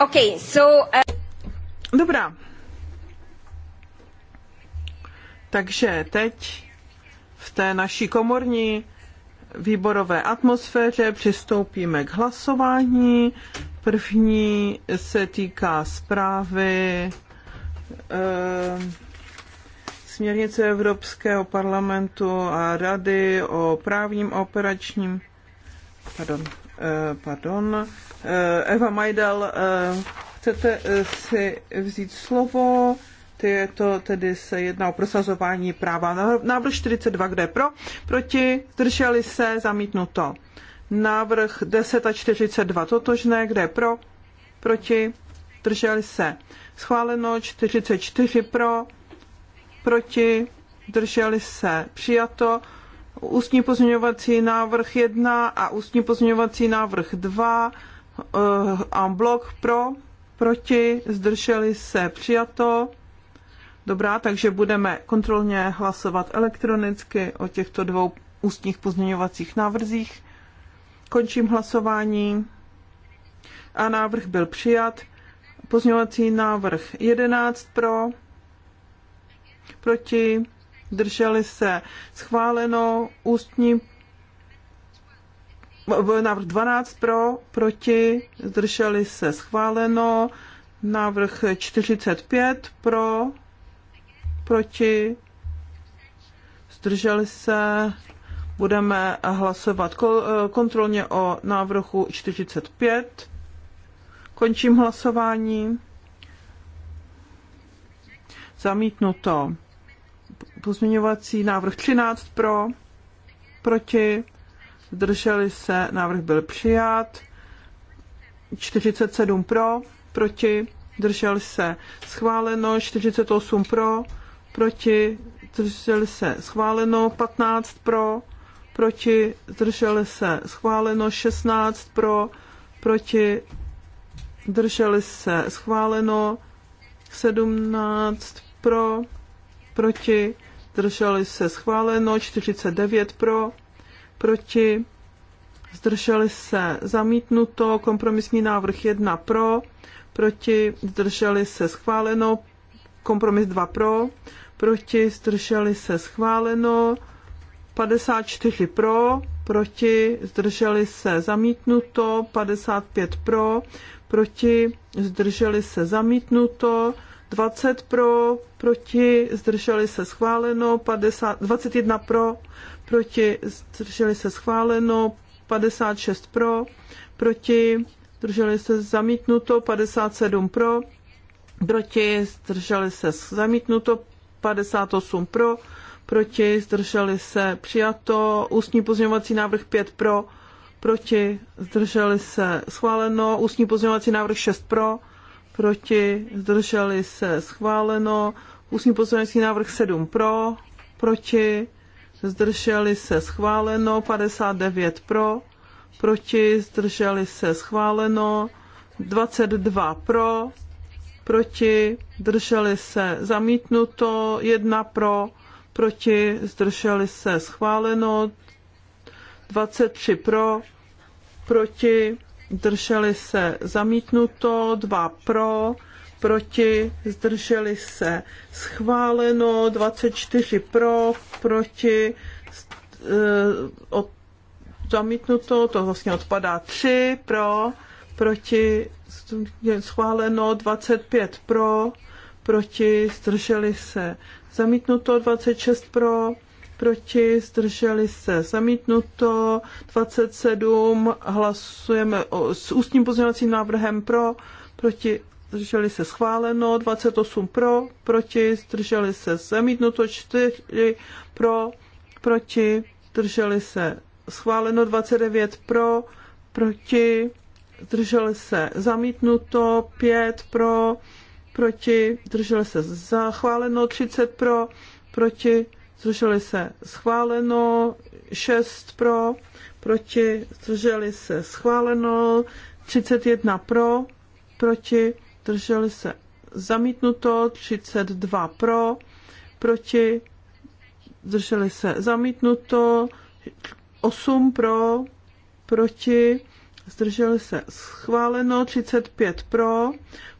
Okay, so, uh... Dobrá. Takže teď v té naší komorní výborové atmosféře přistoupíme k hlasování. První se týká zprávy uh, směrnice Evropského parlamentu a rady o právním operačním pardon, uh, pardon, Eh, Eva Majdal, eh, chcete eh, si vzít slovo? Ty je to tedy se jedná o prosazování práva. Návrh 42, kde je pro? Proti? Zdrželi se? Zamítnuto. Návrh 10 a 42 totožné, kde je pro? Proti? Drželi se. Schváleno 44 pro, proti, drželi se. Přijato ústní pozměňovací návrh 1 a ústní pozměňovací návrh 2 Eh, en blok pro, proti, zdrželi se, přijato. Dobrá, takže budeme kontrolně hlasovat elektronicky o těchto dvou ústních pozměňovacích návrzích. Končím hlasování a návrh byl přijat. Pozměňovací návrh 11 pro, proti, drželi se schváleno ústní návrh 12 pro, proti, zdrželi se schváleno, návrh 45 pro, proti, zdrželi se, budeme hlasovat kontrolně o návrhu 45. Končím hlasování. Zamítnuto. Pozměňovací návrh 13 pro, proti, zdrželi se, návrh byl přijat. 47 pro, proti, zdržel se, schváleno. 48 pro, proti, zdrželi se, schváleno. 15 pro, proti, zdrželi se, schváleno. 16 pro, proti, zdrželi se, schváleno. 17 pro, proti, zdrželi se, schváleno. 49 pro, proti, zdrželi se zamítnuto, kompromisní návrh 1 pro, proti, zdrželi se schváleno, kompromis 2 pro, proti, zdrželi se schváleno, 54 pro, proti, zdrželi se zamítnuto, 55 pro, proti, zdrželi se zamítnuto, 20 pro, proti, zdrželi se schváleno, 50, 21 pro, proti, zdrželi se schváleno, 56 pro, proti, zdrželi se zamítnuto, 57 pro, proti, zdrželi se zamítnuto, 58 pro, proti, zdrželi se přijato, ústní pozměňovací návrh 5 pro, proti, zdrželi se schváleno, ústní pozměňovací návrh 6 pro, proti, zdrželi se schváleno, ústní pozměňovací návrh 7 pro, proti, zdrželi se schváleno, 59 pro, proti, zdrželi se schváleno, 22 pro, proti, zdrželi se zamítnuto, 1 pro, proti, zdrželi se schváleno, 23 pro, proti, zdrželi se zamítnuto, 2 pro, proti, zdrželi se schváleno, 24 pro, proti, eh, od, zamítnuto, to vlastně odpadá 3 pro, proti, schváleno, 25 pro, proti, zdrželi se zamítnuto, 26 pro, proti, zdrželi se zamítnuto, 27 hlasujeme o, s ústním pozměňovacím návrhem pro, proti zdrželi se schváleno, 28 pro, proti, zdrželi se zamítnuto, 4 pro, proti, zdrželi se schváleno, 29 pro, proti, zdrželi se zamítnuto, 5 pro, proti, zdrželi se schváleno, 30 pro, proti, zdrželi se schváleno, 6 pro, proti, zdrželi se schváleno, 31 pro, proti, zdrželi se zamítnuto, 32 pro, proti, zdrželi se zamítnuto, 8 pro, proti, zdrželi se schváleno, 35 pro,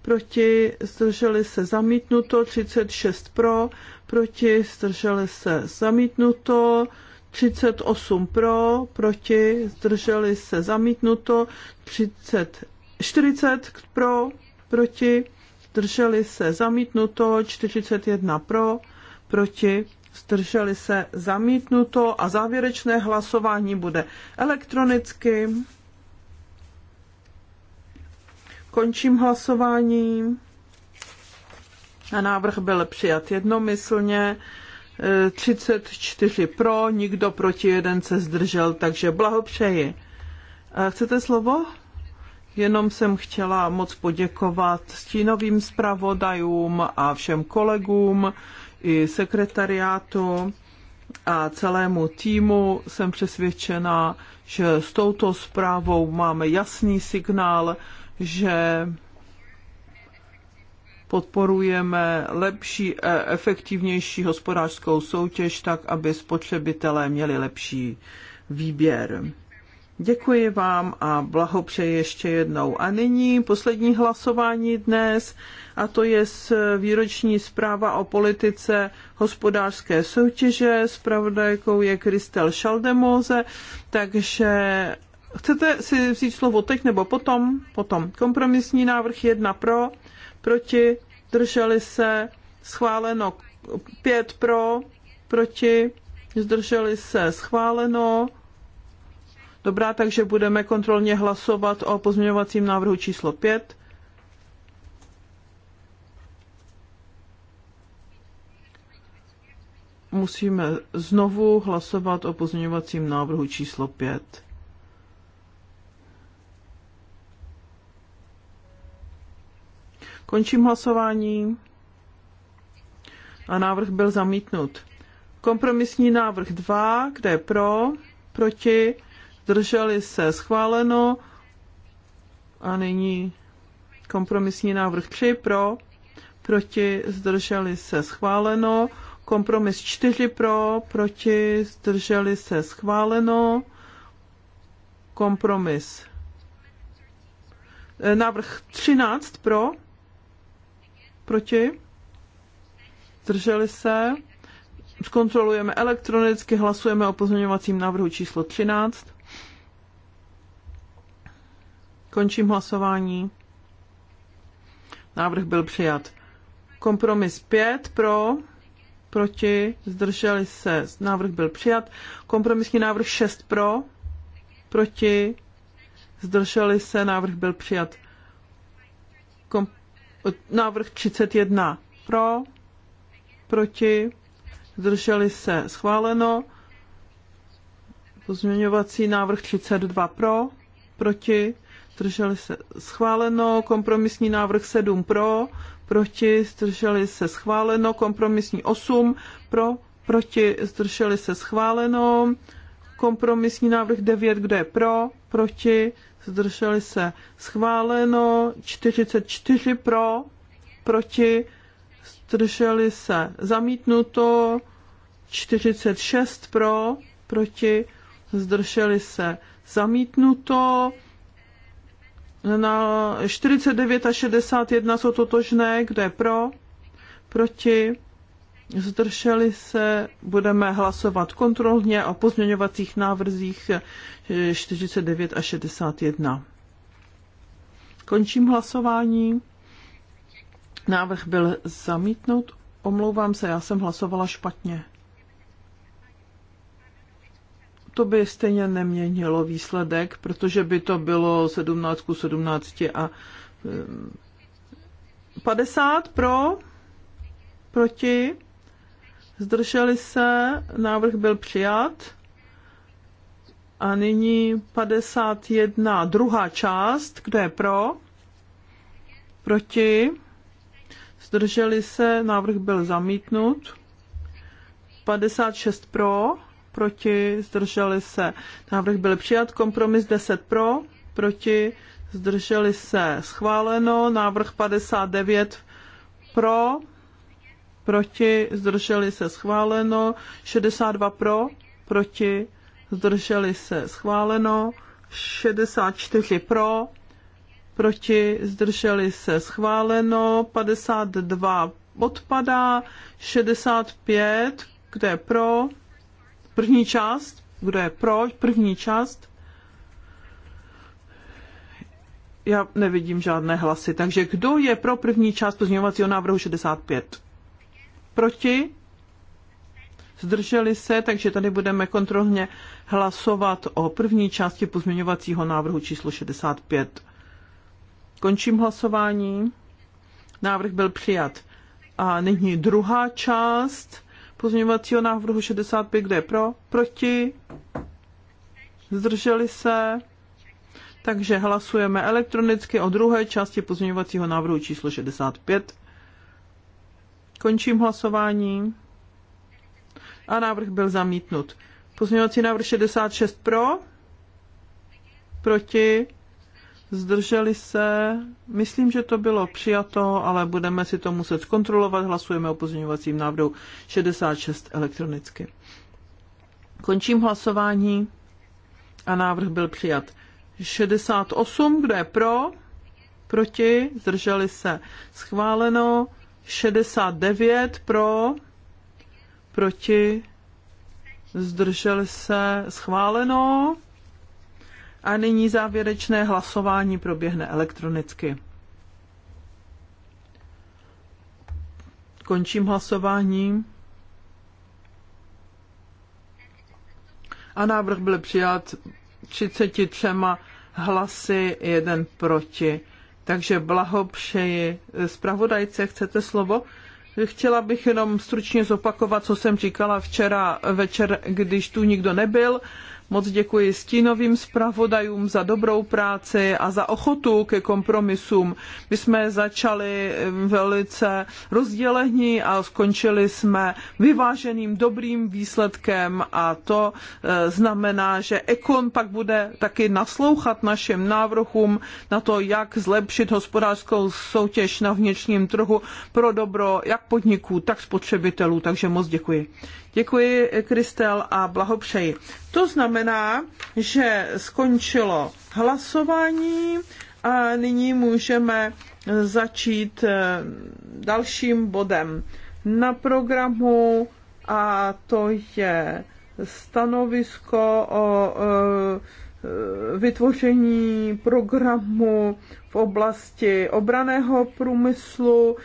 proti, zdrželi se zamítnuto, 36 pro, proti, zdrželi se zamítnuto, 38 pro, proti, zdrželi se zamítnuto, 30, 40 pro, proti, zdrželi se zamítnuto, 41 pro, proti, zdrželi se zamítnuto a závěrečné hlasování bude elektronicky. Končím hlasování. A návrh byl přijat jednomyslně. 34 pro, nikdo proti, jeden se zdržel, takže blahopřeji. Eh, chcete slovo? Jenom jsem chtěla moc poděkovat stínovým zpravodajům a všem kolegům i sekretariátu a celému týmu. Jsem přesvědčena, že s touto zprávou máme jasný signál, že podporujeme lepší, efektivnější hospodářskou soutěž tak, aby spotřebitelé měli lepší výběr. Děkuji vám a blahopřeji ještě jednou. A nyní poslední hlasování dnes, a to je výroční zpráva o politice hospodářské soutěže. Spravodajkou je Kristel Šaldemóze, takže chcete si vzít slovo teď nebo potom? Potom. Kompromisní návrh jedna pro, proti, drželi se, schváleno pět pro, proti, zdrželi se, schváleno Dobrá, takže budeme kontrolně hlasovat o pozměňovacím návrhu číslo 5. Musíme znovu hlasovat o pozměňovacím návrhu číslo 5. Končím hlasování. A návrh byl zamítnut. Kompromisní návrh 2, kde je pro, proti, zdrželi se schváleno. A nyní kompromisní návrh 3 pro, proti, zdrželi se schváleno. Kompromis 4 pro, proti, zdrželi se schváleno. Kompromis. Eh, návrh 13 pro, proti, zdrželi se. Zkontrolujeme elektronicky, hlasujeme o pozměňovacím návrhu číslo 13. Končím hlasování. Návrh byl přijat. Kompromis 5 pro, proti, zdrželi se, návrh byl přijat. Kompromisní návrh 6 pro, proti, zdrželi se, návrh byl přijat. Kom, návrh 31 pro, proti, zdrželi se, schváleno. Pozměňovací návrh 32 pro, proti, zdrželi se schváleno, kompromisní návrh 7 pro, proti, zdrželi se schváleno, kompromisní 8 pro, proti, zdrželi se schváleno, kompromisní návrh 9, kde je pro, proti, zdrželi se schváleno, 44 pro, proti, zdrželi se zamítnuto, 46 pro, proti, zdrželi se zamítnuto, na 49 a 61 jsou totožné, kdo je pro, proti, zdrželi se, budeme hlasovat kontrolně o pozměňovacích návrzích 49 a 61. Končím hlasování. Návrh byl zamítnut. Omlouvám se, já jsem hlasovala špatně to by stejně neměnilo výsledek, protože by to bylo 17 ku 17 a 50 eh, pro, proti, zdrželi se, návrh byl přijat. A nyní 51, druhá část, kde je pro, proti, zdrželi se, návrh byl zamítnut. 56 pro, proti, zdrželi se. Návrh byl přijat, kompromis 10 pro, proti, zdrželi se. Schváleno, návrh 59 pro, proti, zdrželi se. Schváleno, 62 pro, proti, zdrželi se. Schváleno, 64 pro, proti, zdrželi se. Schváleno, 52 odpadá, 65, kde pro, První část, kdo je pro, první část. Já nevidím žádné hlasy, takže kdo je pro první část pozměňovacího návrhu 65? Proti? Zdrželi se, takže tady budeme kontrolně hlasovat o první části pozměňovacího návrhu číslo 65. Končím hlasování. Návrh byl přijat. A nyní druhá část pozměňovacího návrhu 65, kde je pro, proti, zdrželi se, takže hlasujeme elektronicky o druhé části pozměňovacího návrhu číslo 65. Končím hlasování. A návrh byl zamítnut. Pozměňovací návrh 66 pro, proti, zdrželi se, myslím, že to bylo přijato, ale budeme si to muset kontrolovat, hlasujeme o pozměňovacím návrhu 66 elektronicky. Končím hlasování a návrh byl přijat. 68, kdo je pro, proti, zdrželi se, schváleno, 69 pro, proti, zdrželi se, schváleno, a nyní závěrečné hlasování proběhne elektronicky. Končím hlasování. A návrh byl přijat 33 hlasy, jeden proti. Takže blahopřeji. Zpravodajce, chcete slovo? Chtěla bych jenom stručně zopakovat, co jsem říkala včera večer, když tu nikdo nebyl. Moc děkuji stínovým zpravodajům za dobrou práci a za ochotu ke kompromisům. My jsme začali velice rozdělení a skončili jsme vyváženým dobrým výsledkem a to e, znamená, že Ekon pak bude taky naslouchat našim návrhům na to, jak zlepšit hospodářskou soutěž na vnitřním trhu pro dobro jak podniků, tak spotřebitelů. Takže moc děkuji. Děkuji, Kristel, a blahopřeji. To znamená, že skončilo hlasování a nyní můžeme začít eh, dalším bodem na programu a to je stanovisko o eh, Eh, vytvoření programu v oblasti obraného průmyslu.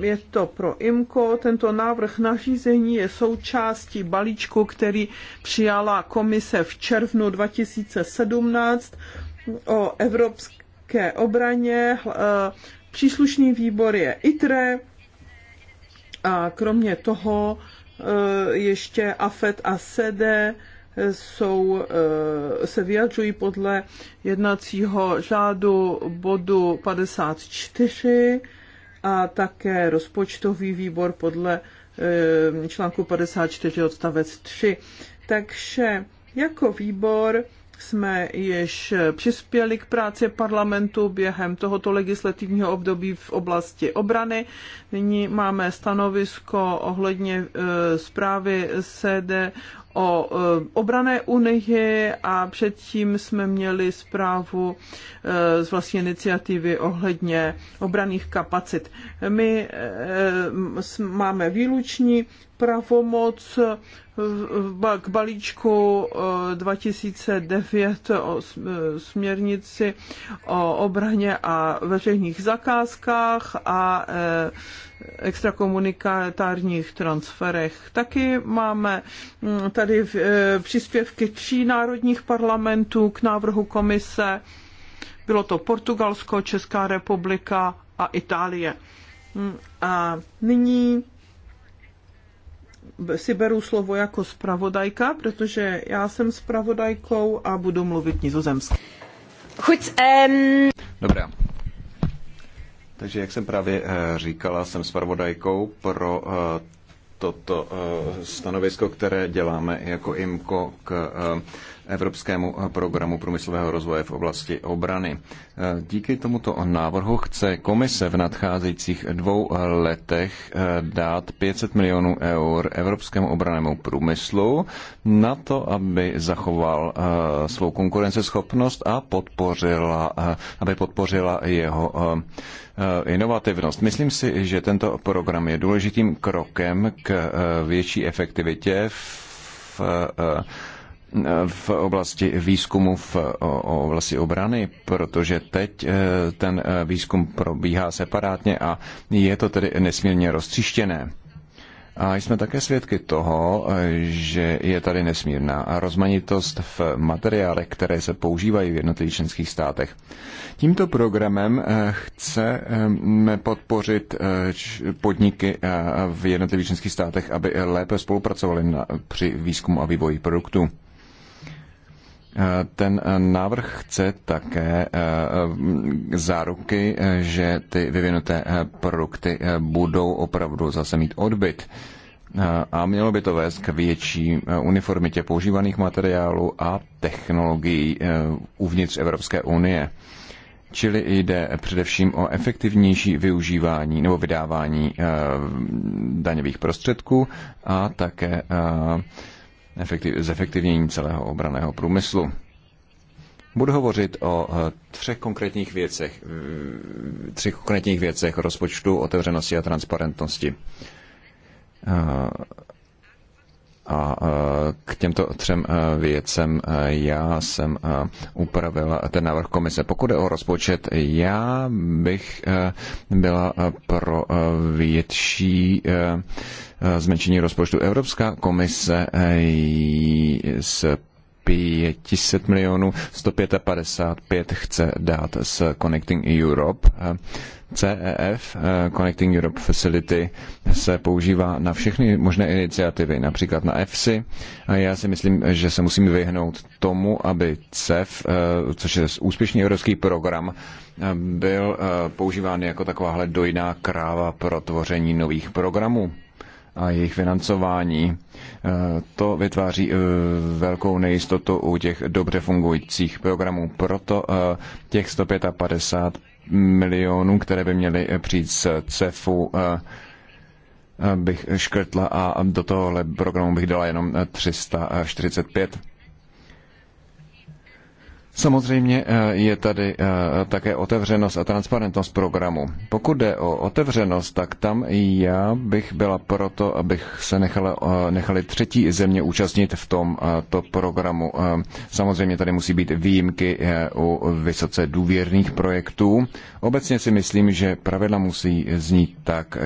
Je to pro IMCO. Tento návrh nařízení je součástí balíčku, který přijala komise v červnu 2017 o evropské obraně. Eh, příslušný výbor je ITRE a kromě toho eh, ještě AFET a SEDE jsou, eh, se vyjadřují podle jednacího řádu bodu 54 a také rozpočtový výbor podle eh, článku 54 odstavec 3. Takže jako výbor jsme již přispěli k práci parlamentu během tohoto legislativního období v oblasti obrany. Nyní máme stanovisko ohledně eh, zprávy CD o eh, obrané unii a předtím jsme měli zprávu eh, z vlastní iniciativy ohledně obraných kapacit. My eh, máme výluční pravomoc k balíčku 2009 eh, o eh, směrnici o obraně a veřejných zakázkách a eh, extrakomunitárních transferech. Taky máme hm, tady příspěvky tří národních parlamentů k návrhu komise. Bylo to Portugalsko, Česká republika a Itálie. Hm, a nyní si beru slovo jako zpravodajka, protože já jsem zpravodajkou a budu mluvit nizozemsky. Chuť, um... Dobrá. Takže jak jsem právě eh, říkala, jsem zpravodajkou pro eh, toto eh, stanovisko, které děláme jako IMKO k Evropskému programu průmyslového rozvoje v oblasti obrany. Díky tomuto návrhu chce komise v nadcházejících dvou letech eh, dát 500 milionů eur Evropskému obranému průmyslu na to, aby zachoval eh, svou konkurenceschopnost a podpořila, eh, aby podpořila jeho inovativnost. Myslím si, že tento program je důležitým krokem k větší efektivitě v v oblasti výzkumu v oblasti obrany, protože teď e, ten e, výzkum probíhá separátně a je to tedy nesmírně roztřištěné. A jsme také svědky toho, e, že je tady nesmírná rozmanitost v materiálech, které se používají v jednotlivých členských státech. Tímto programem chceme podpořit podniky v jednotlivých členských státech, aby lépe spolupracovali na, při výzkumu a vývoji produktů. Ten eh, návrh chce také eh, záruky, eh, že ty vyvinuté produkty budou opravdu zase mít odbyt a mělo by to vést k větší uniformitě používaných materiálů a technologií uvnitř Evropské unie. Čili jde především o efektivnější využívání nebo vydávání daňových prostředků a také zefektivnění celého obraného průmyslu. Budu hovořit o eh, třech konkrétních věcech, třech konkrétních věcech rozpočtu, otevřenosti a transparentnosti. Eh, a k těmto třem věcem já jsem upravil ten návrh komise. Pokud je o rozpočet, já bych byla pro větší zmenšení rozpočtu. Evropská komise s 500 milionů, 155 chce dát z Connecting Europe. CEF, eh, Connecting Europe Facility, se používá na všechny možné iniciativy, například na EFSI. A já si myslím, že se musíme vyhnout tomu, aby CEF, eh, což je úspěšný evropský program, eh, byl používán jako takováhle dojná kráva pro tvoření nových programů a jejich financování Eh, to vytváří eh, velkou nejistotu u těch dobře fungujících programů. Proto eh, těch 155 milionů, které by měly přijít z CEFu, bych škrtla a do tohohle programu bych dala jenom 345. Samozřejmě eh, je tady eh, také otevřenost a transparentnost programu. Pokud jde o otevřenost, tak tam já bych byla proto, abych se nechala, eh, nechali třetí země účastnit v tomto programu. Samozřejmě tady musí být výjimky u vysoce důvěrných projektů. Obecně si myslím, že pravidla musí znít tak,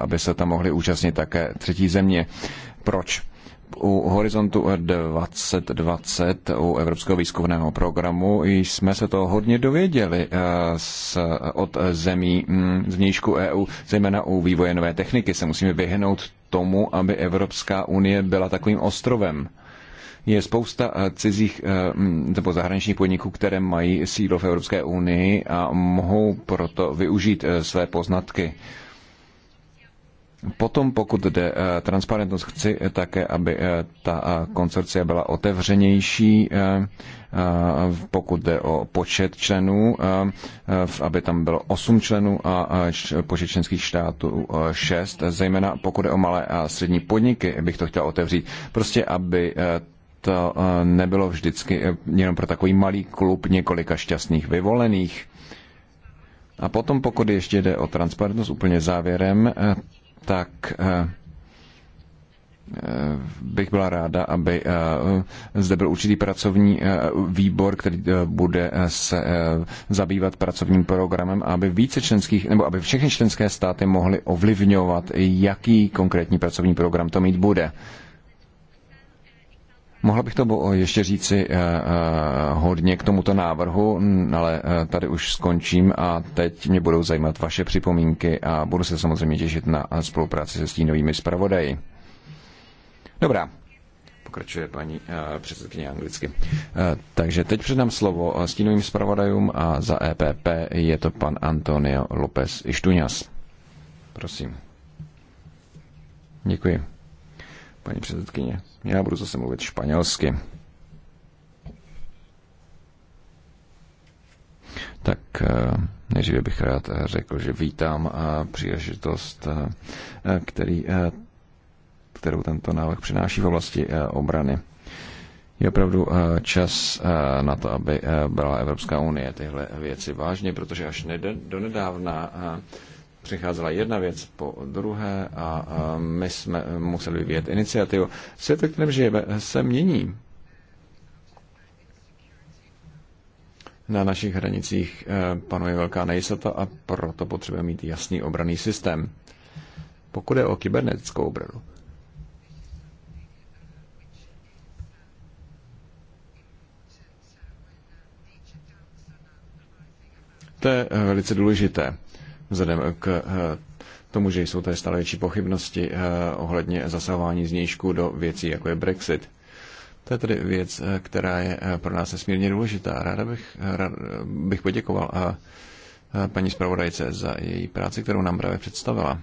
aby se tam mohly účastnit také třetí země. Proč? u Horizontu 2020, u Evropského výzkumného programu, jsme se to hodně dověděli eh, s od zemí hm, z vnějšku EU, zejména u vývoje nové techniky. Se musíme vyhnout tomu, aby Evropská unie byla takovým ostrovem. Je spousta eh, cizích eh, hm, nebo zahraničních podniků, které mají sídlo v Evropské unii a mohou proto využít své poznatky Potom, pokud jde eh, transparentnost, chci eh, také, aby eh, ta koncercia byla otevřenější, pokud jde o počet členů, aby tam bylo 8 členů a počet členských států 6, zejména pokud jde o malé a střední podniky, bych to chtěl otevřít. Prostě, aby to nebylo vždycky jenom pro takový malý klub několika šťastných vyvolených. A potom, pokud ještě jde o transparentnost úplně závěrem, tak eh, eh, bych byla ráda, aby eh, zde byl určitý pracovní výbor, který bude se zabývat pracovním programem, aby více členských, nebo aby všechny členské státy mohly ovlivňovat, jaký konkrétní pracovní program to mít bude. Mohla bych to eh, ještě říci eh, eh, hodně k tomuto návrhu, mm, ale tady už skončím a teď mě budou zajímat vaše připomínky a budu se samozřejmě těšit na spolupráci se stínovými zpravodaji. Dobrá, pokračuje paní předsedkyně anglicky. Takže teď předám slovo stínovým zpravodajům a za EPP je to pan Antonio López Ištuňas. Prosím. Děkuji paní předsedkyně. Já budu zase mluvit španělsky. Tak eh, nejdříve bych rád řekl, že vítám eh, příležitost, eh, který, kterou tento návrh přináší v oblasti obrany. Je opravdu čas na to, aby brala Evropská unie tyhle věci vážně, protože až do nedávna přicházela jedna věc po druhé a my jsme museli vyvíjet iniciativu. Svět, ve kterém žijeme, se mění. Na našich hranicích eh, panuje velká nejistota a proto potřebujeme mít jasný obraný systém. Pokud je o kybernetickou obranu, To je eh, velice důležité vzhledem k eh, tomu, že jsou tady stále větší pochybnosti eh, ohledně zasahování znějšku do věcí, jako je Brexit. To je tedy věc, eh, která je pro nás nesmírně důležitá. Ráda bych, rád bych poděkoval a paní zpravodajce za její práci, kterou nám právě představila.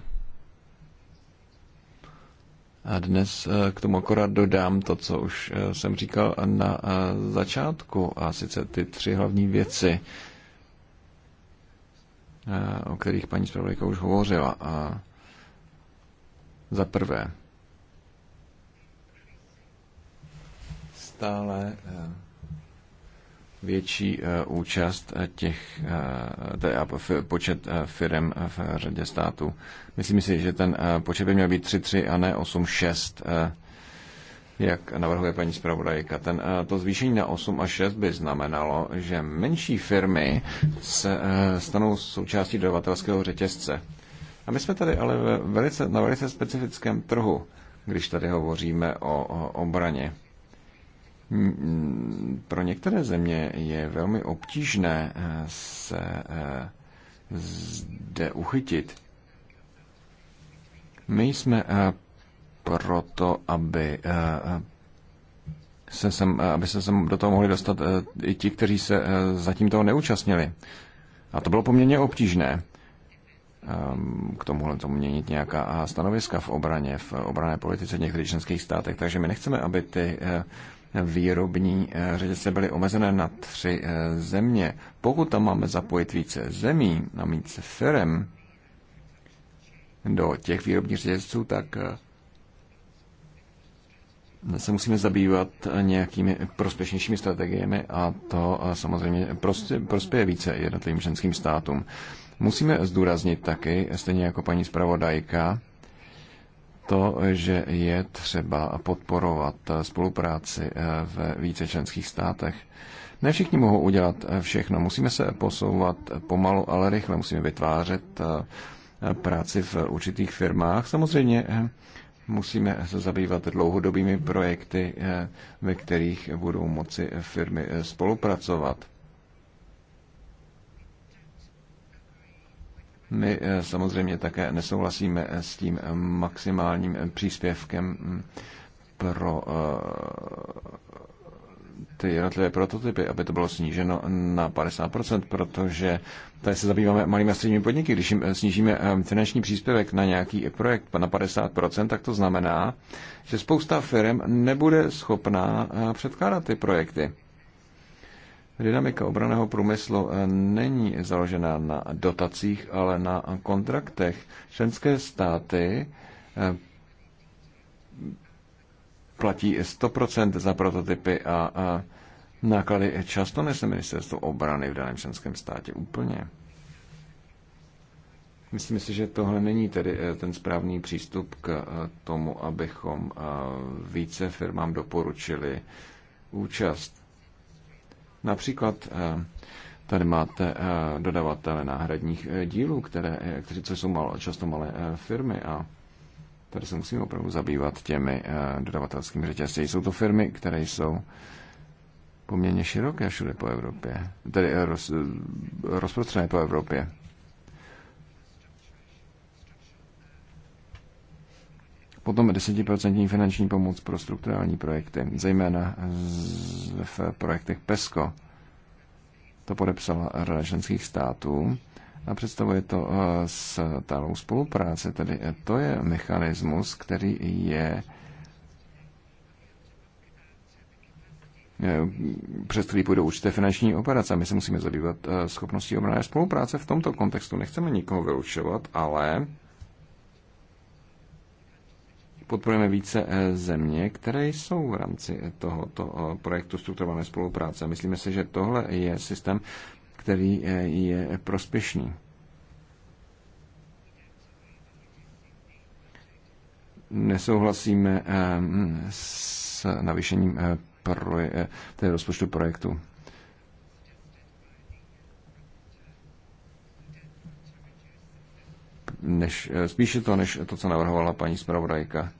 A dnes k tomu akorát dodám to, co už jsem říkal na začátku, a sice ty tři hlavní věci, Eh, o kterých paní zpravodajka už hovořila. A za prvé, stále eh, větší eh, účast těch, teda počet firm v řadě států. Myslím si, že ten počet by měl být 3-3 a ne 8-6 jak navrhuje paní zpravodajka. Ten, eh, to zvýšení na 8 a 6 by znamenalo, že menší firmy se eh, stanou součástí dodavatelského řetězce. A my jsme tady ale velice, na velice specifickém trhu, když tady hovoříme o, o obraně. Pro některé země je velmi obtížné eh, se zde uchytit. My jsme proto, aby eh, eh, se sem, eh, aby se sem do toho mohli dostat i ti, kteří se zatím toho neúčastnili. A to bylo poměrně obtížné ehm, k tomuhle tomu měnit nějaká stanoviska v obraně, v obrané politice v některých členských státech. Takže my nechceme, aby ty výrobní řetězce byly omezené na tři země. Pokud tam máme zapojit více zemí a více firm do těch výrobních řetězců, tak se musíme zabývat nějakými prospěšnějšími strategiemi a to eh, samozřejmě prostě, prospěje více jednotlivým ženským státům. Musíme zdůraznit taky, stejně jako paní zpravodajka, to, že je třeba podporovat spolupráci eh, ve více členských státech. Ne všichni mohou udělat eh, všechno. Musíme se posouvat pomalu, ale rychle. Musíme vytvářet práci v určitých firmách. Samozřejmě Musíme se zabývat dlouhodobými projekty, eh, ve kterých budou moci firmy eh, spolupracovat. My eh, samozřejmě také nesouhlasíme s tím maximálním příspěvkem mm, pro ty jednotlivé prototypy, aby to bylo sníženo na 50%, protože tady se zabýváme malými a středními podniky. Když jim eh, snížíme eh, finanční příspěvek na nějaký projekt na 50%, tak to znamená, že spousta firm nebude schopná eh, předkládat ty projekty. Dynamika obraného průmyslu není založená na dotacích, ale na kontraktech. Členské státy platí 100% za prototypy a, a náklady často nese ministerstvo obrany v daném členském státě úplně. Myslím si, že tohle není tedy eh, ten správný přístup k eh, tomu, abychom eh, více firmám doporučili účast. Například tady máte dodavatele náhradních dílů, které, kteří, jsou malo, často malé firmy a Tady se musíme opravdu zabývat těmi eh, dodavatelskými řetězci. Jsou to firmy, které jsou poměrně široké všude po Evropě, tedy eh, roz, eh, rozprostřené po Evropě. Potom 10% finanční pomoc pro strukturální projekty, zejména v projektech PESCO. To podepsala Rada členských států a představuje to eh, s stálou spolupráce, tedy eh, to je mechanismus, který je eh, přes který půjdou určité finanční operace. my se musíme zabývat schopností obrané spolupráce v tomto kontextu. Nechceme nikoho vylučovat, ale podporujeme více země, které jsou v rámci tohoto projektu strukturované spolupráce. Myslíme si, že tohle je systém, který eh, je prospěšný. Nesouhlasíme eh, s navýšením eh, proje, rozpočtu projektu. Než, spíše to, než to, co navrhovala paní zpravodajka.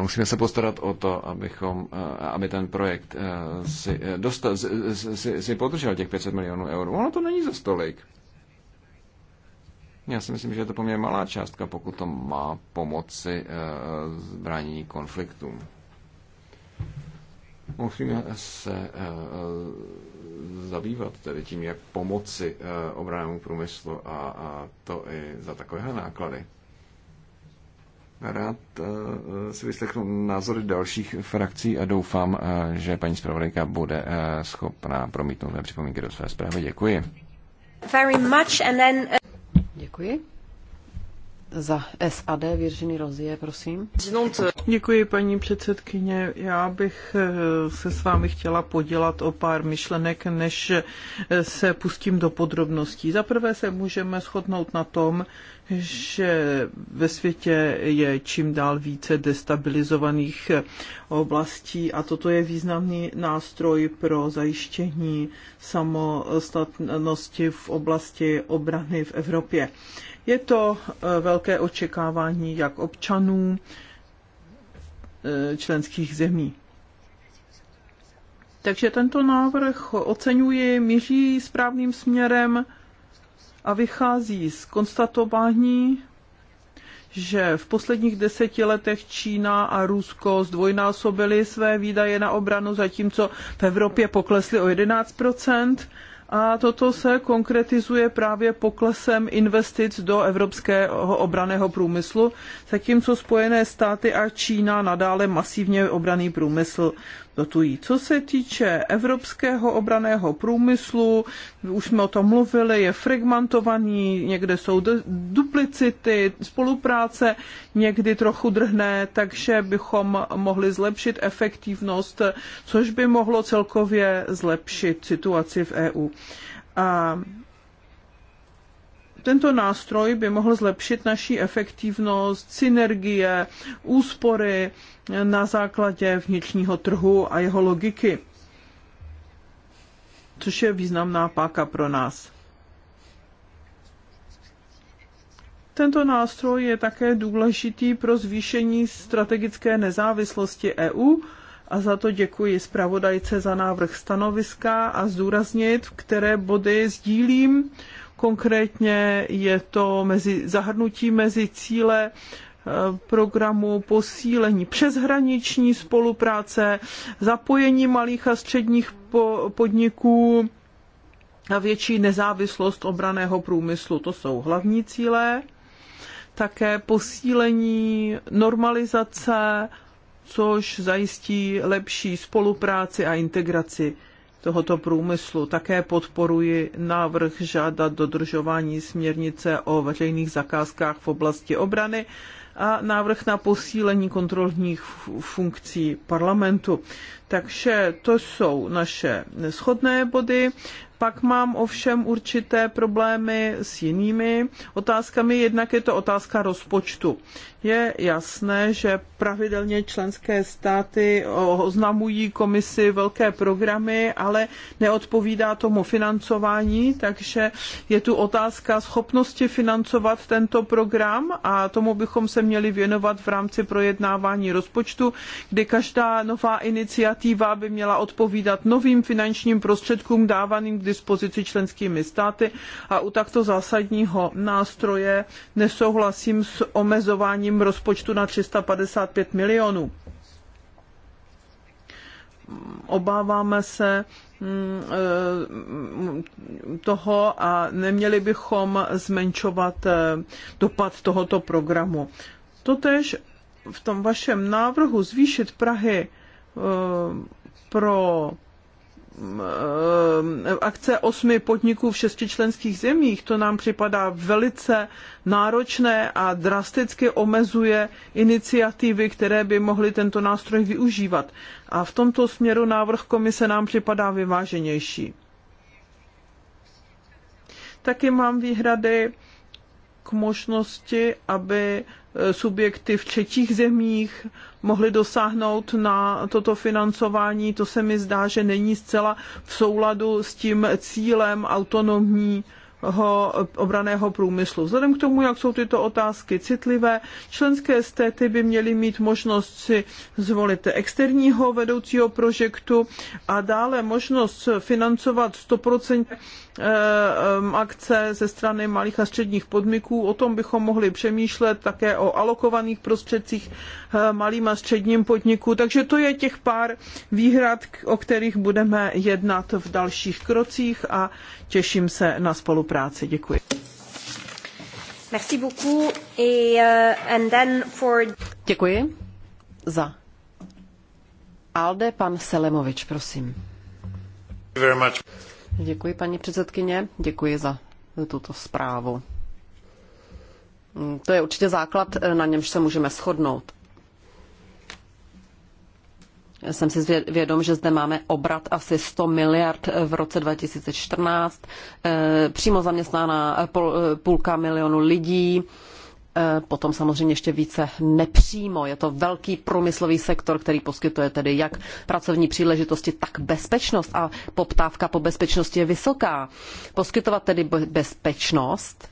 Musíme se postarat o to, abychom, eh, aby ten projekt eh, si, eh, dostal, si, si podržel těch 500 milionů eur. Ono to není za stolik. Já si myslím, že je to poměrně malá částka, pokud to má pomoci zbranění konfliktům. Musíme se zabývat tedy tím, jak pomoci obranému průmyslu a, a to i za takovéhle náklady rád eh, eh, si vyslechnu názory dalších frakcí a doufám, eh, že paní zpravodajka bude schopná promítnout mé připomínky do své zprávy. Děkuji. Very much and then... Uh, Děkuji. Za SAD Virginie Rozie, prosím. Děkuji, paní předsedkyně. Já bych se s vámi chtěla podělat o pár myšlenek, než se pustím do podrobností. Za prvé se můžeme shodnout na tom, že ve světě je čím dál více destabilizovaných oblastí a toto je významný nástroj pro zajištění samostatnosti v oblasti obrany v Evropě. Je to eh, velké očekávání jak občanů eh, členských zemí. Takže tento návrh oceňuji, míří správným směrem a vychází z konstatování, že v posledních deseti letech Čína a Rusko zdvojnásobili své výdaje na obranu, zatímco v Evropě poklesly o 11 a toto se konkretizuje právě poklesem investic do evropského obraného průmyslu, zatímco Spojené státy a Čína nadále masivně obraný průmysl dotují. Co se týče evropského obraného průmyslu, už jsme o tom mluvili, je fragmentovaný, někde jsou duplicity, spolupráce někdy trochu drhne, takže bychom mohli zlepšit efektivnost, což by mohlo celkově zlepšit situaci v EU. A tento nástroj by mohl zlepšit naši efektivnost, synergie, úspory na základě vnitřního trhu a jeho logiky, což je významná páka pro nás. Tento nástroj je také důležitý pro zvýšení strategické nezávislosti EU a za to děkuji zpravodajce za návrh stanoviska a zdůraznit, které body sdílím Konkrétně je to mezi, zahrnutí mezi cíle eh, programu posílení přeshraniční spolupráce, zapojení malých a středních podniků a větší nezávislost obraného průmyslu. To jsou hlavní cíle. Také posílení normalizace, což zajistí lepší spolupráci a integraci tohoto průmyslu. Také podporuji návrh žádat dodržování směrnice o veřejných zakázkách v oblasti obrany a návrh na posílení kontrolních funkcí parlamentu. Takže to jsou naše neschodné body. Pak mám ovšem určité problémy s jinými otázkami. Jednak je to otázka rozpočtu je jasné, že pravidelně členské státy oznamují komisi velké programy, ale neodpovídá tomu financování, takže je tu otázka schopnosti financovat tento program a tomu bychom se měli věnovat v rámci projednávání rozpočtu, kdy každá nová iniciativa by měla odpovídat novým finančním prostředkům dávaným k dispozici členskými státy a u takto zásadního nástroje nesouhlasím s omezováním původním rozpočtu na 355 milionů. Obáváme se mm, eh, toho a neměli bychom zmenšovat eh, dopad tohoto programu. Totež v tom vašem návrhu zvýšit Prahy eh, pro Eh, akce osmi podniků v šesti členských zemích, to nám připadá velice náročné a drasticky omezuje iniciativy, které by mohly tento nástroj využívat. A v tomto směru návrh komise nám připadá vyváženější. Taky mám výhrady k možnosti, aby e, subjekty v třetích zemích mohly dosáhnout na toto financování. To se mi zdá, že není zcela v souladu s tím cílem autonomní obraného průmyslu. Vzhledem k tomu, jak jsou tyto otázky citlivé, členské státy by měly mít možnost si zvolit externího vedoucího projektu a dále možnost financovat 100% eh, eh, akce ze strany malých a středních podniků. O tom bychom mohli přemýšlet také o alokovaných prostředcích eh, malým a středním podniku. Takže to je těch pár výhrad, o kterých budeme jednat v dalších krocích a těším se na spolupráci práci. Děkuji. Merci beaucoup et, uh, and then for... Děkuji za ALDE pan Selemovič, prosím. Very much. Děkuji, paní předsedkyně, děkuji za tuto zprávu. To je určitě základ, na němž se můžeme shodnout jsem si vědom, že zde máme obrat asi 100 miliard v roce 2014, eh, přímo zaměstnána eh, půlka milionu lidí, eh, potom samozřejmě ještě více nepřímo. Je to velký průmyslový sektor, který poskytuje tedy jak pracovní příležitosti, tak bezpečnost a poptávka po bezpečnosti je vysoká. Poskytovat tedy bezpečnost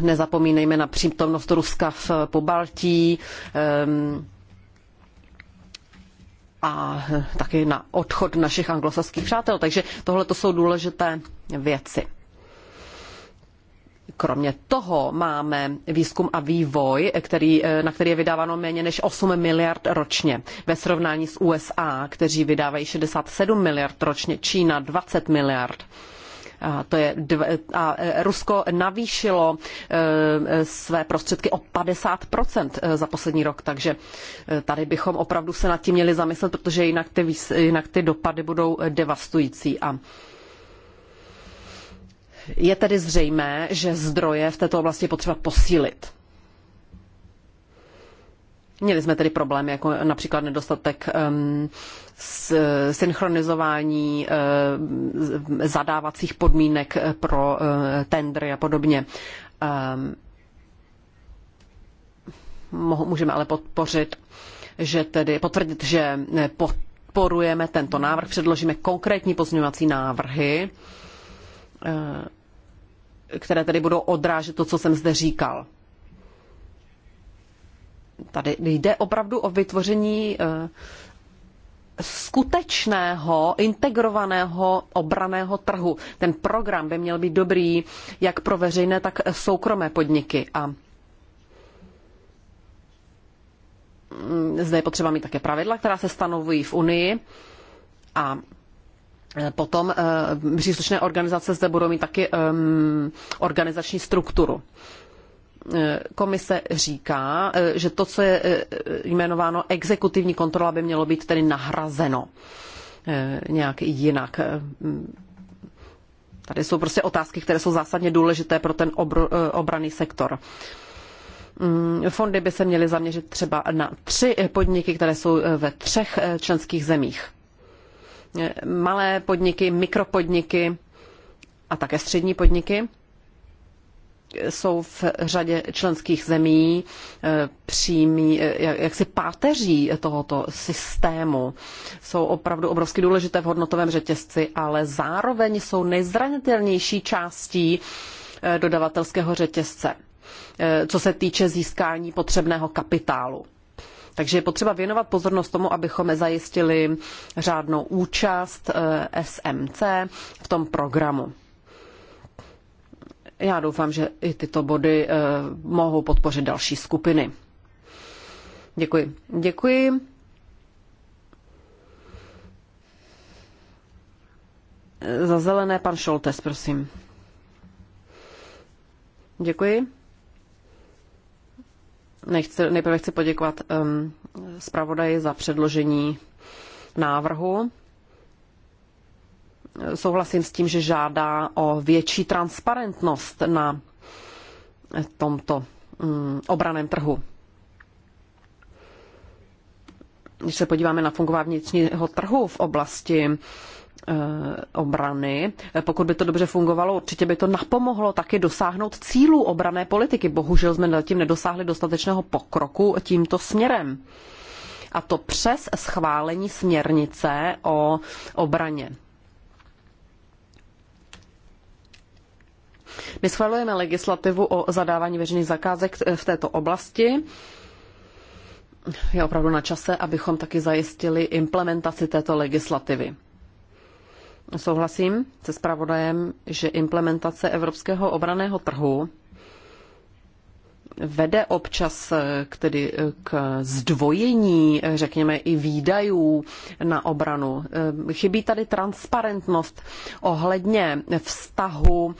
Nezapomínejme na přítomnost Ruska v Pobaltí a taky na odchod našich anglosaských přátel. Takže tohle to jsou důležité věci. Kromě toho máme výzkum a vývoj, který, eh, na který je vydáváno méně než 8 miliard ročně ve srovnání s USA, kteří vydávají 67 miliard ročně, Čína 20 miliard. A, to je dv... a e, Rusko navýšilo e, e, své prostředky o 50% za poslední rok, takže tady bychom opravdu se nad tím měli zamyslet, protože jinak ty, jinak ty dopady budou devastující. A je tedy zřejmé, že zdroje v této oblasti je potřeba posílit. Měli jsme tedy problémy, jako například nedostatek um, s, synchronizování um, zadávacích podmínek pro um, tendry a podobně. Um, můžeme ale podpořit, že tedy potvrdit, že podporujeme tento návrh, předložíme konkrétní pozměňovací návrhy, eh, které tedy budou odrážet to, co jsem zde říkal tady jde opravdu o vytvoření eh, skutečného, integrovaného obraného trhu. Ten program by měl být dobrý jak pro veřejné, tak soukromé podniky. A mm, zde je potřeba mít také pravidla, která se stanovují v Unii a eh, potom eh, příslušné organizace zde budou mít taky ehm, organizační strukturu komise říká, eh, že to, co je eh, jmenováno exekutivní kontrola, by mělo být tedy nahrazeno eh, nějak jinak. Mm, tady jsou prostě otázky, které jsou zásadně důležité pro ten obr, obraný sektor. Mm, fondy by se měly zaměřit třeba na tři podniky, které jsou ve třech členských zemích. Malé podniky, mikropodniky a také střední podniky jsou v řadě členských zemí eh, přímý, eh, jaksi páteří tohoto systému. Jsou opravdu obrovsky důležité v hodnotovém řetězci, ale zároveň jsou nejzranitelnější částí eh, dodavatelského řetězce, co se týče získání potřebného kapitálu. Takže je potřeba věnovat pozornost tomu, abychom zajistili řádnou účast SMC v tom programu. Já doufám, že i tyto body eh, mohou podpořit další skupiny. Děkuji. Děkuji. Za zelené pan Šoltes, prosím. Děkuji. Nechci, nejprve chci poděkovat um, zpravodaji za předložení návrhu souhlasím s tím, že žádá o větší transparentnost na tomto mm, obraném trhu. Když se podíváme na fungování vnitřního trhu v oblasti e, obrany. Pokud by to dobře fungovalo, určitě by to napomohlo taky dosáhnout cílů obrané politiky. Bohužel jsme zatím nedosáhli dostatečného pokroku tímto směrem. A to přes schválení směrnice o obraně. My schvalujeme legislativu o zadávání veřejných zakázek v této oblasti. Je opravdu na čase, abychom taky zajistili implementaci této legislativy. Souhlasím se zpravodajem, že implementace evropského obraného trhu vede občas eh, k, tedy eh, k zdvojení, eh, řekněme, i výdajů na obranu. Chybí tady transparentnost ohledně vztahu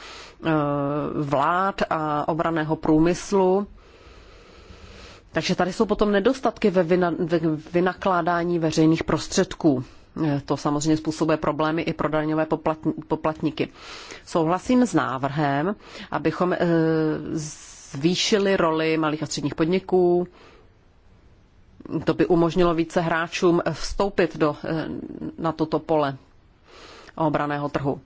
vlád a obraného průmyslu. Takže tady jsou potom nedostatky ve vynakládání veřejných prostředků. To samozřejmě způsobuje problémy i pro daňové poplatníky. Souhlasím s návrhem, abychom zvýšili roli malých a středních podniků. To by umožnilo více hráčům vstoupit do, eh, na toto pole obraného trhu.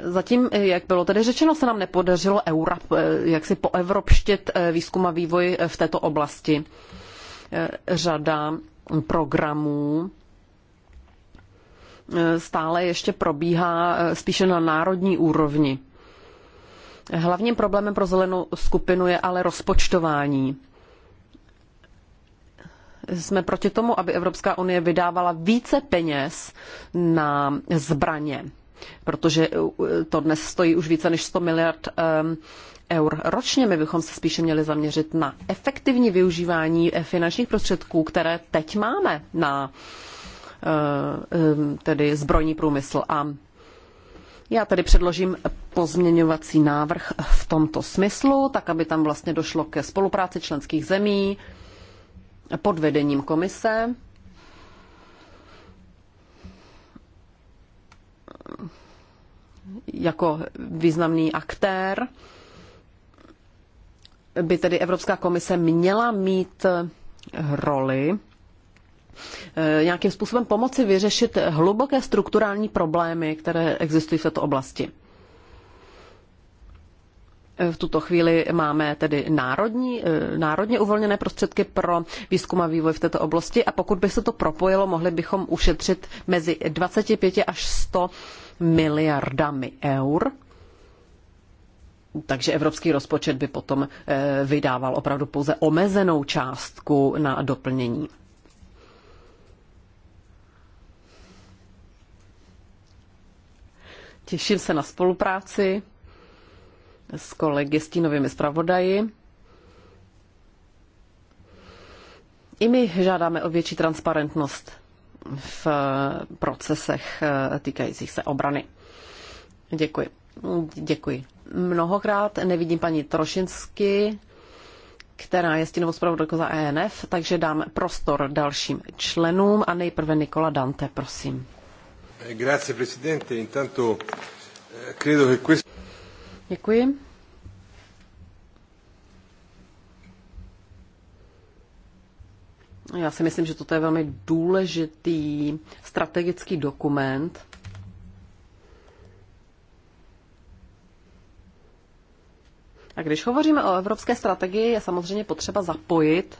Zatím, jak bylo tedy řečeno, se nám nepodařilo eura, eh, jak si Evropštět eh, výzkum a vývoj v této oblasti. Řada programů stále ještě probíhá eh, spíše na národní úrovni. Hlavním problémem pro zelenou skupinu je ale rozpočtování. Jsme proti tomu, aby Evropská unie vydávala více peněz na zbraně, protože eh, to dnes stojí už více než 100 miliard ehm, eur ročně. My bychom se spíše měli zaměřit na efektivní využívání eh, finančních prostředků, které teď máme na uh, Eh, tedy zbrojní průmysl. A já tedy předložím pozměňovací návrh v tomto smyslu, tak aby tam vlastně došlo ke spolupráci členských zemí pod vedením komise. Jako významný aktér by tedy Evropská komise měla mít roli Eh, nějakým způsobem pomoci vyřešit hluboké strukturální problémy, které existují v této oblasti. Eh, v tuto chvíli máme tedy národní, eh, národně uvolněné prostředky pro výzkum a vývoj v této oblasti a pokud by se to propojilo, mohli bychom ušetřit mezi 25 až 100 miliardami eur. Takže evropský rozpočet by potom vydával opravdu pouze omezenou částku na doplnění. Těším se na spolupráci s kolegy Stínovými zpravodaji. I my žádáme o větší transparentnost v procesech eh, týkajících se obrany. Děkuji. Děkuji. Mnohokrát nevidím paní Trošinsky, která je stínovou zpravodajkou za ENF, takže dám prostor dalším členům a nejprve Nikola Dante, prosím. Eh, eh, Děkuji. Já si myslím, že toto je velmi důležitý strategický dokument. A když hovoříme o evropské strategii, je samozřejmě potřeba zapojit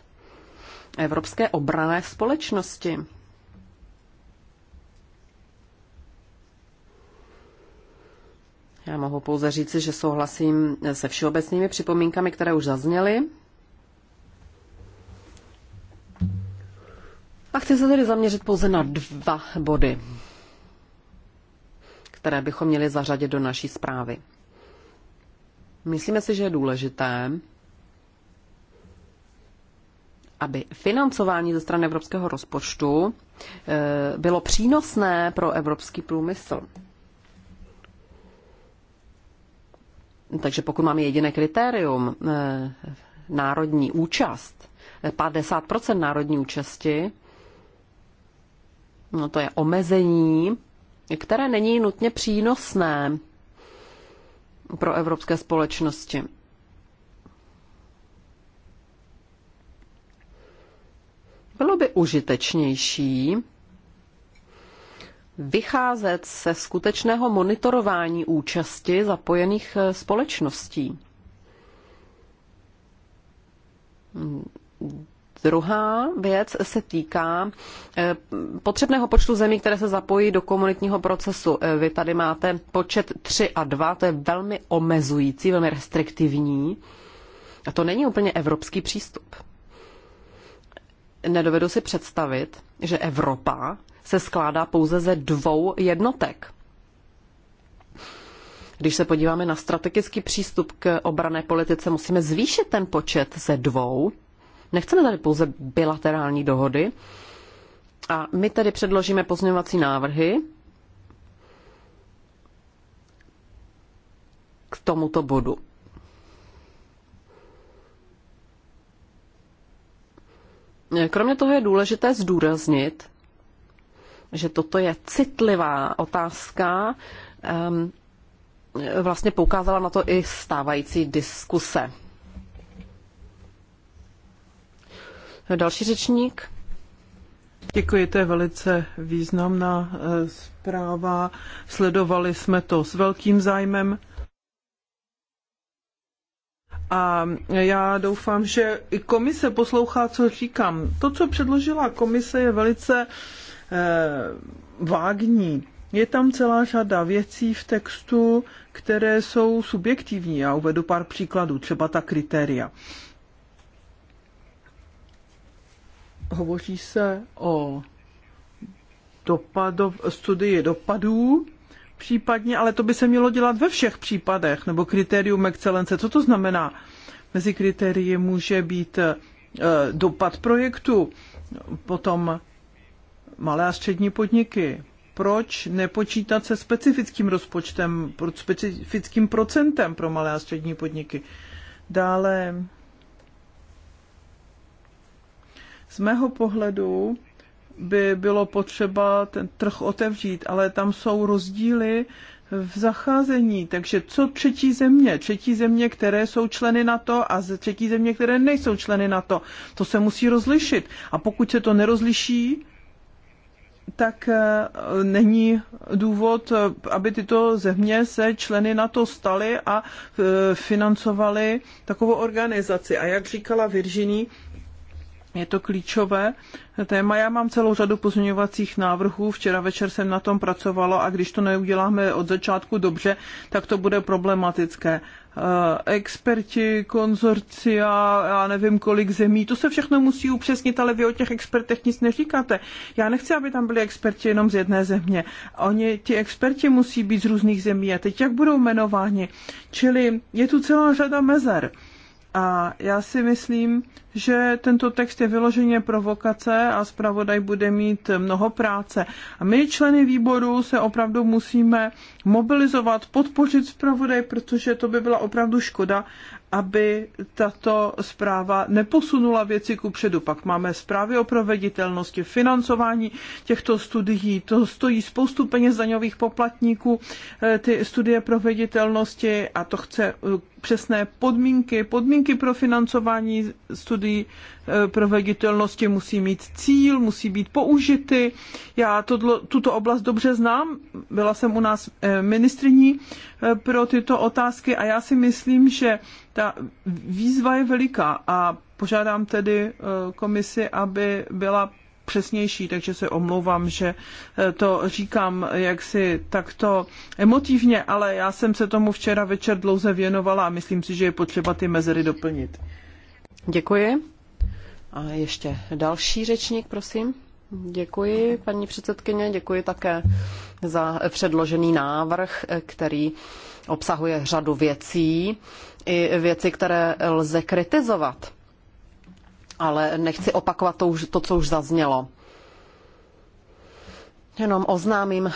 evropské obrané společnosti. mohu pouze říci, že souhlasím se všeobecnými připomínkami, které už zazněly. A chci se tedy zaměřit pouze na dva body, které bychom měli zařadit do naší zprávy. Myslíme si, že je důležité, aby financování ze strany evropského rozpočtu eh, bylo přínosné pro evropský průmysl. Takže pokud máme jediné kritérium, eh, národní účast, 50% eh, národní účasti, no to je omezení, které není nutně přínosné pro evropské společnosti. Bylo by užitečnější, vycházet se skutečného monitorování účasti zapojených eh, společností. Druhá věc se týká eh, potřebného počtu zemí, které se zapojí do komunitního procesu. Eh, vy tady máte počet 3 a 2, to je velmi omezující, velmi restriktivní. A to není úplně evropský přístup. Nedovedu si představit, že Evropa se skládá pouze ze dvou jednotek. Když se podíváme na strategický přístup k obrané politice, musíme zvýšit ten počet ze dvou. Nechceme tady pouze bilaterální dohody. A my tedy předložíme pozměňovací návrhy k tomuto bodu. Kromě toho je důležité zdůraznit, že toto je citlivá otázka, vlastně poukázala na to i stávající diskuse. Další řečník. Děkuji, to je velice významná eh, zpráva. Sledovali jsme to s velkým zájmem. A já doufám, že i komise poslouchá, co říkám. To, co předložila komise, je velice uh, Eh, vágní. Je tam celá řada věcí v textu, které jsou subjektivní. Já uvedu pár příkladů, třeba ta kritéria. Hovoří se o dopadov, studii dopadů, případně, ale to by se mělo dělat ve všech případech, nebo kritérium excelence. Co to znamená? Mezi kritérii může být eh, dopad projektu, potom malé a střední podniky. Proč nepočítat se specifickým rozpočtem, specifickým procentem pro malé a střední podniky? Dále z mého pohledu by bylo potřeba ten trh otevřít, ale tam jsou rozdíly v zacházení. Takže co třetí země? Třetí země, které jsou členy na to, a třetí země, které nejsou členy na to, To se musí rozlišit. A pokud se to nerozliší, tak eh, není důvod, eh, aby tyto země se členy NATO staly a eh, financovaly takovou organizaci. A jak říkala Virginie, je to klíčové téma. Já mám celou řadu pozměňovacích návrhů. Včera večer jsem na tom pracovala a když to neuděláme od začátku dobře, tak to bude problematické. Eh, experti, konzorcia, já nevím kolik zemí, to se všechno musí upřesnit, ale vy o těch expertech nic neříkáte. Já nechci, aby tam byli experti jenom z jedné země. Oni, ti experti musí být z různých zemí a teď jak budou jmenováni? Čili je tu celá řada mezer. A já si myslím, že tento text je vyloženě provokace a zpravodaj bude mít mnoho práce. A my, členy výboru, se opravdu musíme mobilizovat, podpořit zpravodaj, protože to by byla opravdu škoda, aby tato zpráva neposunula věci ku předu. Pak máme zprávy o proveditelnosti, financování těchto studií. To stojí spoustu peněz daňových poplatníků, eh, ty studie proveditelnosti a to chce eh, přesné podmínky, podmínky pro financování studií eh, proveditelnosti musí mít cíl, musí být použity. Já to, tuto oblast dobře znám, byla jsem u nás eh, ministriní eh, pro tyto otázky a já si myslím, že ta výzva je veliká a požádám tedy komisi, aby byla přesnější, takže se omlouvám, že eh, to říkám jaksi takto emotivně, ale já jsem se tomu včera večer dlouze věnovala a myslím si, že je potřeba ty mezery doplnit. Děkuji. A ještě další řečník, prosím. Děkuji, paní předsedkyně, děkuji také za předložený návrh, který obsahuje řadu věcí, i věci, které lze kritizovat ale nechci opakovat to, to co už zaznělo. Jenom oznámím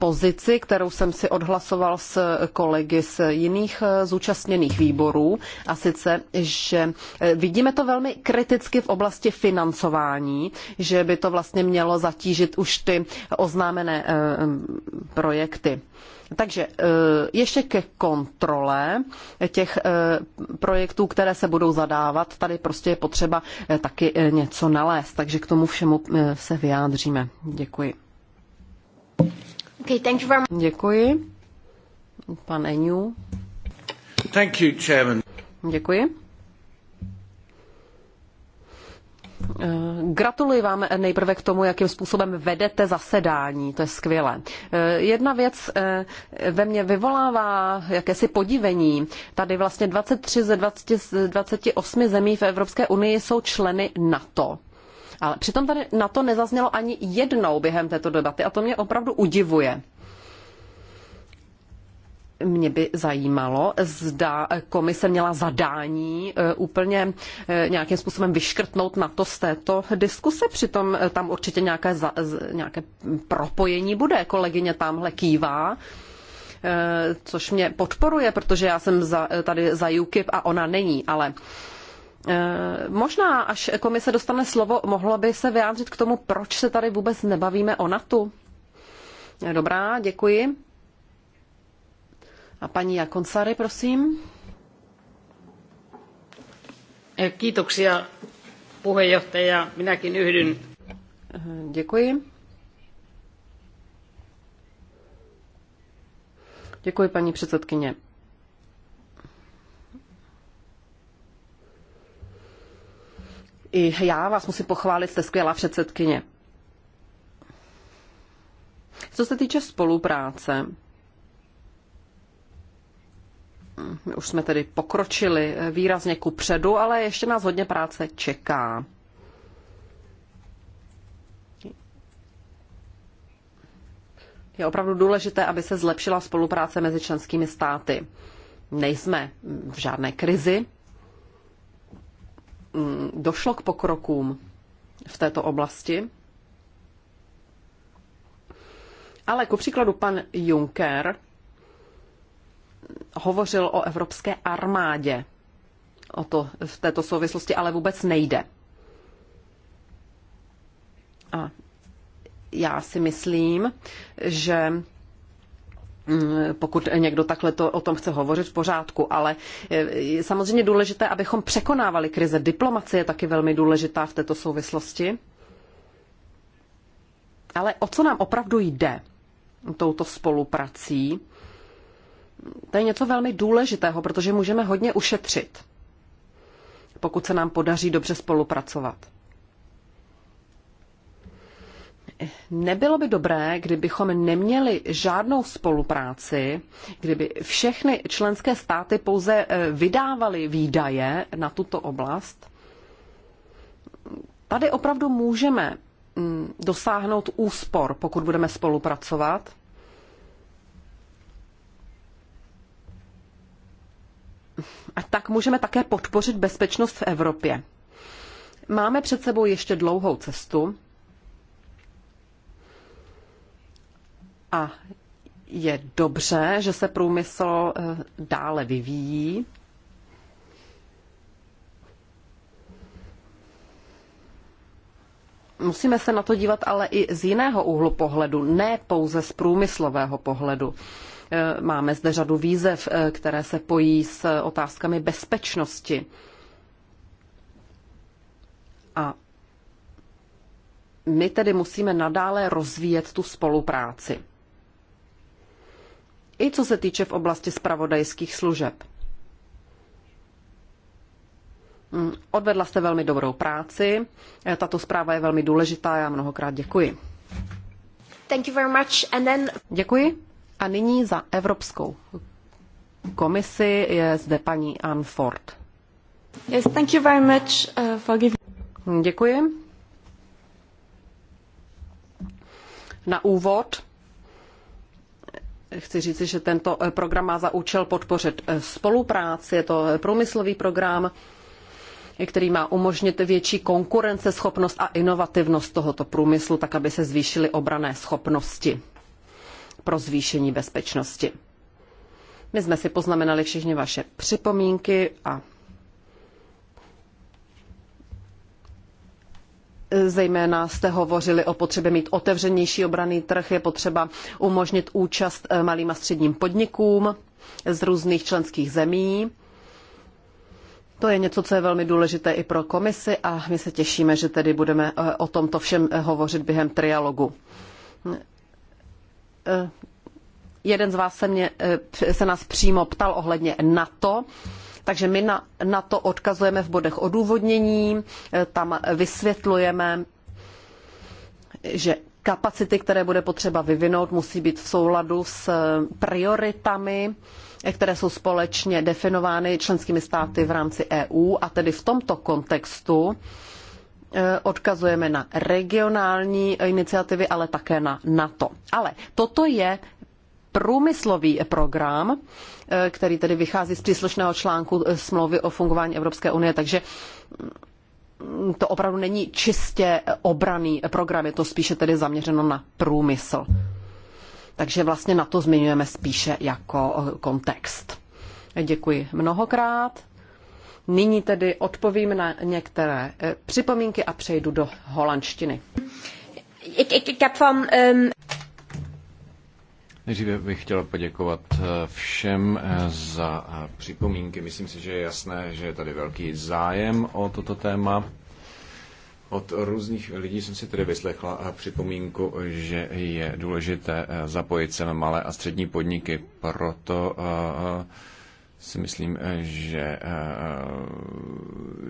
pozici, kterou jsem si odhlasoval s kolegy z jiných eh, zúčastněných výborů, a sice, že eh, vidíme to velmi kriticky v oblasti financování, že by to vlastně mělo zatížit už ty oznámené eh, projekty. Takže ještě ke kontrole těch projektů, které se budou zadávat, tady prostě je potřeba taky něco nalézt, takže k tomu všemu se vyjádříme. Děkuji. Okay, thank you very much. Děkuji. Pan Eňu. Thank you, chairman. Děkuji. Eh, gratuluji vám nejprve k tomu, jakým způsobem vedete zasedání, to je skvělé. Eh, jedna věc eh, ve mně vyvolává jakési podivení. Tady vlastně 23 ze 20, 28 zemí v Evropské unii jsou členy NATO. Ale přitom tady na to nezaznělo ani jednou během této debaty a to mě opravdu udivuje. Mě by zajímalo, zda komise měla zadání e, úplně e, nějakým způsobem vyškrtnout na to z této diskuse. Přitom e, tam určitě nějaké, za, nějaké propojení bude. Kolegyně tamhle kývá což mě podporuje, protože já jsem za, tady za UKIP a ona není, ale Eh, možná, až komise dostane slovo, mohla by se vyjádřit k tomu, proč se tady vůbec nebavíme o NATO. Eh, dobrá, děkuji. A paní Jakonsary, prosím. Eh, kiitoksia puheenjohtaja. Minäkin yhdyn. Děkuji. Děkuji, paní předsedkyně. i já vás musím pochválit, jste skvělá předsedkyně. Co se týče spolupráce, my už jsme tedy pokročili výrazně ku předu, ale ještě nás hodně práce čeká. Je opravdu důležité, aby se zlepšila spolupráce mezi členskými státy. Nejsme v žádné krizi, Mm, došlo k pokrokům v této oblasti. Ale ku příkladu pan Juncker hovořil o evropské armádě. O to v této souvislosti ale vůbec nejde. A já si myslím, že Mm, pokud někdo takhle to, o tom chce hovořit v pořádku, ale e, je samozřejmě důležité, abychom překonávali krize. Diplomacie je taky velmi důležitá v této souvislosti. Ale o co nám opravdu jde touto spoluprací? To je něco velmi důležitého, protože můžeme hodně ušetřit, pokud se nám podaří dobře spolupracovat nebylo by dobré, kdybychom neměli žádnou spolupráci, kdyby všechny členské státy pouze eh, vydávaly výdaje na tuto oblast. Tady opravdu můžeme mm, dosáhnout úspor, pokud budeme spolupracovat. A tak můžeme také podpořit bezpečnost v Evropě. Máme před sebou ještě dlouhou cestu, A je dobře, že se průmysl eh, dále vyvíjí. Musíme se na to dívat ale i z jiného úhlu pohledu, ne pouze z průmyslového pohledu. Eh, máme zde řadu výzev, eh, které se pojí s otázkami bezpečnosti. A my tedy musíme nadále rozvíjet tu spolupráci i co se týče v oblasti spravodajských služeb. Hm, odvedla jste velmi dobrou práci. E, tato zpráva je velmi důležitá. Já mnohokrát děkuji. Thank you very much. And then... Děkuji. A nyní za Evropskou komisi je zde paní Anne Ford. Yes, thank you very much uh, for giving... Děkuji. Na úvod Chci říci, že tento eh, program má za účel podpořit eh, spolupráci, je to eh, průmyslový program, který má umožnit větší konkurenceschopnost a inovativnost tohoto průmyslu, tak aby se zvýšily obrané schopnosti pro zvýšení bezpečnosti. My jsme si poznamenali všechny vaše připomínky a Zejména jste hovořili o potřebě mít otevřenější obraný trh, je potřeba umožnit účast eh, malým a středním podnikům z různých členských zemí. To je něco, co je velmi důležité i pro komisi a my se těšíme, že tedy budeme eh, o tomto všem eh, hovořit během trialogu. Jeden z vás se, mě, se nás přímo ptal ohledně NATO. Takže my na, na to odkazujeme v bodech odůvodnění, e, tam vysvětlujeme, že kapacity, které bude potřeba vyvinout, musí být v souladu s e, prioritami, e, které jsou společně definovány členskými státy v rámci EU a tedy v tomto kontextu odkazujeme na regionální iniciativy, ale také na NATO. Ale toto je průmyslový program, Eh, který tedy vychází z příslušného článku eh, smlouvy o fungování Evropské unie. Takže mm, to opravdu není čistě obraný program, je to spíše tedy zaměřeno na průmysl. Takže vlastně na to zmiňujeme spíše jako eh, kontext. Děkuji mnohokrát. Nyní tedy odpovím na některé připomínky a přejdu do holandštiny. Ik, ik, ik heb van, um... Nejdříve bych chtěl poděkovat eh, všem eh, za eh, připomínky. Myslím si, že je jasné, že je tady velký zájem o toto téma. Od různých lidí jsem si tedy vyslechla připomínku, že je důležité zapojit na malé a střední podniky. Proto si myslím, že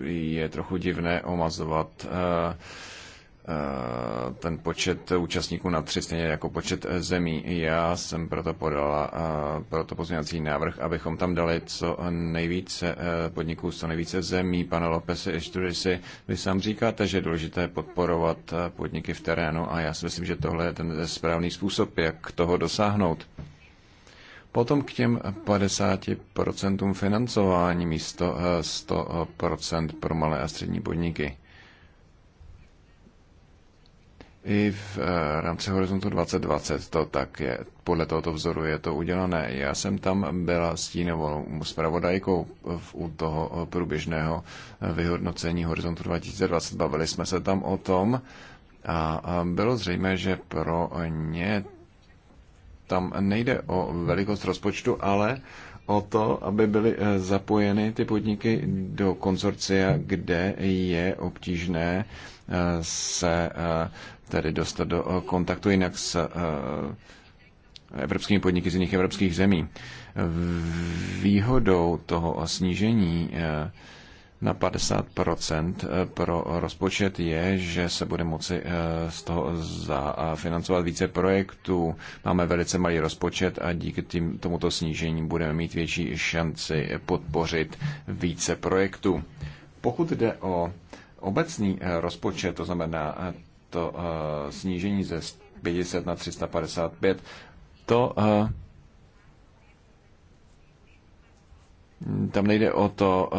je trochu divné omazovat ten počet účastníků na tři, stejně jako počet eh, zemí. Já jsem proto podala eh, proto pozměňovací návrh, abychom tam dali co nejvíce eh, podniků, co nejvíce zemí. Pane Lopesi, si, vy sám říkáte, že je důležité podporovat podniky v terénu a já si myslím, že tohle je ten správný způsob, jak toho dosáhnout. Potom k těm 50% financování místo 100% pro malé a střední podniky i v eh, rámci Horizontu 2020 to tak je. Podle tohoto vzoru je to udělané. Já jsem tam byla stínovou zpravodajkou u toho průběžného eh, vyhodnocení Horizontu 2020. Bavili jsme se tam o tom a bylo zřejmé, že pro ně tam nejde o velikost rozpočtu, ale o to, aby byly eh, zapojeny ty podniky do konzorcia, kde je obtížné se tedy dostat do eh, kontaktu jinak s eh, evropskými podniky z jiných evropských zemí. Výhodou toho snížení eh, na 50% pro rozpočet je, že se bude moci z toho zafinancovat více projektů. Máme velice malý rozpočet a díky tím, tomuto snížení budeme mít větší šanci podpořit více projektů. Pokud jde o obecný rozpočet, to znamená to eh, snížení ze 50 na 355, to eh, tam nejde o to,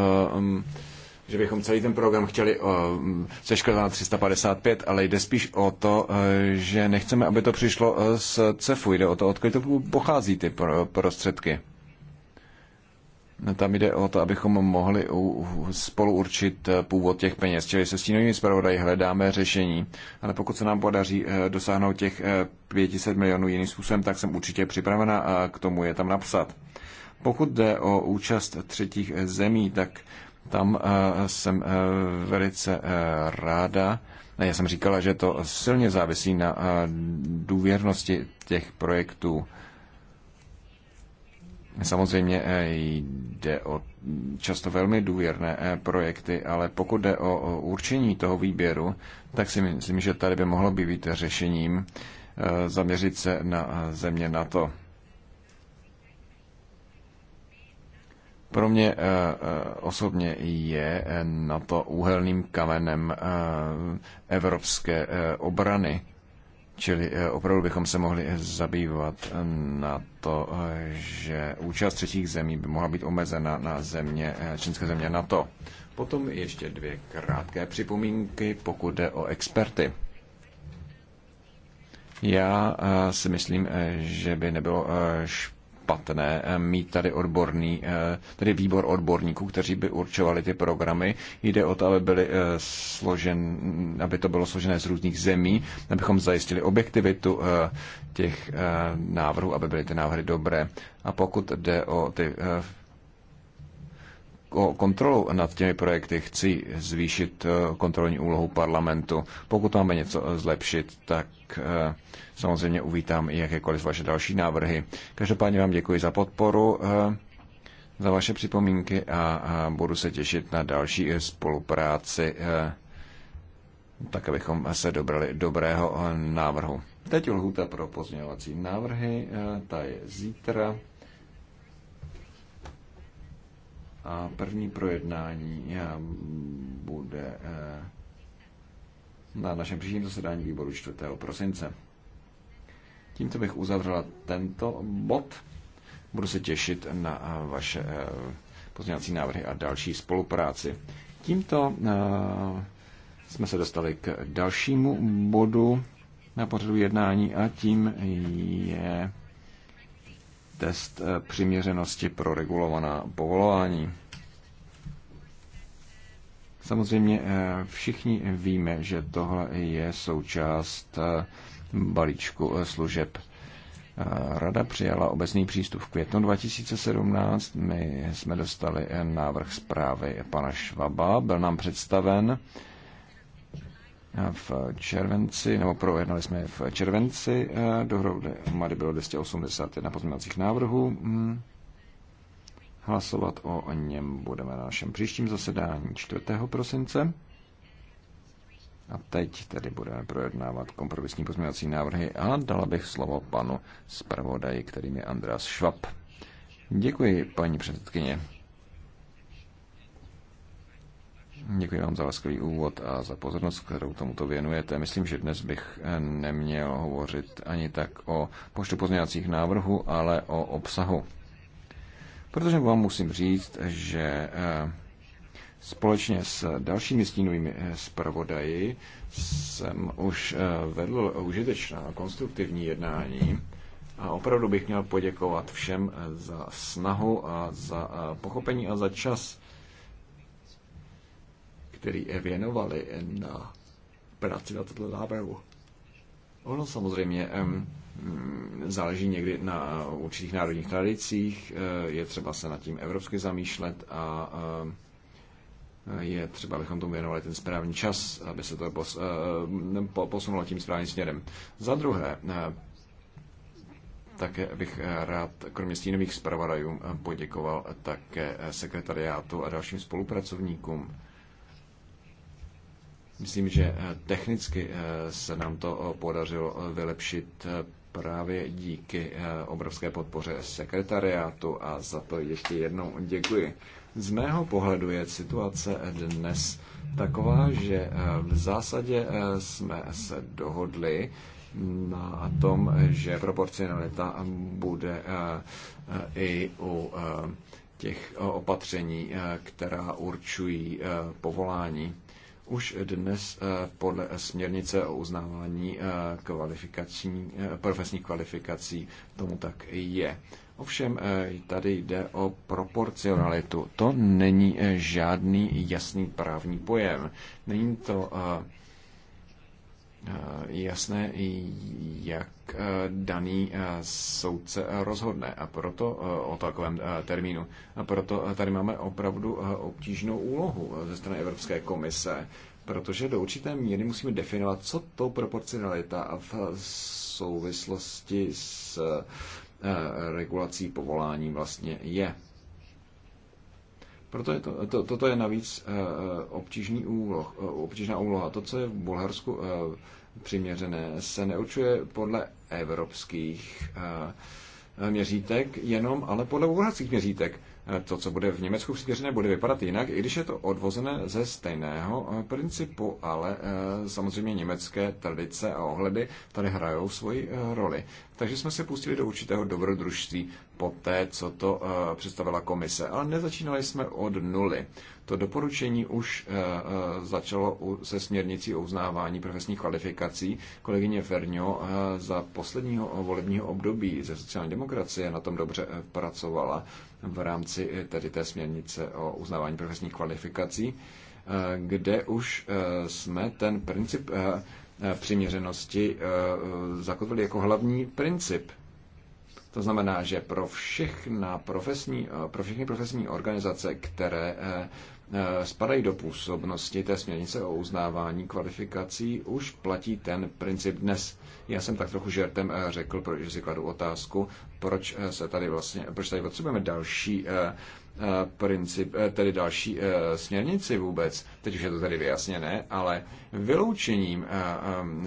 eh, že bychom celý ten program chtěli seškrtat na 355, ale jde spíš o to, že nechceme, aby to přišlo z CEFu. Jde o to, odkud to pochází ty prostředky. Tam jde o to, abychom mohli spolu určit eh, původ těch peněz. Čili se stínovými zpravodaji hledáme řešení, ale pokud se nám podaří eh, dosáhnout těch 500 eh, milionů jiným způsobem, tak jsem určitě připravena a k tomu je tam napsat. Pokud jde o účast třetích zemí, tak tam jsem velice ráda. Já jsem říkala, že to silně závisí na důvěrnosti těch projektů Samozřejmě eh, jde o často velmi důvěrné eh, projekty, ale pokud jde o určení toho výběru, tak si myslím, že tady by mohlo být řešením eh, zaměřit se na země NATO. Pro mě osobně je NATO úhelným kamenem evropské obrany Čili eh, opravdu bychom se mohli zabývat eh, na to, eh, že účast třetích zemí by mohla být omezena na země, členské země NATO. Potom ještě dvě krátké připomínky, pokud jde o experty. Já si myslím, že by nebylo špatné špatné eh, mít tady odborný, eh, tedy výbor odborníků, kteří by určovali ty programy. Jde o to, aby, byly eh, složen, aby to bylo složené z různých zemí, abychom zajistili objektivitu těch návrhů, aby byly ty návrhy dobré. A pokud jde o ty o kontrolu nad těmi projekty chci zvýšit kontrolní úlohu parlamentu. Pokud máme něco zlepšit, tak Eh, samozřejmě uvítám i jakékoliv vaše další návrhy. Každopádně vám děkuji za podporu, eh, za vaše připomínky a budu se těšit na další spolupráci, eh, tak abychom se dobrali dobrého návrhu. Teď lhůta pro pozměňovací návrhy, ta je zítra. A první projednání bude na našem příštím zasedání výboru 4. prosince. Tímto bych uzavřela tento bod. Budu se těšit na eh, vaše eh, pozměňovací návrhy a další spolupráci. Tímto eh, jsme se dostali k dalšímu bodu na pořadu jednání a tím je test přiměřenosti pro regulovaná povolování. Samozřejmě eh, všichni víme, že tohle je součást eh, balíčku eh, služeb. Rada přijala obecný přístup v květnu 2017. My jsme dostali návrh zprávy pana Švaba, byl nám představen v červenci, nebo projednali jsme v červenci, dohromady bylo 281 pozměňovacích návrhů. Hmm. Hlasovat o něm budeme na našem příštím zasedání 4. prosince. A teď tedy budeme projednávat kompromisní pozměňovací návrhy a dala bych slovo panu zpravodaji, kterým je Andreas Schwab. Děkuji, paní předsedkyně. Děkuji vám za laskavý úvod a za pozornost, kterou tomuto věnujete. Myslím, že dnes bych neměl hovořit ani tak o poštu pozměňovacích návrhů, ale o obsahu. Protože vám musím říct, že eh, společně s dalšími stínovými eh, zpravodaji jsem už eh, vedl užitečná konstruktivní jednání a opravdu bych měl poděkovat všem za snahu a za pochopení a za čas, který věnovali na práci na tohle návrhu. Ono samozřejmě Mm, záleží někdy na určitých národních tradicích, eh, je třeba se nad tím evropsky zamýšlet a eh, je třeba, abychom tomu věnovali ten správný čas, aby se to eh, posunulo tím správným směrem. Za druhé, také bych rád, kromě stínových zpravodajů, poděkoval také sekretariátu a dalším spolupracovníkům. Myslím, že technicky se nám to podařilo vylepšit právě díky eh, obrovské podpoře sekretariátu a za to ještě jednou děkuji. Z mého pohledu je situace dnes taková, že eh, v zásadě eh, jsme se dohodli na tom, že proporcionalita bude i u těch opatření, která určují povolání. Už dnes eh, podle směrnice o uznávání eh, kvalifikační, eh, profesních kvalifikací tomu tak je. Ovšem tady jde o proporcionalitu. To není žádný jasný právní pojem. Není to Eh, jasné, jak eh, daný eh, soudce rozhodne a proto o takovém termínu. A proto tady máme opravdu obtížnou úlohu ze strany Evropské komise, protože do určité míry musíme definovat, co to proporcionalita v souvislosti s regulací povolání vlastně je. Proto je to, to, toto je navíc eh, eh, obtížný úloh, eh, obtížná úloha. To, co je v Bulharsku přiměřené, se neurčuje podle evropských měřítek jenom, ale podle bulharských měřítek to, co bude v Německu přiměřené, bude vypadat jinak, i když je to odvozené ze stejného eh, principu, ale eh, samozřejmě německé tradice a ohledy tady hrajou svoji eh, roli. Takže jsme se pustili do určitého dobrodružství po té, co to představila komise. Ale nezačínali jsme od nuly. To doporučení už začalo se směrnicí o uznávání profesních kvalifikací. Kolegyně Ferňo za posledního volebního období ze sociální demokracie na tom dobře pracovala v rámci eh, tedy té směrnice o uznávání profesních kvalifikací, eh, kde už eh, jsme ten princip přiměřenosti zakotvili jako hlavní princip. To znamená, že pro, všechna profesní, pro všechny profesní organizace, které spadají do působnosti té směrnice o uznávání kvalifikací, už platí ten princip dnes. Já jsem tak trochu žertem eh, řekl, protože si kladu otázku, proč eh, se tady vlastně, proč tady potřebujeme další eh, princip, tedy další směrnici vůbec. Teď už je to tady vyjasněné, ale vyloučením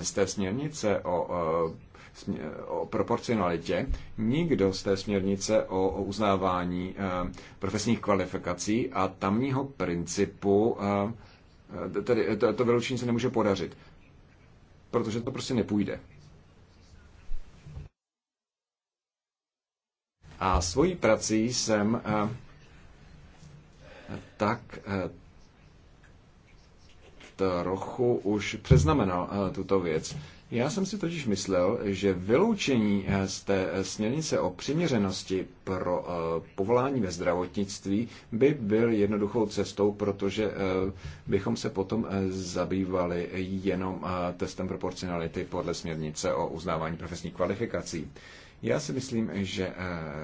z té směrnice o o proporcionalitě. Nikdo z té směrnice o, o uznávání profesních kvalifikací a tamního principu, tedy to, to vyloučení se nemůže podařit, protože to prostě nepůjde. A svojí prací jsem eh, tak eh, trochu už přeznamenal eh, tuto věc. Já jsem si totiž myslel, že vyloučení z té směrnice o přiměřenosti pro povolání ve zdravotnictví by byl jednoduchou cestou, protože bychom se potom zabývali jenom testem proporcionality podle směrnice o uznávání profesních kvalifikací. Já si myslím, že eh,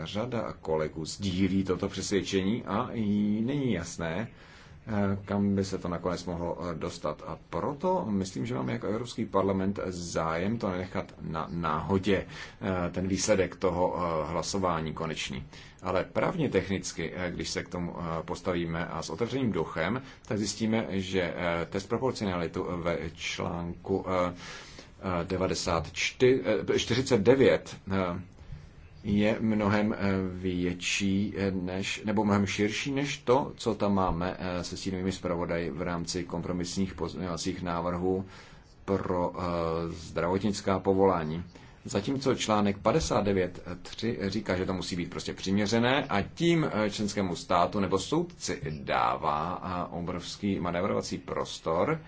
řada kolegů sdílí toto přesvědčení a jí není jasné, eh, kam by se to nakonec mohlo eh, dostat. A proto myslím, že máme jako Evropský parlament zájem to nechat na náhodě, ten výsledek toho hlasování konečný. Ale právně technicky, když se k tomu postavíme a s otevřeným duchem, tak zjistíme, že test proporcionalitu ve článku 94, 49 je mnohem eh, větší eh, než, nebo mnohem širší než to, co tam máme eh, se stínovými zpravodaji v rámci kompromisních pozměňovacích návrhů pro zdravotnická povolání. Zatímco článek 59.3 říká, že to musí být prostě přiměřené a tím členskému státu nebo soudci dává obrovský manevrovací prostor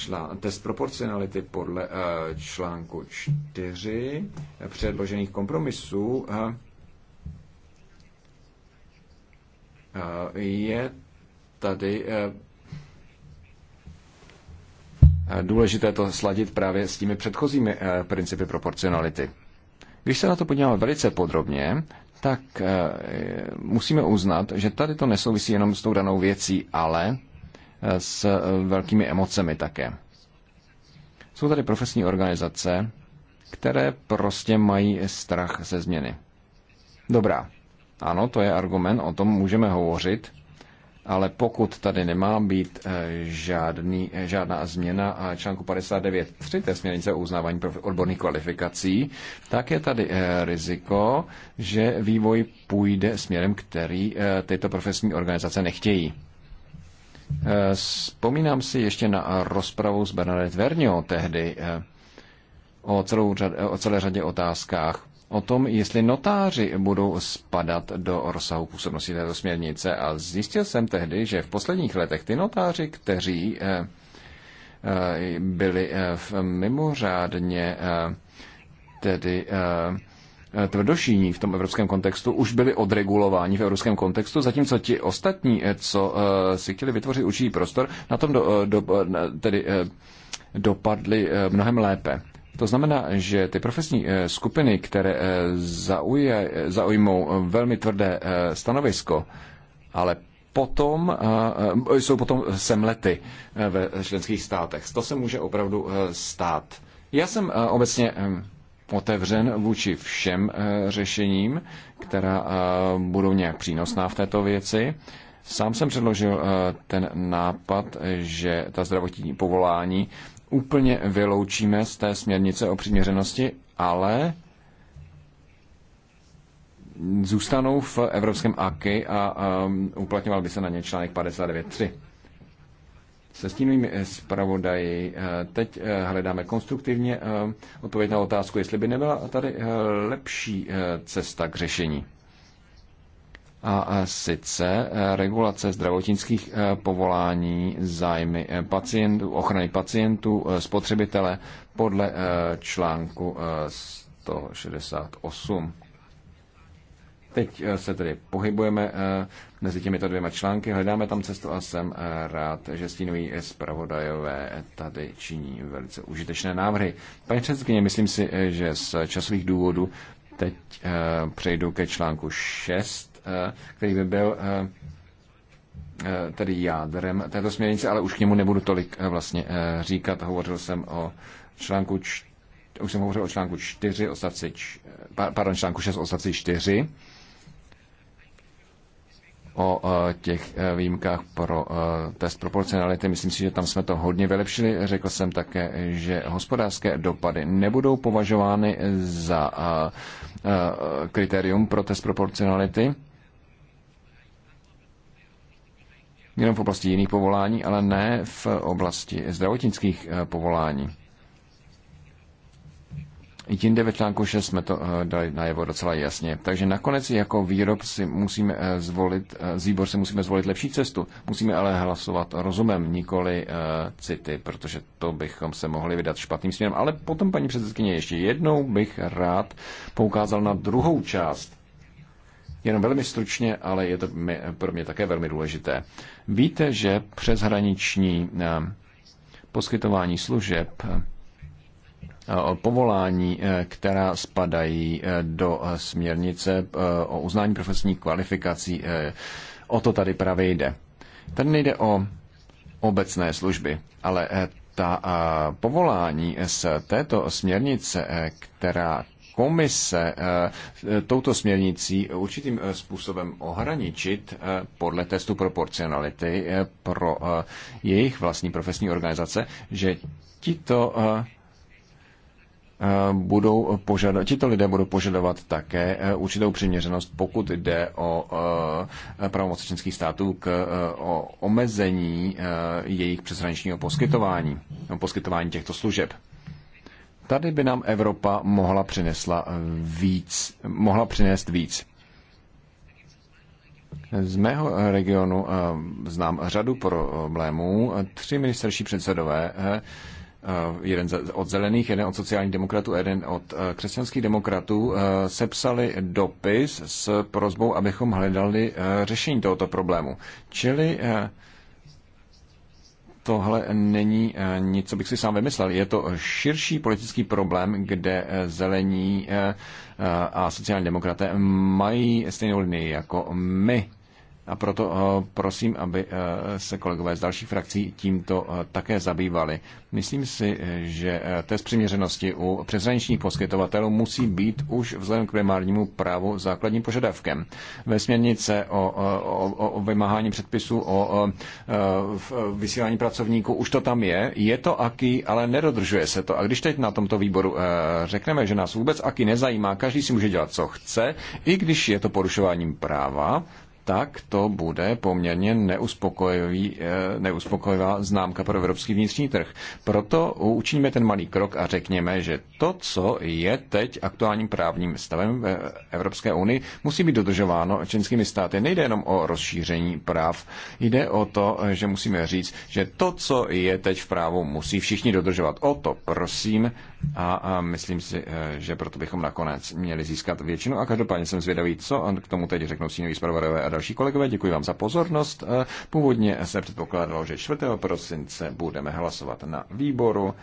člán, test proporcionality podle eh, článku 4 předložených kompromisů eh, eh, je tady důležité to sladit právě s těmi předchozími principy proporcionality. Když se na to podíváme velice podrobně, tak musíme uznat, že tady to nesouvisí jenom s tou danou věcí, ale s eh, velkými emocemi také. Jsou tady profesní organizace, které prostě mají strach ze změny. Dobrá, ano, to je argument, o tom můžeme hovořit, ale pokud tady nemá být eh, žádný, eh, žádná změna a článku 59.3 té směrnice o uznávání odborných kvalifikací, tak je tady riziko, že vývoj půjde směrem, který tyto profesní organizace nechtějí. Eh, vzpomínám si ještě na rozpravu s Bernadette Vernio tehdy eh, o, celou řad, o celé řadě otázkách o tom, jestli notáři budou spadat do rozsahu působnosti této směrnice. A zjistil jsem tehdy, že v posledních letech ty notáři, kteří eh, byli mimořádně tedy Eh, tvrdošíní v tom evropském kontextu už byli odregulováni v evropském kontextu, zatímco ti ostatní, eh, co eh, si chtěli vytvořit určitý prostor, na tom do, do, tedy dopadli mnohem lépe. To znamená, že ty profesní skupiny, které zauje, zaujmou velmi tvrdé stanovisko, ale potom jsou potom semlety ve členských státech. To se může opravdu stát. Já jsem obecně otevřen vůči všem eh, řešením, která eh, budou nějak přínosná v této věci. Sám jsem předložil eh, ten nápad, že ta zdravotní povolání úplně vyloučíme z té směrnice o přiměřenosti, ale zůstanou v evropském AKI a uplatňoval by se na ně článek 59.3 se stínovými eh, zpravodaji. Eh, teď eh, hledáme konstruktivně odpověď na otázku, jestli by nebyla tady lepší cesta k řešení. A sice regulace zdravotnických povolání, zájmy pacientů, ochrany pacientů, spotřebitele podle článku 168. Teď se tedy pohybujeme mezi těmito dvěma články. Hledáme tam cestu a jsem eh, rád, že stínují zpravodajové tady činí velice užitečné návrhy. Paní předsedkyně, myslím si, eh, že z časových důvodů teď eh, přejdu ke článku 6, který by byl tedy jádrem této směrnice, ale už k němu nebudu tolik vlastně říkat. Hovořil jsem o článku č... už jsem hovořil o článku 4, odstavci, č... pardon, článku 6, odstavci 4 o těch e, výjimkách pro e, test proporcionality. Myslím si, že tam jsme to hodně vylepšili. Řekl jsem také, že hospodářské dopady nebudou považovány za e, kritérium pro test proporcionality. Jenom v oblasti jiných povolání, ale ne v oblasti zdravotnických povolání. Jinde ve článku 6 jsme to eh, dali najevo docela jasně. Takže nakonec jako výrob si musíme eh, zvolit, zíbor, eh, si musíme zvolit lepší cestu. Musíme ale hlasovat rozumem, nikoli city, protože to bychom se mohli vydat špatným směrem. Ale potom, paní předsedkyně, ještě jednou bych rád poukázal na druhou část Jenom velmi stručně, ale je to pro mě také velmi důležité. Víte, že přeshraniční poskytování služeb povolání, eh, která spadají eh, do eh, směrnice o uznání profesních kvalifikací. O to tady právě jde. Tady nejde o obecné služby, ale ta povolání z této směrnice, která komise touto směrnicí určitým způsobem ohraničit podle testu proporcionality pro jejich vlastní profesní organizace, že tito Eh, budou požadovat, tito lidé budou požadovat také eh, určitou přiměřenost, pokud jde o eh, pravomoc členských států k o omezení jejich přeshraničního poskytování, poskytování těchto služeb. Tady by nám Evropa mohla, přinesla víc, mohla přinést víc. Z mého regionu znám řadu problémů. Tři ministerští předsedové Eh, jeden od zelených, jeden od sociálních demokratů, jeden od eh, křesťanských demokratů, eh, sepsali dopis s prozbou, abychom hledali řešení tohoto problému. Čili tohle není nic, co bych si sám vymyslel. Je to širší politický problém, kde zelení a sociální demokraté mají stejnou linii jako my a proto eh, prosím, aby eh, se kolegové z dalších frakcí tímto eh, také zabývali. Myslím si, že test přiměřenosti u přeshraničních poskytovatelů musí být už vzhledem k primárnímu právu základním požadavkem. Ve směrnice o, o, o vymáhání předpisů o, o vysílání pracovníků už to tam je. Je to aký, ale nedodržuje se to. A když teď na tomto výboru řekneme, že nás vůbec aký nezajímá, každý si může dělat, co chce, i když je to porušováním práva, tak to bude poměrně neuspokojivý, eh, neuspokojivá známka pro evropský vnitřní trh. Proto učiníme ten malý krok a řekněme, že to, co je teď aktuálním právním stavem v eh, Evropské unii, musí být dodržováno členskými státy. Nejde jenom o rozšíření práv, jde o to, eh, že musíme říct, že to, co je teď v právu, musí všichni dodržovat. O to prosím a, a myslím si, eh, že proto bychom nakonec měli získat většinu. A každopádně jsem zvědavý, co k tomu teď řeknou sínoví zpravodajové a další kolegové. Děkuji vám za pozornost. Eh, původně se předpokládalo, že 4. prosince budeme hlasovat na výboru.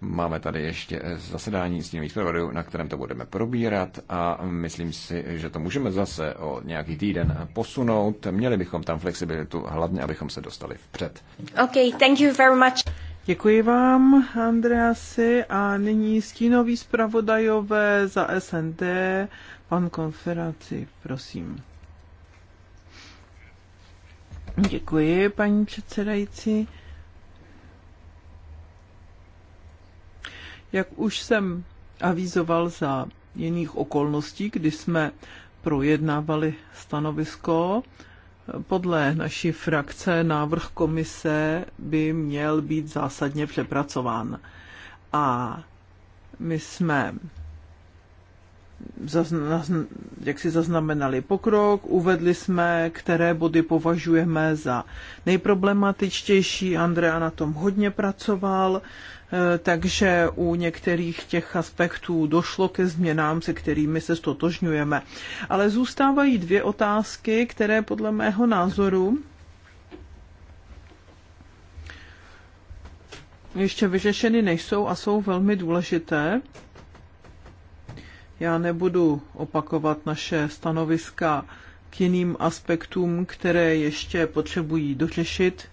Máme tady ještě eh, zasedání s tímových zpravodajů, na kterém to budeme probírat a myslím si, že to můžeme zase o nějaký týden posunout. Měli bychom tam flexibilitu, hlavně abychom se dostali vpřed. Okay, thank you very much. Děkuji vám, Andreasi. A nyní stínový zpravodajové za SND, pan Konferaci, prosím. Děkuji, paní předsedající. Jak už jsem avizoval za jiných okolností, kdy jsme projednávali stanovisko podle naší frakce návrh komise by měl být zásadně přepracován. A my jsme jak si zaznamenali pokrok, uvedli jsme, které body považujeme za nejproblematičtější. Andrea na tom hodně pracoval Eh, takže u některých těch aspektů došlo ke změnám, se kterými se stotožňujeme. Ale zůstávají dvě otázky, které podle mého názoru ještě vyřešeny nejsou a jsou velmi důležité. Já nebudu opakovat naše stanoviska k jiným aspektům, které ještě potřebují dořešit.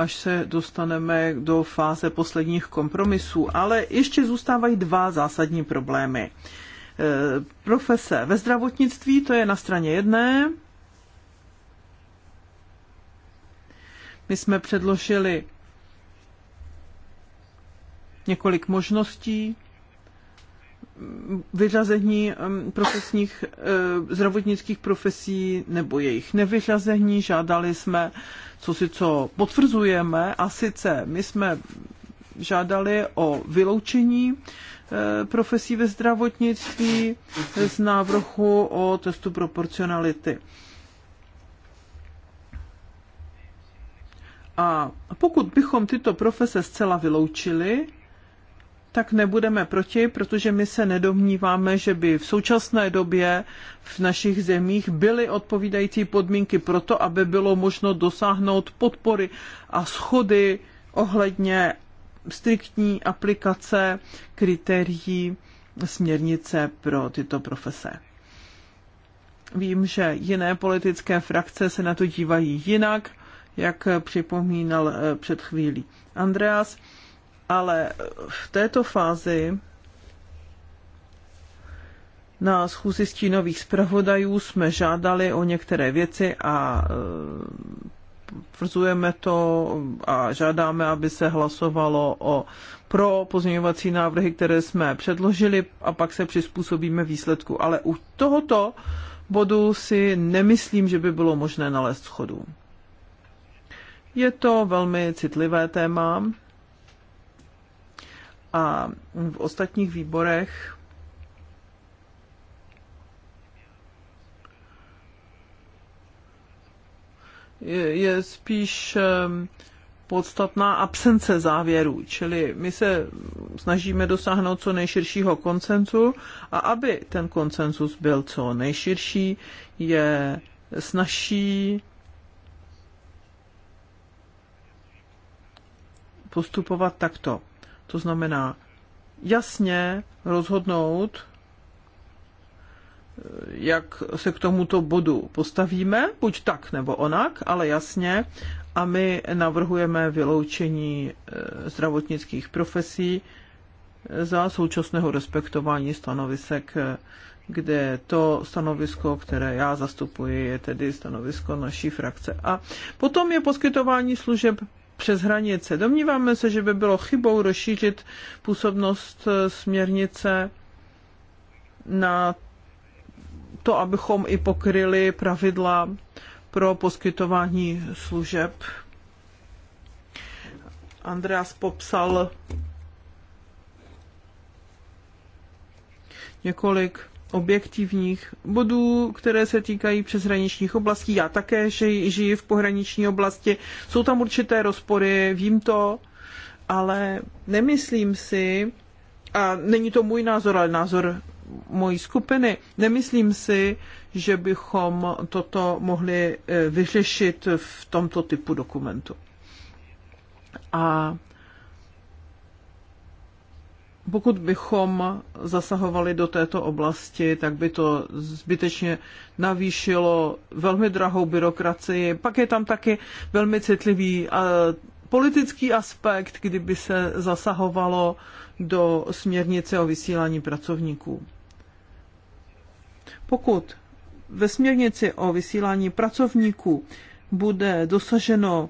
až se dostaneme do fáze posledních kompromisů, ale ještě zůstávají dva zásadní problémy. E, profese ve zdravotnictví, to je na straně jedné. My jsme předložili několik možností, vyřazení profesních eh, zdravotnických profesí nebo jejich nevyřazení. Žádali jsme, co si co potvrzujeme, a sice my jsme žádali o vyloučení eh, profesí ve zdravotnictví z návrhu o testu proporcionality. A pokud bychom tyto profese zcela vyloučili, tak nebudeme proti, protože my se nedomníváme, že by v současné době v našich zemích byly odpovídající podmínky pro to, aby bylo možno dosáhnout podpory a schody ohledně striktní aplikace kritérií směrnice pro tyto profese. Vím, že jiné politické frakce se na to dívají jinak, jak připomínal eh, před chvílí Andreas ale v této fázi na schůzi stínových zpravodajů jsme žádali o některé věci a e, potvrzujeme to a žádáme, aby se hlasovalo o pro pozměňovací návrhy, které jsme předložili a pak se přizpůsobíme výsledku. Ale u tohoto bodu si nemyslím, že by bylo možné nalézt schodu. Je to velmi citlivé téma a v ostatních výborech je spíš podstatná absence závěrů, čili my se snažíme dosáhnout co nejširšího koncenzu a aby ten koncenzus byl co nejširší, je snažší postupovat takto. To znamená jasně rozhodnout, eh, jak se k tomuto bodu postavíme, buď tak nebo onak, ale jasně. A my navrhujeme vyloučení eh, zdravotnických profesí eh, za současného respektování stanovisek, kde to stanovisko, které já zastupuji, je tedy stanovisko naší frakce. A potom je poskytování služeb přes hranice. Domníváme se, že by bylo chybou rozšířit působnost eh, směrnice na to, abychom i pokryli pravidla pro poskytování služeb. Andreas popsal několik objektivních bodů, které se týkají přeshraničních oblastí. Já také žij, žiji v pohraniční oblasti. Jsou tam určité rozpory, vím to, ale nemyslím si, a není to můj názor, ale názor mojí skupiny, nemyslím si, že bychom toto mohli e, vyřešit v tomto typu dokumentu. A pokud bychom zasahovali do této oblasti, tak by to zbytečně navýšilo velmi drahou byrokracii. Pak je tam taky velmi citlivý eh, politický aspekt, kdyby se zasahovalo do směrnice o vysílání pracovníků. Pokud ve směrnici o vysílání pracovníků bude dosaženo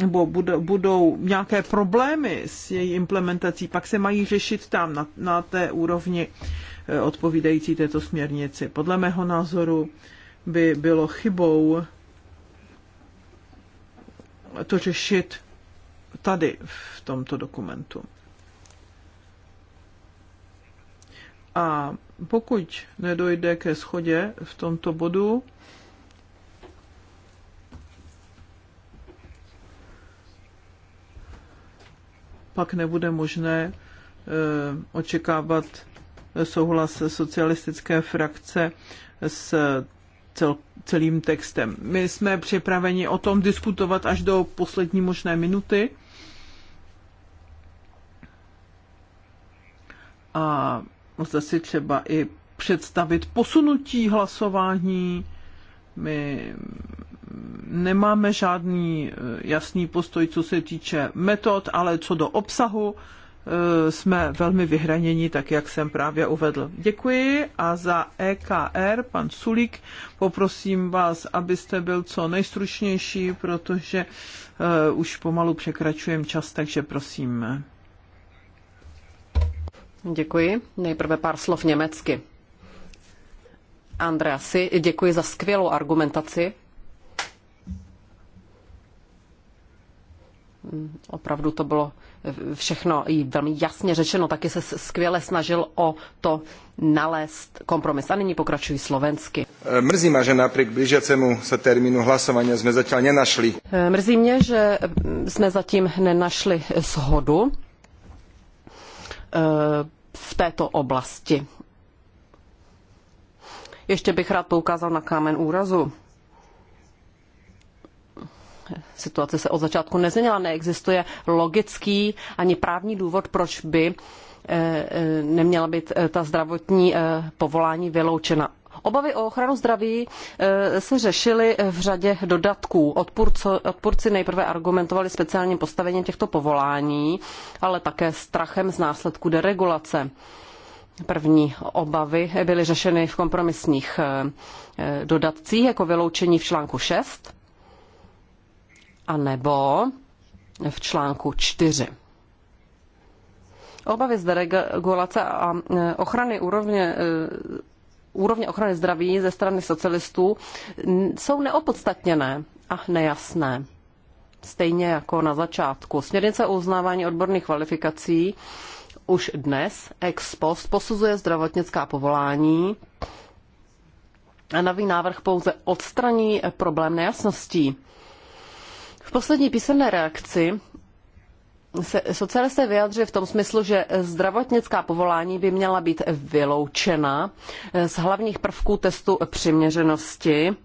nebo budou, budou nějaké problémy s její implementací, pak se mají řešit tam na, na té úrovni eh, odpovídající této směrnici. Podle mého názoru by bylo chybou to řešit tady v tomto dokumentu. A pokud nedojde ke schodě v tomto bodu, pak nebude možné eh, očekávat souhlas socialistické frakce s cel, celým textem. My jsme připraveni o tom diskutovat až do poslední možné minuty. A možná si třeba i představit posunutí hlasování. My nemáme žádný eh, jasný postoj, co se týče metod, ale co do obsahu eh, jsme velmi vyhraněni, tak jak jsem právě uvedl. Děkuji a za EKR, pan Sulik, poprosím vás, abyste byl co nejstručnější, protože eh, už pomalu překračujem čas, takže prosím. Děkuji. Nejprve pár slov německy. Andreasi, děkuji za skvělou argumentaci opravdu to bylo všechno i velmi jasně řečeno, taky se skvěle snažil o to nalézt kompromis. A nyní pokračují slovensky. E, e, mrzí mě, že napřík blížecemu se termínu hlasování jsme zatím nenašli. Mrzí mě, že jsme zatím nenašli shodu e, v této oblasti. Ještě bych rád poukázal na kámen úrazu situace se od začátku nezměnila, neexistuje logický ani právní důvod, proč by eh, eh, neměla být eh, ta zdravotní povolání vyloučena. Obavy o ochranu zdraví se řešily v řadě dodatků. Odpůrco, odpůrci nejprve argumentovali speciálním postavením těchto povolání, ale také strachem z následků deregulace. První obavy byly řešeny v kompromisních dodatcích jako vyloučení v článku 6 a nebo v článku 4. Obavy z deregulace a e, ochrany úrovně e, úrovně ochrany zdraví ze strany socialistů jsou neopodstatněné a nejasné. Stejně jako na začátku. Směrnice o uznávání odborných kvalifikací už dnes ex post posuzuje zdravotnická povolání a nový návrh pouze odstraní problém nejasností. V poslední písemné reakci se socialisté vyjadřují v tom smyslu, že zdravotnická povolání by měla být vyloučena z hlavních prvků testu přiměřenosti,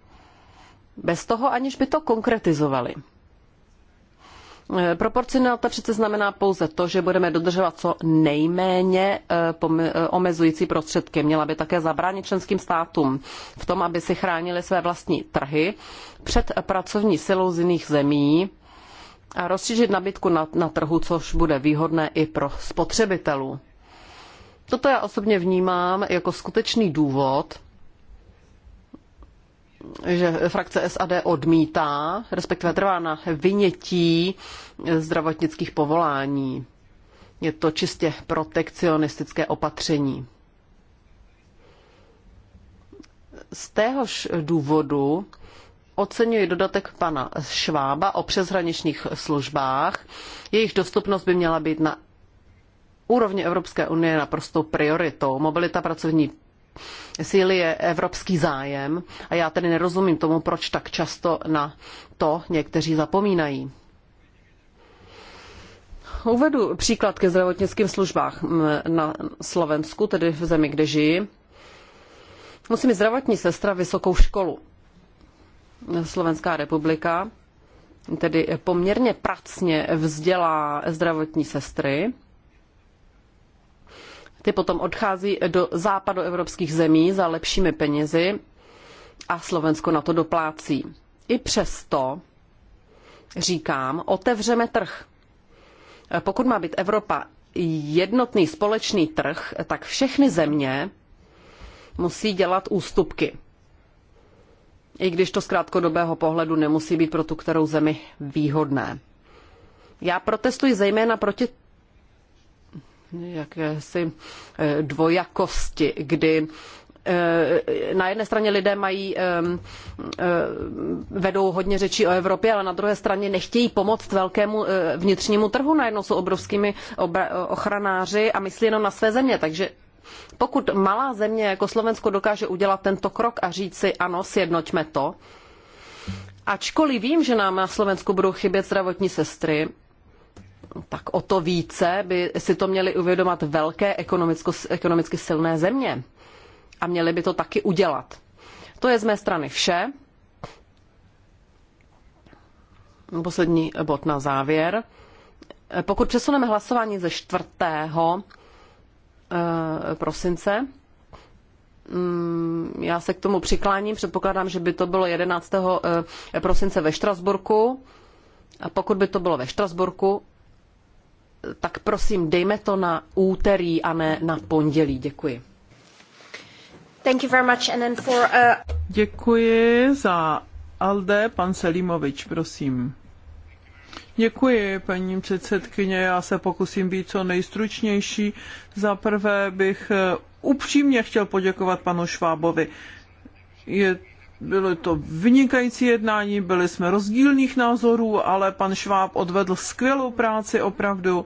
bez toho aniž by to konkretizovali. Eh, proporcionalita přece znamená pouze to, že budeme dodržovat co nejméně eh, eh, omezující prostředky. Měla by také zabránit členským státům v tom, aby si chránili své vlastní trhy před pracovní silou z jiných zemí a rozšířit nabídku na, na trhu, což bude výhodné i pro spotřebitelů. Toto já osobně vnímám jako skutečný důvod, že frakce SAD odmítá, respektive trvá na vynětí zdravotnických povolání. Je to čistě protekcionistické opatření. Z téhož důvodu oceňuji dodatek pana Švába o přeshraničních službách. Jejich dostupnost by měla být na úrovni Evropské unie naprostou prioritou. Mobilita pracovní síly je evropský zájem a já tedy nerozumím tomu, proč tak často na to někteří zapomínají. Uvedu příklad ke zdravotnickým službách na Slovensku, tedy v zemi, kde žiji. Musí mít zdravotní sestra vysokou školu. Slovenská republika tedy poměrně pracně vzdělá zdravotní sestry ty potom odchází do západu evropských zemí za lepšími penězi a Slovensko na to doplácí. I přesto říkám, otevřeme trh. Pokud má být Evropa jednotný společný trh, tak všechny země musí dělat ústupky. I když to z krátkodobého pohledu nemusí být pro tu kterou zemi výhodné. Já protestuji zejména proti jakési eh, dvojakosti, kdy eh, na jedné straně lidé mají, eh, vedou hodně řečí o Evropě, ale na druhé straně nechtějí pomoct velkému vnitřnímu trhu, najednou jsou obrovskými ochranáři a myslí jenom na své země, takže pokud malá země jako Slovensko dokáže udělat tento krok a říci ano, sjednoťme to, ačkoliv vím, že nám na Slovensku budou chybět zdravotní sestry, tak o to více by si to měly uvědomat velké ekonomicky silné země. A měly by to taky udělat. To je z mé strany vše. Poslední bod na závěr. Pokud přesuneme hlasování ze 4. Eh, prosince, mm, já se k tomu přikláním, předpokládám, že by to bylo 11. Eh, prosince ve Štrasburku. A pokud by to bylo ve Štrasburku, tak prosím, dejme to na úterý a ne na pondělí. Děkuji. Thank you very much. And then for, uh, Děkuji za Alde, pan Selimovič, prosím. Děkuji, paní předsedkyně. Já se pokusím být co nejstručnější. Za prvé bych eh, upřímně chtěl poděkovat panu Švábovi. Je bylo to vynikající jednání, byli jsme rozdílných názorů, ale pan Šváb odvedl skvělou práci opravdu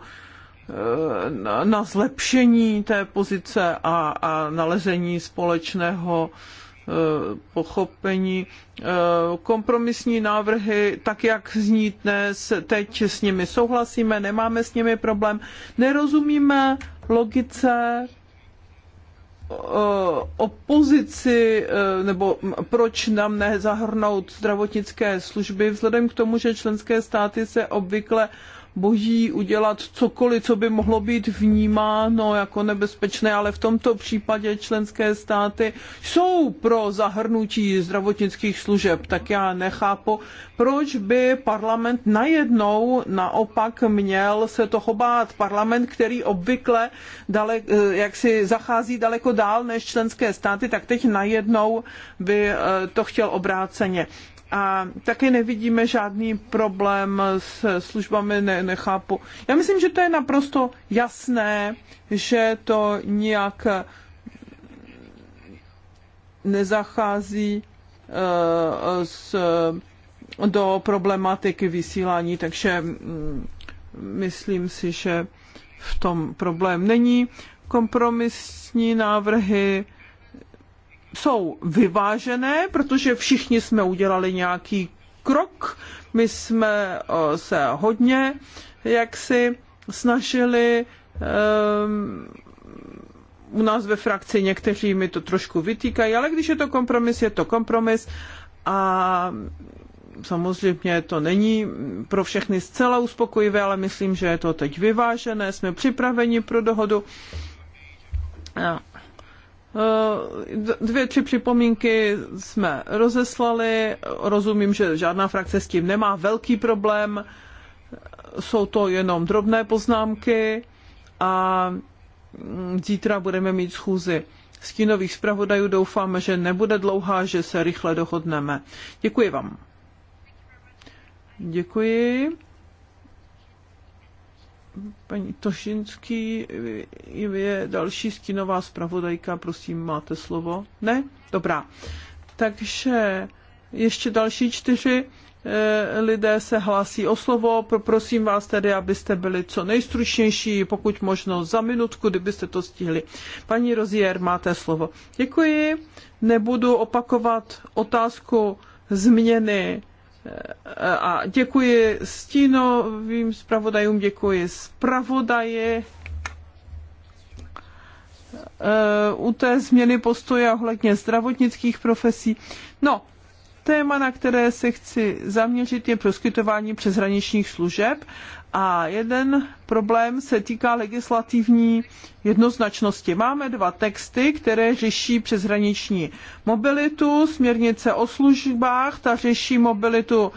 eh, na zlepšení té pozice a, a nalezení společného eh, pochopení. Eh, kompromisní návrhy, tak jak zní dnes, teď s nimi souhlasíme, nemáme s nimi problém, nerozumíme logice Eh, opozici, eh, nebo proč nám nezahrnout zdravotnické služby, vzhledem k tomu, že členské státy se obvykle boží udělat cokoliv, co by mohlo být vnímáno jako nebezpečné, ale v tomto případě členské státy jsou pro zahrnutí zdravotnických služeb. Tak já nechápu, proč by parlament najednou naopak měl se toho bát. Parlament, který obvykle dalek, eh, jak si zachází daleko dál než členské státy, tak teď najednou by eh, to chtěl obráceně. A také nevidíme žádný problém s službami, ne, nechápu. Já myslím, že to je naprosto jasné, že to nijak nezachází uh, s, do problematiky vysílání, takže um, myslím si, že v tom problém není. Kompromisní návrhy jsou vyvážené, protože všichni jsme udělali nějaký krok. My jsme eh, se hodně jaksi snažili ehm, u nás ve frakci někteří mi to trošku vytýkají, ale když je to kompromis, je to kompromis a samozřejmě to není pro všechny zcela uspokojivé, ale myslím, že je to teď vyvážené, jsme připraveni pro dohodu. Eh, dvě, tři připomínky jsme rozeslali. Rozumím, že žádná frakce s tím nemá velký problém. Jsou to jenom drobné poznámky a zítra budeme mít schůzi stínových zpravodajů. Doufám, že nebude dlouhá, že se rychle dohodneme. Děkuji vám. Děkuji. Paní Tošinský je další stínová zpravodajka, prosím, máte slovo? Ne? Dobrá. Takže ještě další čtyři eh, lidé se hlásí o slovo. Prosím vás tedy, abyste byli co nejstručnější, pokud možno za minutku, kdybyste to stihli. Paní Rozier, máte slovo. Děkuji. Nebudu opakovat otázku změny a děkuji stínovým zpravodajům, děkuji zpravodaji eh, u té změny postoje ohledně zdravotnických profesí. No, téma, na které se chci zaměřit, je poskytování přeshraničních služeb a jeden problém se týká legislativní jednoznačnosti. Máme dva texty, které řeší přeshraniční mobilitu, směrnice o službách, ta řeší mobilitu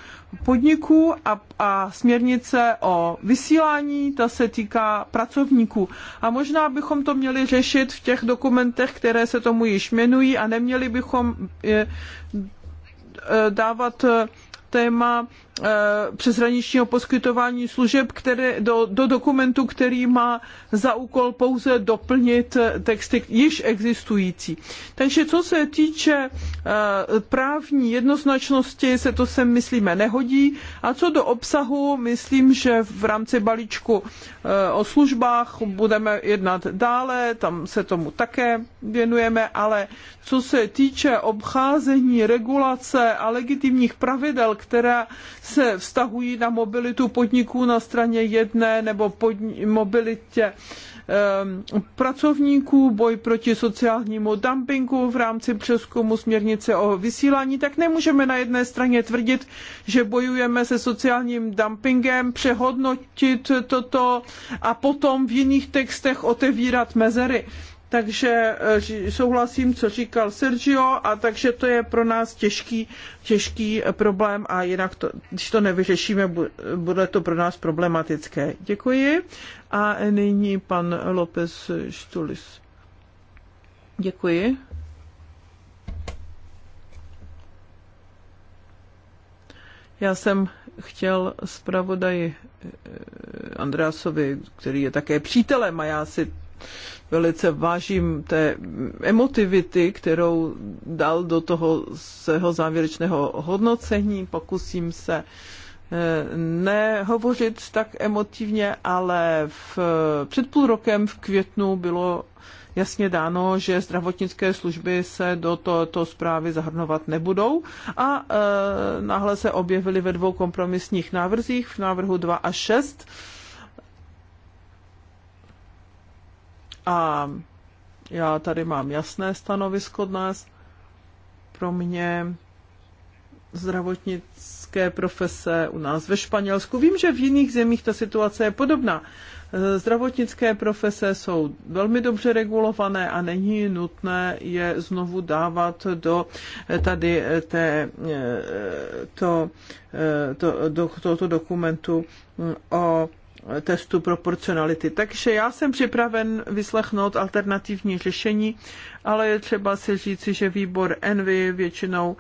podniků a, a směrnice o vysílání, ta se týká pracovníků. A možná bychom to měli řešit v těch dokumentech, které se tomu již jmenují a neměli bychom eh, eh, dávat eh, téma eh, přeshraničního poskytování služeb které, do, do dokumentu, který má za úkol pouze doplnit eh, texty již existující. Takže co se týče eh, právní jednoznačnosti, se to sem myslíme nehodí. A co do obsahu, myslím, že v rámci balíčku o službách budeme jednat dále, tam se tomu také věnujeme, ale co se týče obcházení regulace a legitimních pravidel, která se vztahují na mobilitu podniků na straně jedné nebo podni- mobilitě ehm, pracovníků, boj proti sociálnímu dumpingu v rámci přeskumu směrnice o vysílání, tak nemůžeme na jedné straně tvrdit, že bojujeme se sociálním dumpingem, přehodnotit toto a potom v jiných textech otevírat mezery takže e, souhlasím, co říkal Sergio, a takže to je pro nás těžký, těžký e, problém a jinak, to, když to nevyřešíme, bude to pro nás problematické. Děkuji. A nyní pan López Štulis. Děkuji. Já jsem chtěl zpravodaji e, Andreasovi, který je také přítelem a já si velice vážím té emotivity, kterou dal do toho svého závěrečného hodnocení. Pokusím se eh, nehovořit tak emotivně, ale v, před půl rokem v květnu bylo jasně dáno, že zdravotnické služby se do tohoto zprávy zahrnovat nebudou a e, náhle se objevily ve dvou kompromisních návrzích v návrhu 2 a 6 A já tady mám jasné stanovisko od nás. Pro mě zdravotnické profese u nás ve Španělsku. Vím, že v jiných zemích ta situace je podobná. Zdravotnické profese jsou velmi dobře regulované a není nutné je znovu dávat do tady té, to, to, do tohoto dokumentu o testu proporcionality. Takže já jsem připraven vyslechnout alternativní řešení, ale je třeba si říci, že výbor Envy většinou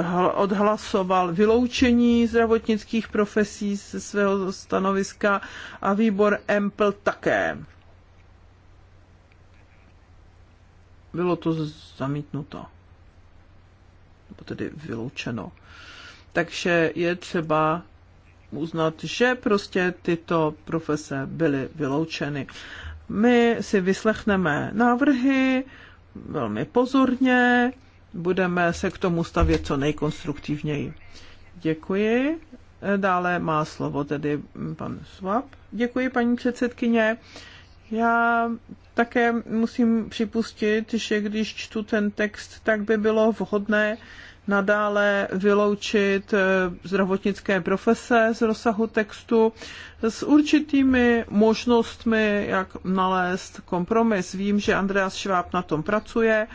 eh, odhlasoval vyloučení zdravotnických profesí ze svého stanoviska a výbor EMPL také. Bylo to zamítnuto. Nebo tedy vyloučeno. Takže je třeba uznat, že prostě tyto profese byly vyloučeny. My si vyslechneme návrhy velmi pozorně, budeme se k tomu stavět co nejkonstruktivněji. Děkuji. Dále má slovo tedy pan Svab. Děkuji, paní předsedkyně. Já také musím připustit, že když čtu ten text, tak by bylo vhodné nadále vyloučit eh, zdravotnické profese z rozsahu textu s určitými možnostmi, jak nalézt kompromis. Vím, že Andreas Schwab na tom pracuje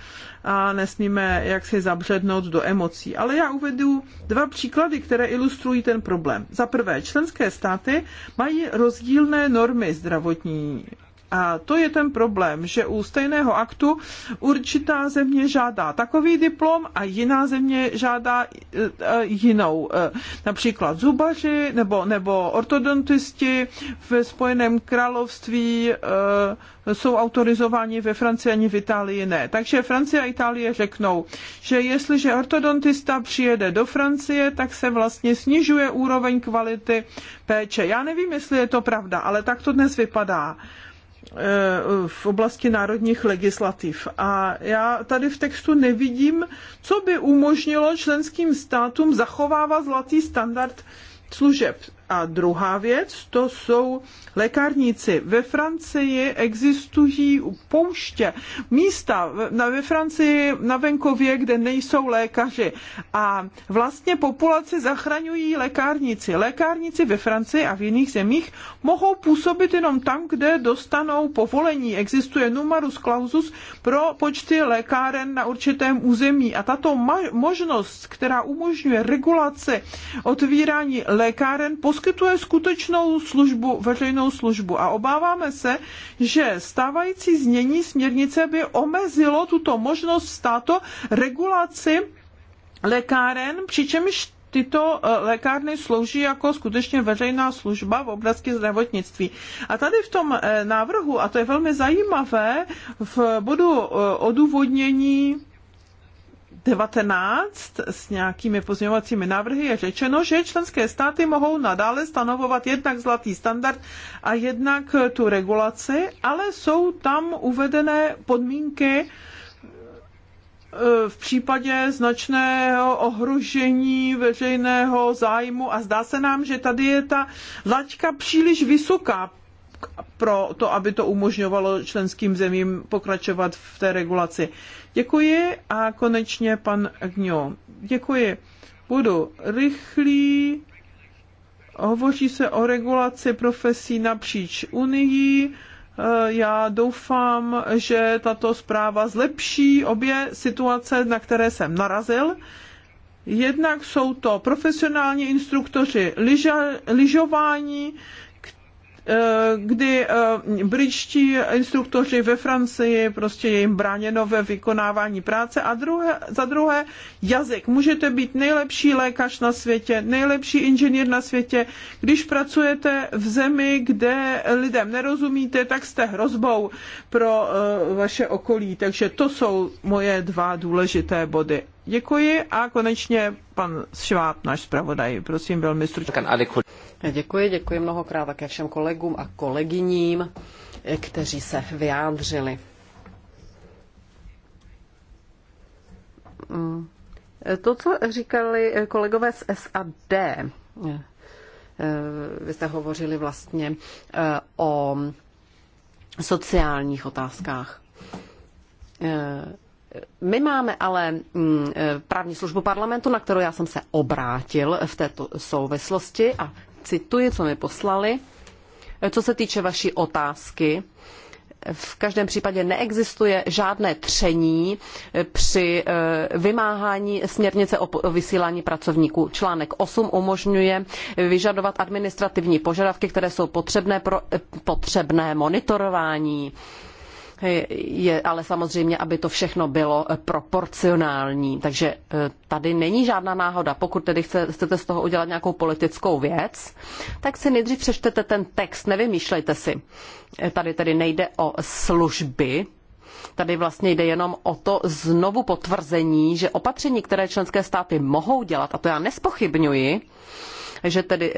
a nesmíme jak si zabřednout do emocí. Ale já uvedu dva příklady, které ilustrují ten problém. Za prvé, členské státy mají rozdílné normy zdravotní a to je ten problém, že u stejného aktu určitá země žádá takový diplom a jiná země žádá e, e, jinou. E, například zubaři nebo, nebo ortodontisti ve Spojeném království jsou autorizováni ve Francii ani v Itálii ne. Takže Francie a Itálie řeknou, že jestliže ortodontista přijede do Francie, tak se vlastně snižuje úroveň kvality péče. Já nevím, jestli je to pravda, ale tak to dnes vypadá. Eh, v oblasti národních legislativ. A já tady v textu nevidím, co by umožnilo členským státům zachovávat zlatý standard služeb. A druhá věc, to jsou lékárníci. Ve Francii existují pouště, místa na, ve Francii na venkově, kde nejsou lékaři. A vlastně populace zachraňují lékárníci. Lékárníci ve Francii a v jiných zemích mohou působit jenom tam, kde dostanou povolení. Existuje numerus clausus pro počty lékáren na určitém území. A tato možnost, která umožňuje regulaci otvírání lékáren, pos poskytuje skutečnou službu, veřejnou službu. A obáváme se, že stávající znění směrnice by omezilo tuto možnost státu regulaci lékáren, přičemž tyto eh, lékárny slouží jako skutečně veřejná služba v oblasti zdravotnictví. A tady v tom eh, návrhu, a to je velmi zajímavé, v bodu eh, odůvodnění 19 s nějakými pozměňovacími návrhy je řečeno, že členské státy mohou nadále stanovovat jednak zlatý standard a jednak tu regulaci, ale jsou tam uvedené podmínky, eh, v případě značného ohrožení veřejného zájmu a zdá se nám, že tady je ta laťka příliš vysoká pro to, aby to umožňovalo členským zemím pokračovat v té regulaci. Děkuji a konečně pan Agňo. Děkuji. Budu rychlý. Hovoří se o regulaci profesí napříč Unii. Eh, já doufám, že tato zpráva zlepší obě situace, na které jsem narazil. Jednak jsou to profesionální instruktoři lyžování, Eh, kdy eh, britští instruktoři ve Francii prostě je jim bráněno ve vykonávání práce a druhé, za druhé jazyk. Můžete být nejlepší lékař na světě, nejlepší inženýr na světě. Když pracujete v zemi, kde lidem nerozumíte, tak jste hrozbou pro eh, vaše okolí. Takže to jsou moje dva důležité body. Děkuji a konečně pan Šváb, náš zpravodaj, prosím, velmi stručně. Děkuji, děkuji mnohokrát také všem kolegům a kolegyním, kteří se vyjádřili. Mm. To, co říkali kolegové z SAD, vy jste hovořili vlastně eh, o sociálních otázkách eh, my máme ale mm, e, právní službu parlamentu, na kterou já jsem se obrátil v této souvislosti a cituji, co mi poslali. E, co se týče vaší otázky, v každém případě neexistuje žádné tření e, při vymáhání směrnice o vysílání pracovníků. Článek 8 umožňuje vyžadovat administrativní požadavky, které jsou potřebné pro potřebné monitorování je ale samozřejmě, aby to všechno bylo eh, proporcionální. Takže eh, tady není žádná náhoda. Pokud tedy chcete z toho udělat nějakou politickou věc, tak si nejdřív přečtete ten text, nevymýšlejte si. Eh, tady tedy nejde o služby, Tady vlastně jde jenom o to znovu potvrzení, že opatření, které členské státy mohou dělat, a to já nespochybňuji, že tedy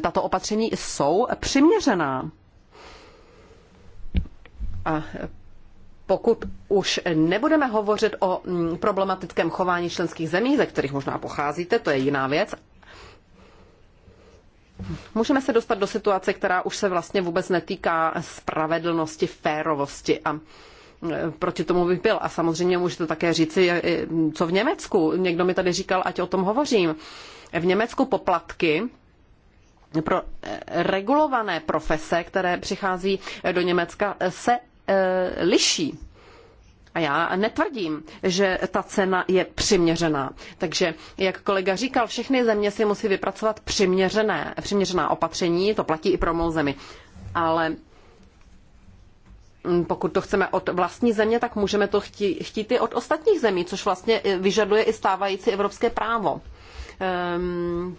tato opatření jsou přiměřená. A pokud už nebudeme hovořit o mm, problematickém chování členských zemí, ze kterých možná pocházíte, to je jiná věc, můžeme se dostat do situace, která už se vlastně vůbec netýká spravedlnosti, férovosti a mm, proti tomu bych byl. A samozřejmě můžete také říci, co v Německu. Někdo mi tady říkal, ať o tom hovořím. V Německu poplatky pro eh, regulované profese, které přichází do Německa, se Eh, liší. A já netvrdím, že ta cena je přiměřená. Takže, jak kolega říkal, všechny země si musí vypracovat přiměřené, přiměřená opatření, to platí i pro mou zemi. Ale hm, pokud to chceme od vlastní země, tak můžeme to chtít, chtít i od ostatních zemí, což vlastně vyžaduje i stávající evropské právo. Um,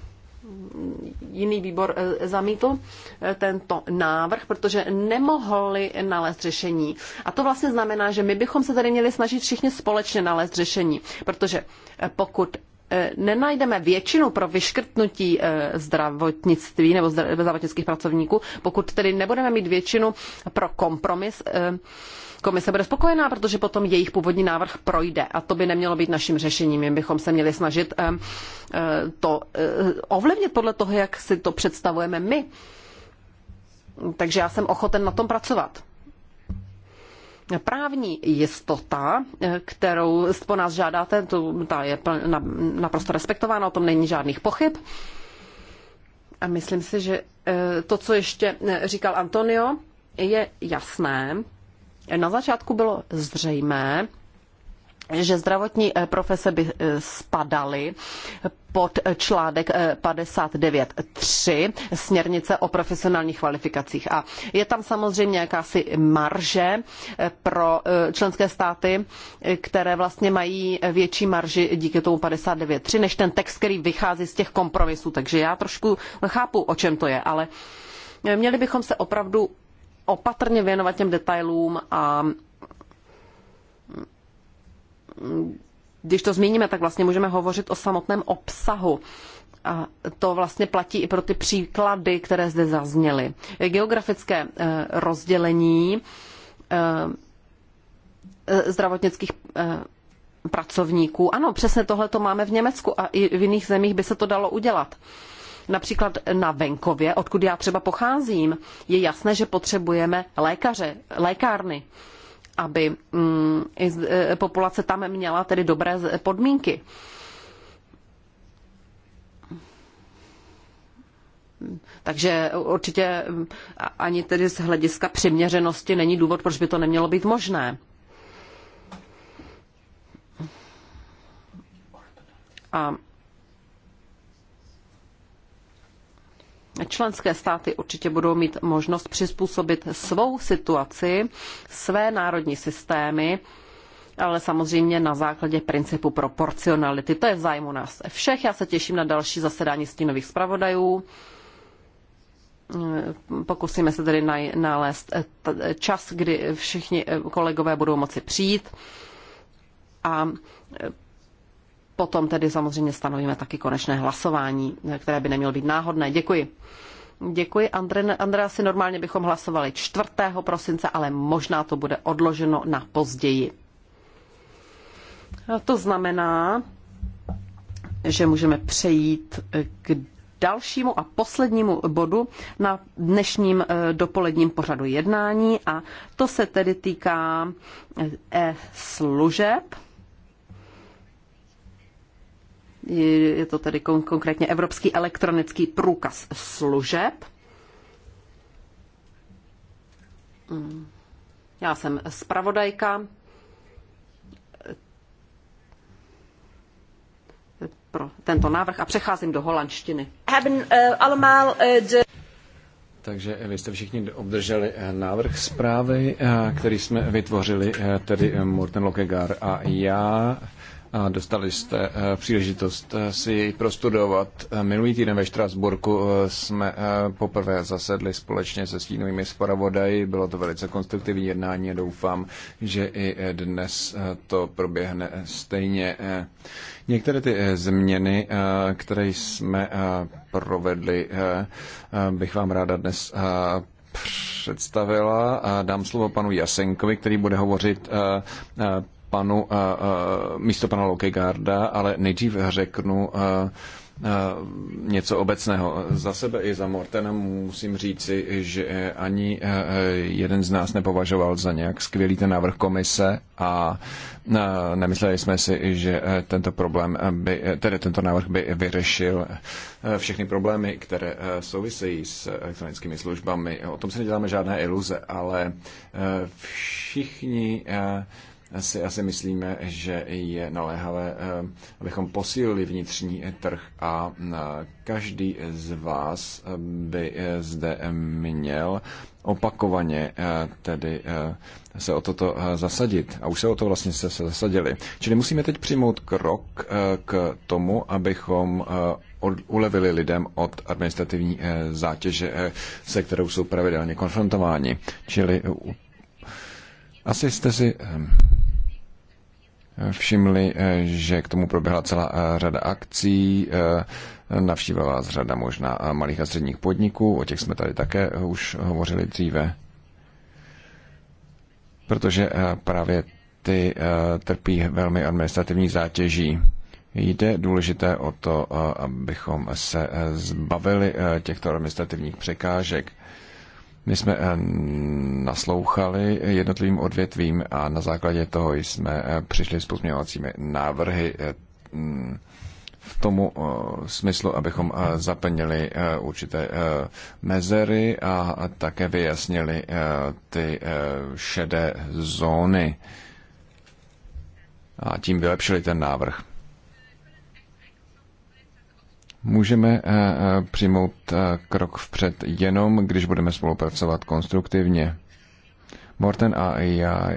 jiný výbor eh, zamítl eh, tento návrh, protože nemohli nalézt řešení. A to vlastně znamená, že my bychom se tady měli snažit všichni společně nalézt řešení, protože eh, pokud nenajdeme většinu pro vyškrtnutí zdravotnictví nebo zdravotnických pracovníků, pokud tedy nebudeme mít většinu pro kompromis, komise bude spokojená, protože potom jejich původní návrh projde a to by nemělo být naším řešením. My bychom se měli snažit eh, eh, to eh, ovlivnit podle toho, jak si to představujeme my. Takže já jsem ochoten na tom pracovat. Právní jistota, kterou po nás žádáte, to, ta je naprosto respektována, o tom není žádných pochyb. A myslím si, že to, co ještě říkal Antonio, je jasné. Na začátku bylo zřejmé, že zdravotní eh, profese by eh, spadaly pod článek 59.3 eh, směrnice o profesionálních kvalifikacích. A je tam samozřejmě jakási marže pro členské státy, které vlastně mají větší marži díky tomu 59.3 než ten text, který vychází z těch kompromisů. Takže já trošku chápu, o čem to je, ale měli bychom se opravdu opatrně věnovat těm detailům a když to zmíníme, tak vlastně můžeme hovořit o samotném obsahu. A to vlastně platí i pro ty příklady, které zde zazněly. Geografické eh, rozdělení eh, eh, zdravotnických pracovníků. Ano, přesně tohle to máme v Německu a i v jiných zemích by se to dalo udělat například na venkově, odkud já třeba pocházím, je jasné, že potřebujeme lékaře, lékárny, aby mm, e, populace tam měla tedy dobré podmínky. Takže určitě mm, ani tedy z hlediska přiměřenosti není důvod, proč by to nemělo být možné. A Členské státy určitě budou mít možnost přizpůsobit svou situaci, své národní systémy, ale samozřejmě na základě principu proporcionality. To je v zájmu nás všech. Já se těším na další zasedání stínových zpravodajů. Pokusíme se tedy nalézt eh, čas, kdy všichni eh, kolegové budou moci přijít. A eh, potom tedy samozřejmě stanovíme taky konečné hlasování, které by nemělo být náhodné. Děkuji. Děkuji, Andre, asi Normálně bychom hlasovali 4. prosince, ale možná to bude odloženo na později. A to znamená, že můžeme přejít k dalšímu a poslednímu bodu na dnešním eh, dopoledním pořadu jednání a to se tedy týká e služeb. Je to tedy konkrétně Evropský elektronický průkaz služeb. Mm. Já jsem zpravodajka pro tento návrh a přecházím do holandštiny. Eh, eh, Takže eh, vy jste všichni obdrželi návrh zprávy, který jsme vytvořili, tedy Morten Lokegar a já dostali jste eh, příležitost eh, si prostudovat. Eh, minulý týden ve Štrasburku jsme poprvé zasedli společně se stínovými zpravodaji. Bylo to velice konstruktivní jednání a doufám, že i dnes to proběhne stejně. Některé ty změny, které jsme provedli, bych vám ráda dnes představila. Dám slovo panu Jasenkovi, který bude hovořit panu, eh, eh, místo pana Lokegarda, ale nejdřív řeknu eh, něco obecného. Za sebe i za Mortena musím říci, že ani jeden z nás nepovažoval za nějak skvělý ten návrh komise a nemysleli jsme si, že tento problém by, tedy tento návrh by vyřešil všechny problémy, které souvisejí s elektronickými službami. O tom se neděláme žádné iluze, ale všichni si asi myslíme, že je naléhavé, eh, abychom posílili vnitřní trh a eh, každý z vás eh, by zde měl opakovaně tedy se o toto zasadit. A už se o to vlastně se, se zasadili. Čili musíme teď přijmout krok k tomu, abychom ulevili lidem od administrativní zátěže, se kterou jsou pravidelně konfrontováni. Čili asi jste si ehm, všimli, eh, že k tomu proběhla celá eh, řada akcí, eh, navštívila vás řada možná malých a středních podniků, o těch jsme tady také už hovořili dříve, protože právě ty trpí velmi administrativní zátěží. Jde důležité o to, abychom se zbavili těchto administrativních překážek. My jsme eh, naslouchali jednotlivým odvětvím a na základě toho jsme eh, přišli s pozměňovacími návrhy eh, mm, v tomu smyslu, abychom zaplnili určité mezery a také vyjasnili ty šedé zóny a tím vylepšili ten návrh. Můžeme eh, eh, přijmout eh, krok vpřed jenom, když budeme spolupracovat konstruktivně. Morten a já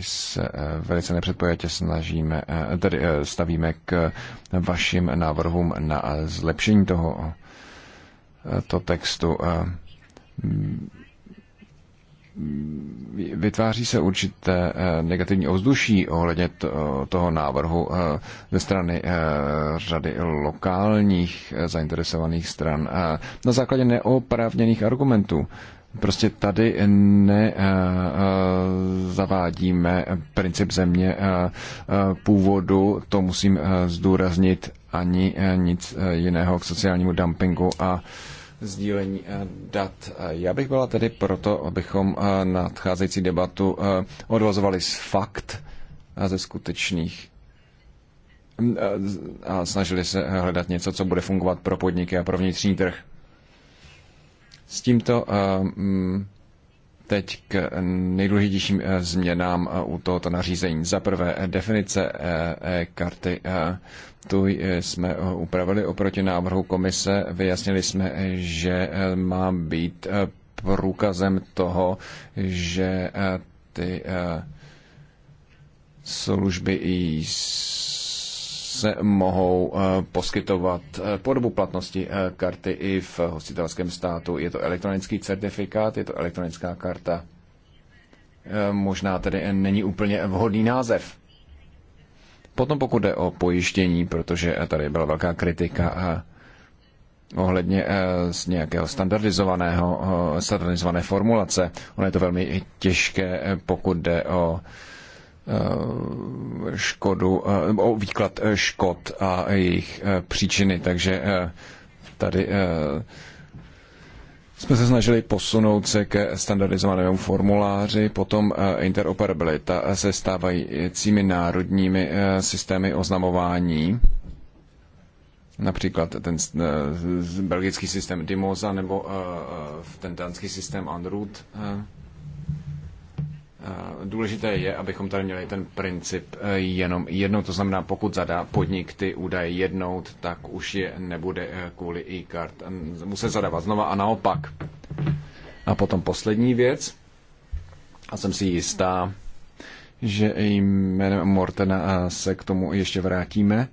se velice nepředpojatě snažíme, tedy stavíme k vašim návrhům na zlepšení toho to textu vytváří se určité eh, negativní ovzduší ohledně toho návrhu eh, ze strany eh, řady lokálních zainteresovaných stran na základě neoprávněných argumentů. Prostě tady nezavádíme princip země původu, to musím zdůraznit, ani nic jiného k sociálnímu dumpingu a sdílení eh, dat. Eh, já bych byla tedy proto, abychom eh, nadcházející debatu odvozovali z fakt a ze skutečných mm, a snažili se hledat něco, co bude fungovat pro podniky a pro vnitřní trh. S tímto mm, Teď k nejdůležitějším eh, změnám eh, u tohoto nařízení. Za prvé eh, definice e-karty. Tu jsme upravili oproti návrhu komise. Vyjasnili jsme, že má být průkazem toho, že ty služby i se mohou eh, poskytovat eh, podobu platnosti eh, karty i v hostitelském státu. Je to elektronický certifikát, je to elektronická karta. Možná tedy není úplně vhodný název. Potom pokud jde o pojištění, protože tady byla velká kritika a ohledně z nějakého standardizovaného, standardizované formulace. Ono je to velmi těžké, pokud jde o Eh, škodu, eh, o výklad eh, škod a jejich příčiny. Takže tady jsme se snažili posunout se ke standardizovanému formuláři, potom interoperabilita se stávajícími národními systémy oznamování, například ten belgický systém Dimoza nebo ten dánský systém Android. Eh, důležité je, abychom tady měli ten princip eh, jenom jednou. To znamená, pokud zadá podnik ty údaje jednou, tak už je nebude eh, kvůli e-card Musí zadávat znova a naopak. A potom poslední věc, a jsem si jistá, že jménem Mortena se k tomu ještě vrátíme.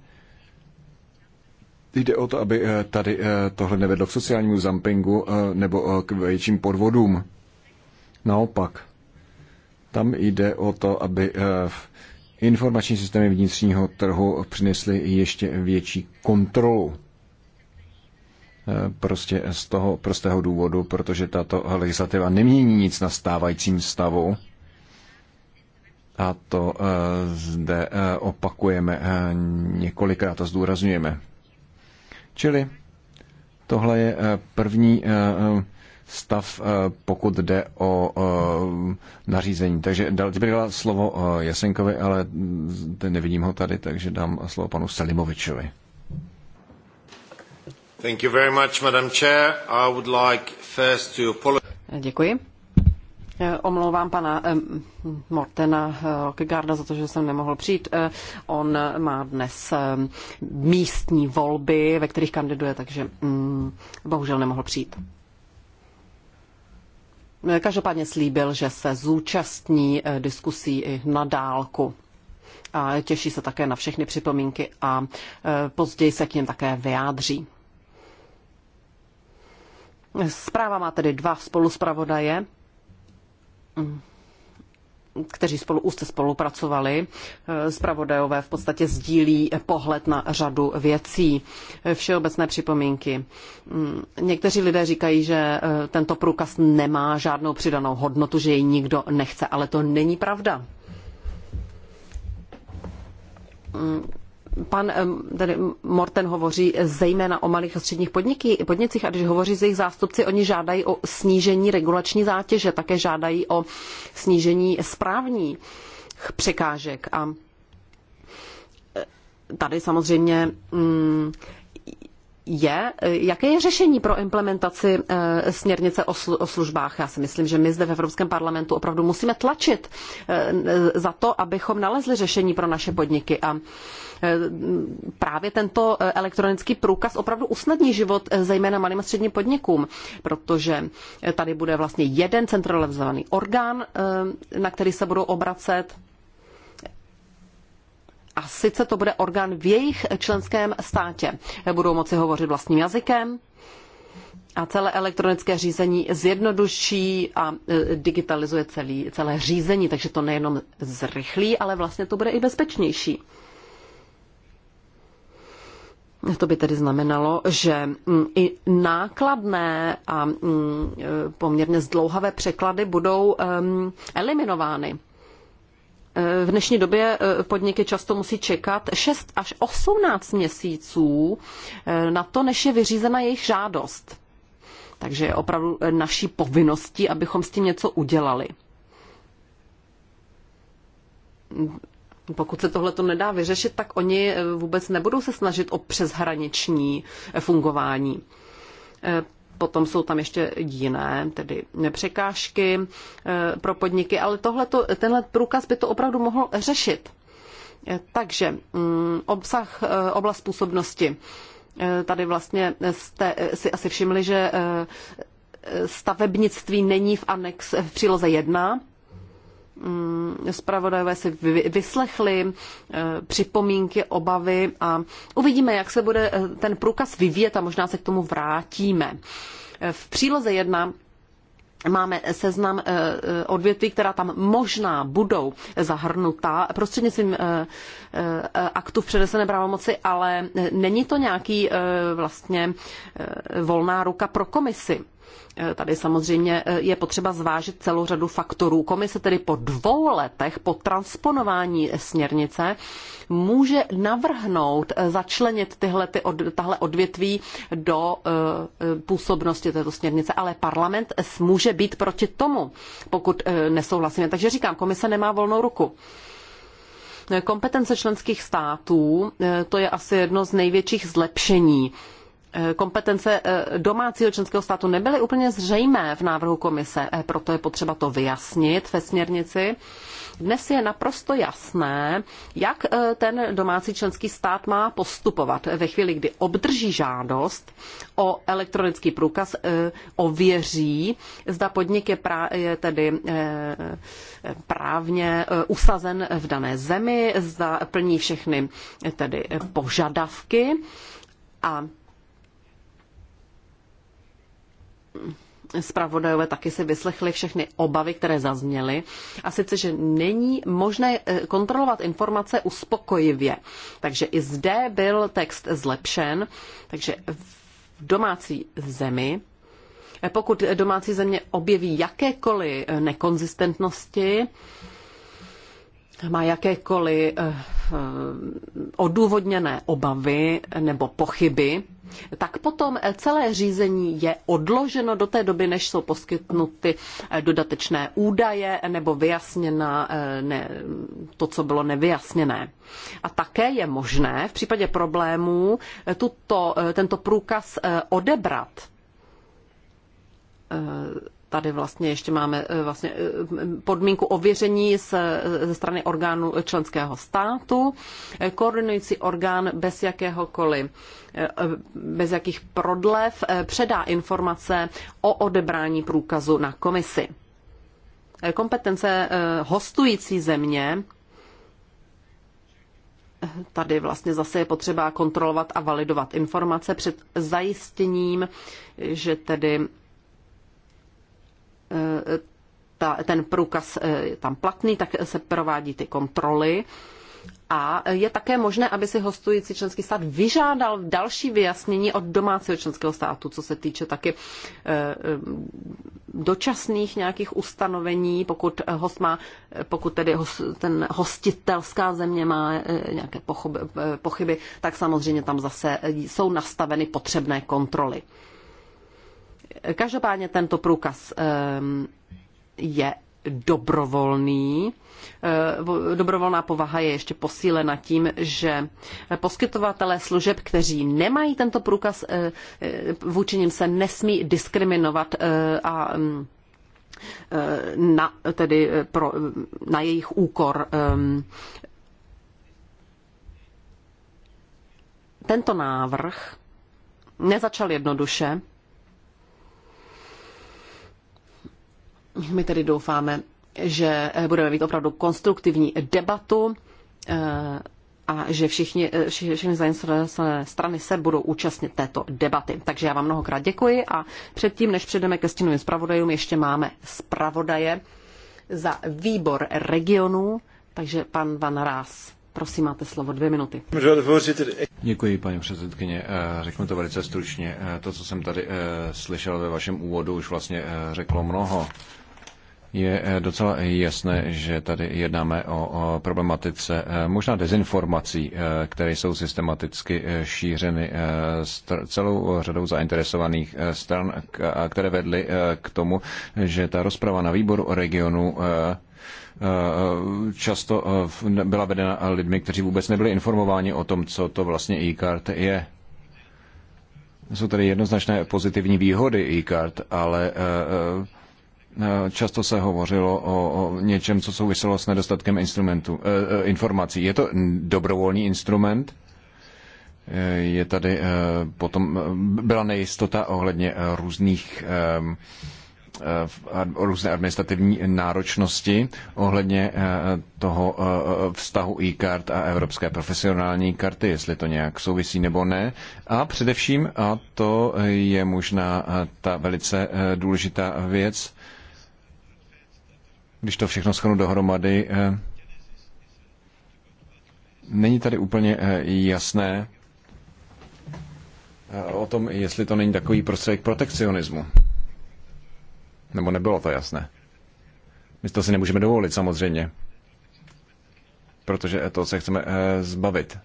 Jde o to, aby tady tohle nevedlo k sociálnímu zampingu nebo k větším podvodům. Naopak. Tam jde o to, aby eh, informační systémy vnitřního trhu přinesly ještě větší kontrolu. Eh, prostě z toho prostého důvodu, protože tato legislativa nemění nic na stávajícím stavu. A to eh, zde opakujeme několikrát a zdůrazňujeme. Čili tohle je první stav, eh, pokud jde o eh, nařízení. Takže dal, bych dala slovo eh, Jasenkovi, ale mm, nevidím ho tady, takže dám slovo panu Selimovičovi. Thank you very much, Madam Chair. I would like first to apologize. Děkuji. Omlouvám pana Mortena Lockegarda za to, že jsem nemohl přijít. On má dnes místní volby, ve kterých kandiduje, takže mm, bohužel nemohl přijít. Každopádně slíbil, že se zúčastní eh, diskusí i na dálku. A těší se také na všechny připomínky a eh, později se k ním také vyjádří. Zpráva má tedy dva spoluspravodaje kteří spolu úzce spolupracovali. Eh, zpravodajové v podstatě sdílí pohled na řadu věcí. Eh, všeobecné připomínky. Mm, někteří lidé říkají, že eh, tento průkaz nemá žádnou přidanou hodnotu, že ji nikdo nechce, ale to není pravda mm pan Morten hovoří zejména o malých a středních podniky, podnicích a když hovoří s jejich zástupci, oni žádají o snížení regulační zátěže, také žádají o snížení správních překážek. A e, tady samozřejmě mm, je, jaké je řešení pro implementaci e, směrnice o službách. Já si myslím, že my zde v Evropském parlamentu opravdu musíme tlačit e, za to, abychom nalezli řešení pro naše podniky. A Eh, právě tento eh, elektronický průkaz opravdu usnadní život eh, zejména malým a středním podnikům, protože tady bude vlastně jeden centralizovaný orgán, na který se budou obracet a sice to bude orgán v jejich členském státě. Budou moci hovořit vlastním jazykem a celé elektronické řízení zjednoduší a digitalizuje celý, celé řízení, takže to nejenom zrychlí, ale vlastně to bude i bezpečnější. To by tedy znamenalo, že mm, i nákladné a mm, poměrně zdlouhavé překlady budou eliminovány. E, v dnešní době e, podniky často musí čekat 6 až 18 měsíců e, na to, než je vyřízena jejich žádost. Takže je opravdu naší povinností, abychom s tím něco udělali pokud se tohle to nedá vyřešit, tak oni eh, vůbec nebudou se snažit o přeshraniční eh, fungování. Eh, potom jsou tam ještě jiné, tedy překážky pro podniky, ale tohleto, tenhle průkaz by to opravdu mohl řešit. Takže mm, obsah, oblast působnosti. Tady vlastně jste si asi všimli, že stavebnictví není v anex v příloze 1, Spravodajové mm, si vyslechli eh, připomínky, obavy a uvidíme, jak se bude eh, ten průkaz vyvíjet a možná se k tomu vrátíme. Eh, v příloze jedna máme seznam odvětví, která tam možná budou zahrnutá prostřednictvím aktu v předesené pravomoci, ale není to nějaký vlastně volná ruka pro komisi. Eh, tady samozřejmě eh, je potřeba zvážit celou řadu faktorů. Komise tedy po dvou letech po transponování směrnice může navrhnout eh, začlenit tyhle, ty, tahle odvětví do působnosti této směrnice, ale parlament může být proti tomu, pokud nesouhlasíme. Takže říkám, komise nemá volnou ruku. Kompetence členských států, to je asi jedno z největších zlepšení Eh, kompetence eh, domácího členského státu nebyly úplně zřejmé v návrhu komise, eh, proto je potřeba to vyjasnit ve směrnici. Dnes je naprosto jasné, jak ten domácí členský stát má postupovat ve chvíli, kdy obdrží žádost o elektronický průkaz, ověří, zda podnik je, pra, je tedy právně usazen v dané zemi, zda plní všechny tedy požadavky a zpravodajové taky si vyslechli všechny obavy, které zazněly, a sice, že není možné eh, kontrolovat informace uspokojivě. Takže i zde byl text zlepšen, takže v domácí zemi, eh, pokud domácí země objeví jakékoliv eh, nekonzistentnosti, má jakékoliv eh, eh, odůvodněné obavy nebo pochyby, tak potom eh, celé řízení je odloženo do té doby, než jsou poskytnuty dodatečné údaje nebo vyjasněna ne, to, co bylo nevyjasněné. A také je možné v případě problémů tuto, tento průkaz odebrat tady vlastně ještě máme eh, vlastně eh, podmínku ověření eh, ze strany orgánu členského státu. Koordinující orgán bez jakéhokoliv bez jakých prodlev předá informace o odebrání průkazu na komisi. Kompetence hostující země Tady vlastně zase je potřeba kontrolovat a validovat informace před zajistěním, že tedy Eh, ta, ten průkaz eh, tam platný, tak se provádí ty kontroly. A je také možné, aby si hostující členský stát vyžádal další vyjasnění od domácího členského státu, co se týče taky eh, dočasných nějakých ustanovení, pokud, host má, pokud tedy host, ten hostitelská země má nějaké pochyby, pochyby, tak samozřejmě tam zase jsou nastaveny potřebné kontroly. Každopádně tento průkaz ehm, je dobrovolný. Eh, dobrovolná povaha je ještě posílena tím, že poskytovatelé služeb, kteří nemají tento průkaz, eh, eh, vůči nim se nesmí diskriminovat a mm, na, tedy pro, na jejich úkor. Ehm. Tento návrh nezačal jednoduše, My tedy doufáme, že eh, budeme mít opravdu konstruktivní debatu eh, a že všichni, eh, všichni zainteresované strany se budou účastnit této debaty. Takže já vám mnohokrát děkuji a předtím, než přejdeme ke stínovým zpravodajům, ještě máme zpravodaje za výbor regionů, takže pan Van Rás. Prosím, máte slovo dvě minuty. Děkuji, paní předsedkyně. Řeknu to velice stručně. To, co jsem tady slyšel ve vašem úvodu, už vlastně řeklo mnoho je eh, docela jasné, že tady jednáme o problematice eh, možná dezinformací, eh, které jsou systematicky šířeny celou řadou zainteresovaných stran, které vedly k tomu, že ta rozprava na výboru regionu často byla vedena lidmi, kteří vůbec nebyli informováni o tom, co to vlastně e-card je. Jsou tady jednoznačné pozitivní výhody e-card, ale Eh, často se hovořilo o, o něčem, co souviselo s nedostatkem instrumentu, eh, eh, informací. Je to dobrovolný instrument? Je tady potom, byla nejistota ohledně různých ehm, různé administrativní náročnosti ohledně toho vztahu e kart a evropské profesionální karty, jestli to nějak souvisí nebo ne. A především, a to je možná ta velice důležitá věc, když to všechno schonu dohromady, eh, není tady úplně eh, jasné eh, o tom, jestli to není takový prostředek protekcionismu. Nebo nebylo to jasné. My to si nemůžeme dovolit samozřejmě, protože to se chceme zbavit.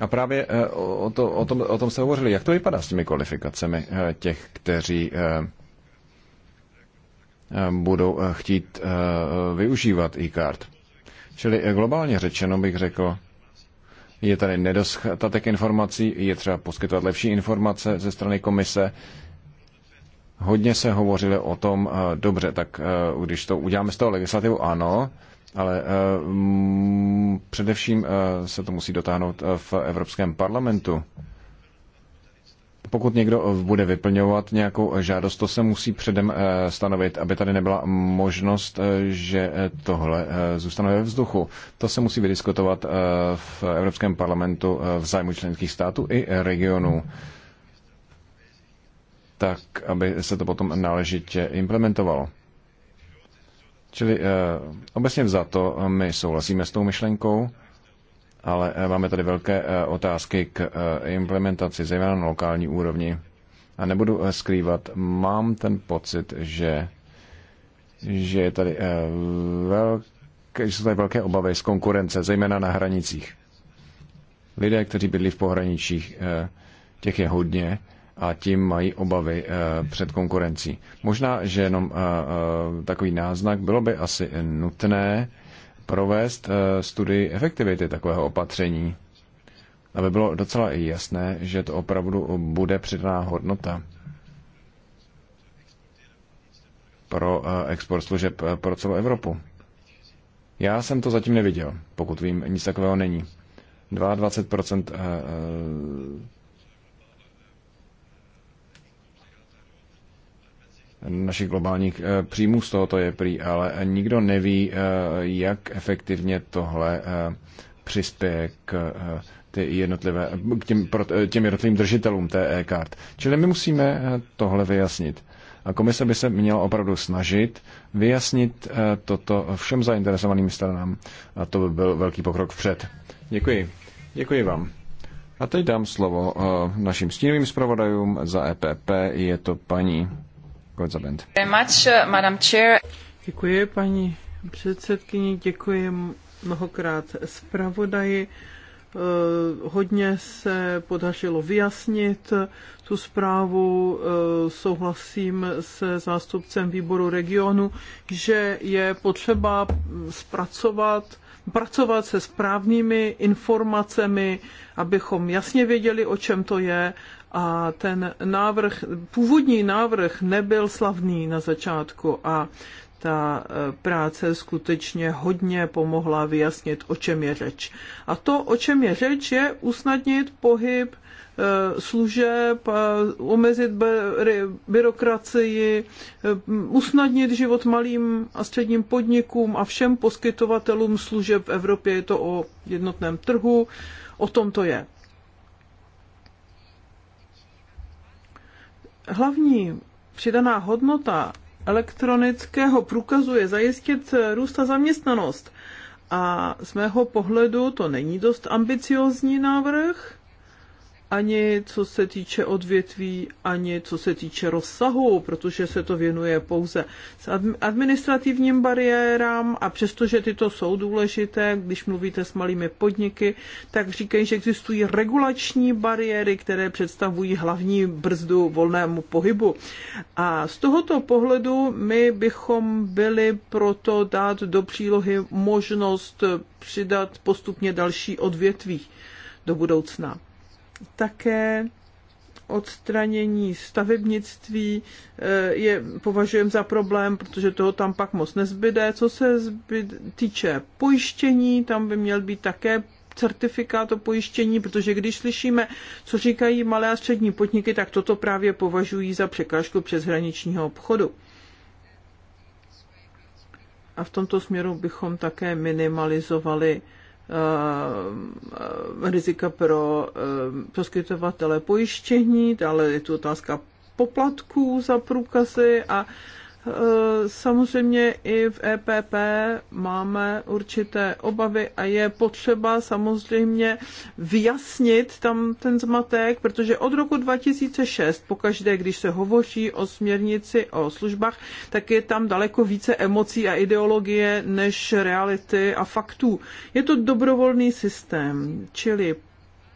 A právě o, to, o, tom, o tom se hovořili. Jak to vypadá s těmi kvalifikacemi těch, kteří budou eh, chtít eh, využívat e-card. Čili eh, globálně řečeno bych řekl, je tady nedostatek informací, je třeba poskytovat lepší informace ze strany komise. Hodně se hovořilo o tom, dobře, tak když to uděláme z toho legislativu, ano, ale především se to musí dotáhnout v Evropském parlamentu pokud někdo eh, bude vyplňovat nějakou eh, žádost, to se musí předem eh, stanovit, aby tady nebyla možnost, že tohle zůstane ve vzduchu. To se musí vydiskutovat v Evropském parlamentu v zájmu členských států i regionů tak, aby se to potom náležitě implementovalo. Čili obecně za to my souhlasíme s tou myšlenkou ale eh, máme tady velké eh, otázky k eh, implementaci, zejména na lokální úrovni. A nebudu skrývat, mám ten pocit, že, že je tady velké, že jsou tady velké obavy z konkurence, zejména na hranicích. Lidé, kteří bydlí v pohraničích, těch je hodně a tím mají obavy před konkurencí. Možná, že jenom takový náznak bylo by asi nutné provést eh, studii efektivity takového opatření, aby bylo docela i jasné, že to opravdu bude přidaná hodnota pro eh, export služeb eh, pro celou Evropu. Já jsem to zatím neviděl, pokud vím, nic takového není. 22% našich globálních eh, příjmů z tohoto je prý, ale nikdo neví, eh, jak efektivně tohle eh, přispěje k ty jednotlivé, k těm, pro, těm jednotlivým držitelům té e-kart. Čili my musíme tohle vyjasnit. A komise by se měla opravdu snažit vyjasnit toto všem zainteresovaným stranám. A to by byl velký pokrok vpřed. Děkuji. Děkuji vám. A teď dám slovo našim stínovým zpravodajům za EPP. Je to paní Uh, děkuji, paní předsedkyni, děkuji mnohokrát zpravodaji. Uh, hodně se podařilo vyjasnit tu zprávu. Uh, souhlasím se zástupcem výboru regionu, že je potřeba zpracovat pracovat se správnými informacemi, abychom jasně věděli, o čem to je a ten návrh, původní návrh nebyl slavný na začátku a ta e, práce skutečně hodně pomohla vyjasnit, o čem je řeč. A to, o čem je řeč, je usnadnit pohyb e, služeb, e, omezit byrokracii, usnadnit život malým a středním podnikům a všem poskytovatelům služeb v Evropě. Je to o jednotném trhu, o tom to je. Hlavní přidaná hodnota elektronického průkazu je zajistit růst a zaměstnanost. A z mého pohledu to není dost ambiciozní návrh, ani co se týče odvětví, ani co se týče rozsahu, protože se to věnuje pouze s administrativním bariérám a přestože tyto jsou důležité, když mluvíte s malými podniky, tak říkají, že existují regulační bariéry, které představují hlavní brzdu volnému pohybu. A z tohoto pohledu my bychom byli proto dát do přílohy možnost přidat postupně další odvětví do budoucna také odstranění stavebnictví eh, je, považujeme za problém, protože toho tam pak moc nezbyde. Co se zbyt, týče pojištění, tam by měl být také certifikát o pojištění, protože když slyšíme, co říkají malé a střední podniky, tak toto právě považují za překážku přeshraničního obchodu. A v tomto směru bychom také minimalizovali Eh, rizika pro eh, poskytovatele pojištění, dále je tu otázka poplatků za průkazy a Eh, samozřejmě i v EPP máme určité obavy a je potřeba samozřejmě vyjasnit tam ten zmatek, protože od roku 2006, pokaždé, když se hovoří o směrnici o službách, tak je tam daleko více emocí a ideologie než reality a faktů. Je to dobrovolný systém, čili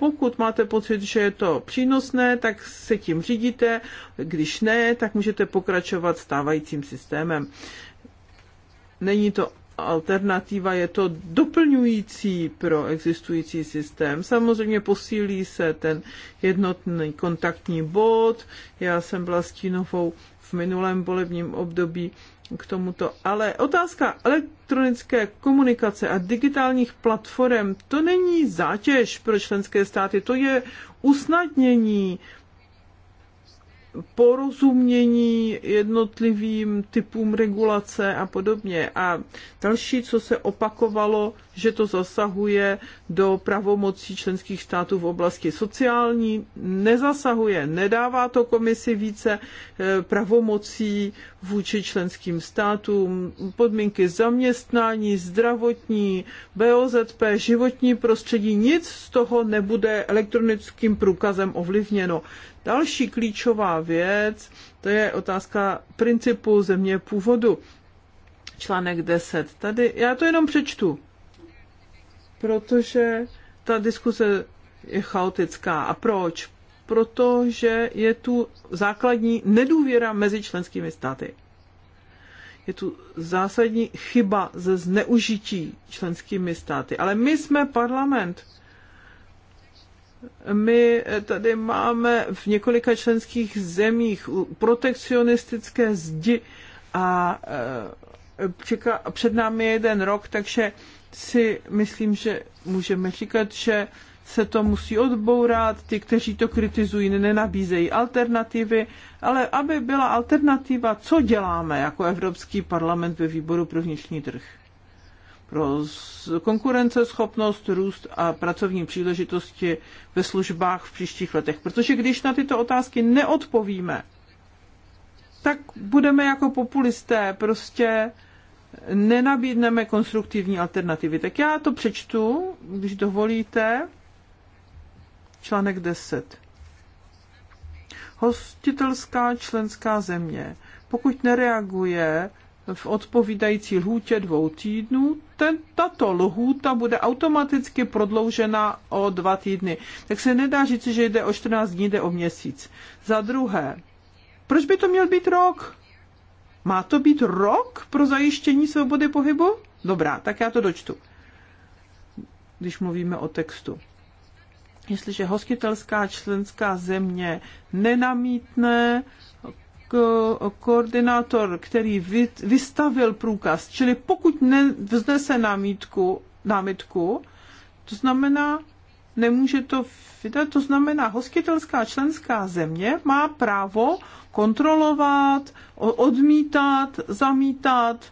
pokud máte pocit, že je to přínosné, tak se tím řídíte, když ne, tak můžete pokračovat stávajícím systémem. Není to alternativa, je to doplňující pro existující systém. Samozřejmě posílí se ten jednotný kontaktní bod. Já jsem byla stínovou v minulém volebním období k tomuto. Ale otázka elektronické komunikace a digitálních platform, to není zátěž pro členské státy, to je usnadnění porozumění jednotlivým typům regulace a podobně. A další, co se opakovalo, že to zasahuje do pravomocí členských států v oblasti sociální, nezasahuje, nedává to komisi více eh, pravomocí vůči členským státům, podmínky zaměstnání, zdravotní, BOZP, životní prostředí, nic z toho nebude elektronickým průkazem ovlivněno. Další klíčová věc, to je otázka principu země původu. Článek 10. Tady já to jenom přečtu, protože ta diskuse je chaotická. A proč? Protože je tu základní nedůvěra mezi členskými státy. Je tu zásadní chyba ze zneužití členskými státy. Ale my jsme parlament my tady máme v několika členských zemích protekcionistické zdi a e, čeká, před námi je jeden rok, takže si myslím, že můžeme říkat, že se to musí odbourat, ty, kteří to kritizují, nenabízejí alternativy, ale aby byla alternativa, co děláme jako Evropský parlament ve výboru pro vnitřní trh pro konkurenceschopnost, růst a pracovní příležitosti ve službách v příštích letech. Protože když na tyto otázky neodpovíme, tak budeme jako populisté, prostě nenabídneme konstruktivní alternativy. Tak já to přečtu, když dovolíte. Článek 10. Hostitelská členská země, pokud nereaguje v odpovídající lhůtě dvou týdnů. Ten, tato lhůta bude automaticky prodloužena o dva týdny. Tak se nedá říct, že jde o 14 dní, jde o měsíc. Za druhé, proč by to měl být rok? Má to být rok pro zajištění svobody pohybu? Dobrá, tak já to dočtu, když mluvíme o textu. Jestliže hostitelská členská země nenamítne, koordinátor, který vystavil průkaz, čili pokud nevznese námitku, námitku, to znamená, nemůže to vydat, to znamená, hostitelská členská země má právo kontrolovat, odmítat, zamítat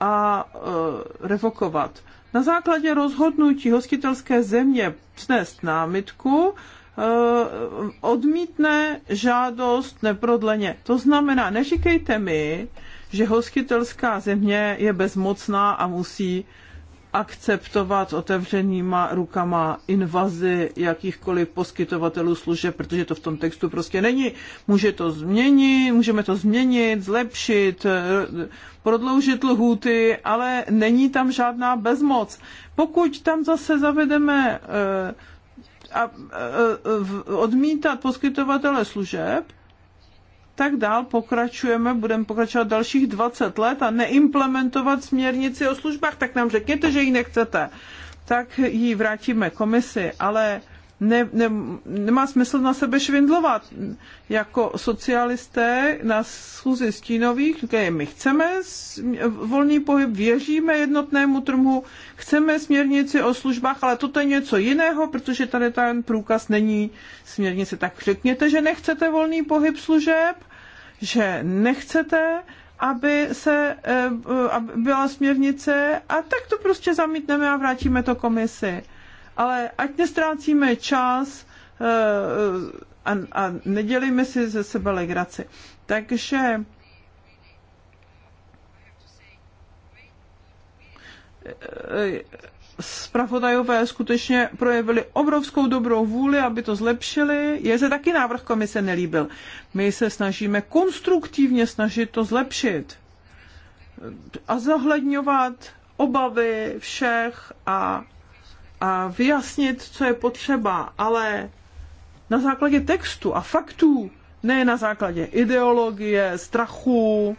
a e, revokovat. Na základě rozhodnutí hostitelské země vznést námitku, Eh, odmítne žádost neprodleně. To znamená, neříkejte mi, že hostitelská země je bezmocná a musí akceptovat otevřenýma rukama invazi jakýchkoliv poskytovatelů služeb, protože to v tom textu prostě není. Může to změnit, můžeme to změnit, zlepšit, eh, prodloužit lhůty, ale není tam žádná bezmoc. Pokud tam zase zavedeme eh, a odmítat poskytovatele služeb, tak dál pokračujeme, budeme pokračovat dalších 20 let a neimplementovat směrnici o službách, tak nám řekněte, že ji nechcete. Tak ji vrátíme komisi, ale ne, ne, nemá smysl na sebe švindlovat. Jako socialisté na schůzi stínových, kde my chceme volný pohyb, věříme jednotnému trhu, chceme směrnici o službách, ale toto je něco jiného, protože tady ten průkaz není směrnice. Tak řekněte, že nechcete volný pohyb služeb, že nechcete aby se eh, aby byla směrnice a tak to prostě zamítneme a vrátíme to komisi ale ať nestrácíme čas eh, a, a nedělíme si ze sebe legraci. Takže eh, spravodajové skutečně projevili obrovskou dobrou vůli, aby to zlepšili. Je se taky návrh komise nelíbil. My se snažíme konstruktivně snažit to zlepšit a zahledňovat obavy všech a a vyjasnit, co je potřeba, ale na základě textu a faktů, ne na základě ideologie, strachu,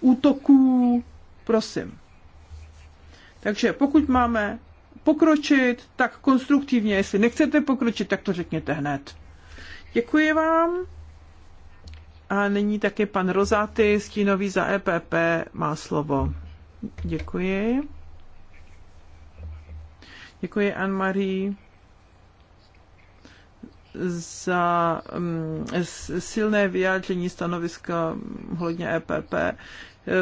útoků, prosím. Takže pokud máme pokročit, tak konstruktivně, jestli nechcete pokročit, tak to řekněte hned. Děkuji vám. A nyní taky pan Rozáty, stínový za EPP, má slovo. Děkuji. Děkuji, Anne-Marie za mm, silné vyjádření stanoviska hodně EPP.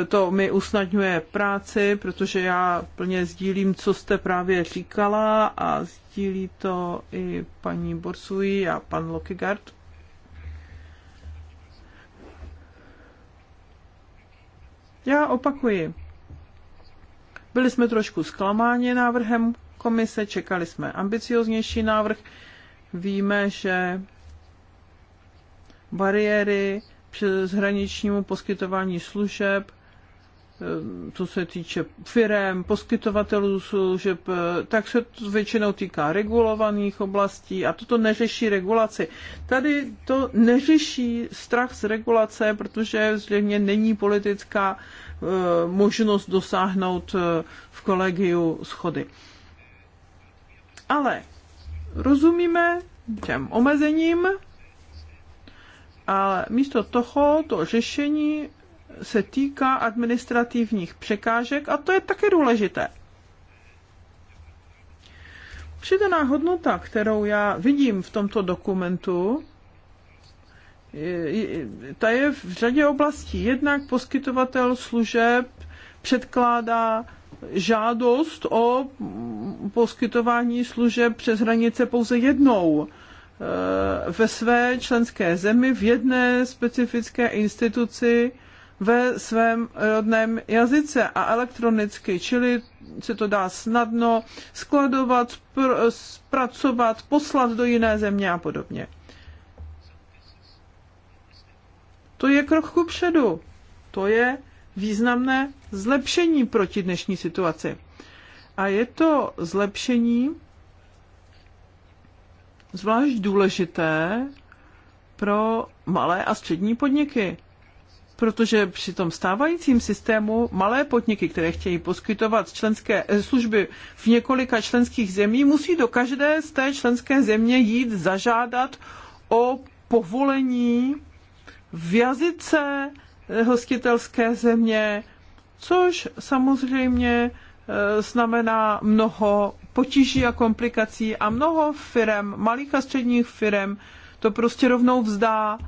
To mi usnadňuje práci, protože já plně sdílím, co jste právě říkala a sdílí to i paní Borsuji a pan Lokigard. Já opakuji. Byli jsme trošku zklamáni návrhem komise, čekali jsme ambicioznější návrh. Víme, že bariéry přes hraničnímu poskytování služeb, eh, co se týče firem, poskytovatelů služeb, eh, tak se to většinou týká regulovaných oblastí a toto neřeší regulaci. Tady to neřeší strach z regulace, protože zřejmě není politická eh, možnost dosáhnout v kolegiu schody. Ale rozumíme těm omezením, ale místo toho to řešení se týká administrativních překážek a to je také důležité. Přidaná hodnota, kterou já vidím v tomto dokumentu, ta je v řadě oblastí. Jednak poskytovatel služeb předkládá žádost o poskytování služeb přes hranice pouze jednou eh, ve své členské zemi, v jedné specifické instituci, ve svém rodném jazyce a elektronicky, čili se to dá snadno skladovat, pr- zpracovat, poslat do jiné země a podobně. To je krok ku předu. To je významné zlepšení proti dnešní situaci. A je to zlepšení zvlášť důležité pro malé a střední podniky, protože při tom stávajícím systému malé podniky, které chtějí poskytovat členské eh, služby v několika členských zemí, musí do každé z té členské země jít zažádat o povolení v jazyce hostitelské země, což samozřejmě e, znamená mnoho potíží a komplikací a mnoho firm, malých a středních firm, to prostě rovnou vzdá e,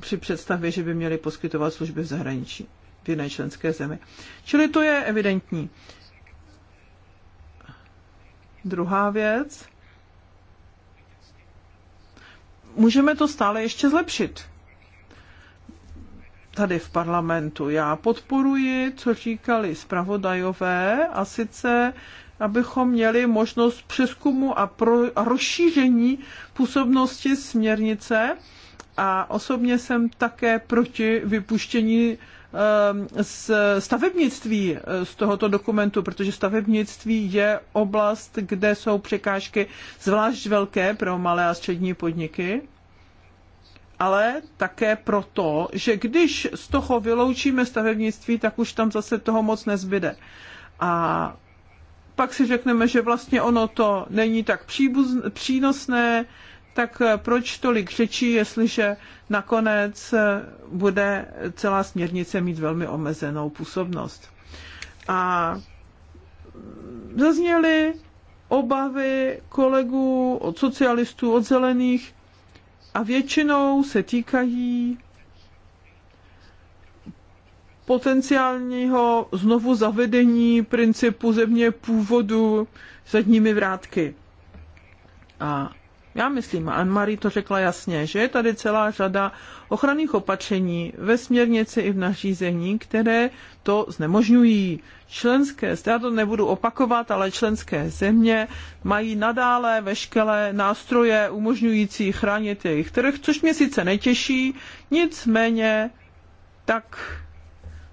při představě, že by měli poskytovat služby v zahraničí, v jiné členské zemi. Čili to je evidentní. Druhá věc. Můžeme to stále ještě zlepšit tady v parlamentu. Já podporuji, co říkali zpravodajové, a sice abychom měli možnost přeskumu a, pro, a rozšíření působnosti směrnice. A osobně jsem také proti vypuštění ehm, z stavebnictví e, z tohoto dokumentu, protože stavebnictví je oblast, kde jsou překážky zvlášť velké pro malé a střední podniky ale také proto, že když z toho vyloučíme stavebnictví, tak už tam zase toho moc nezbyde. A pak si řekneme, že vlastně ono to není tak příbuz, přínosné, tak proč tolik řečí, jestliže nakonec bude celá směrnice mít velmi omezenou působnost. A zazněly obavy kolegů od socialistů, od zelených, a většinou se týkají potenciálního znovu zavedení principu země původu zadními vrátky. A já myslím, Anne-Marie to řekla jasně, že je tady celá řada ochranných opatření ve směrnici i v nařízení, které to znemožňují. Členské, já to nebudu opakovat, ale členské země mají nadále veškeré nástroje umožňující chránit jejich trh, což mě sice netěší, nicméně tak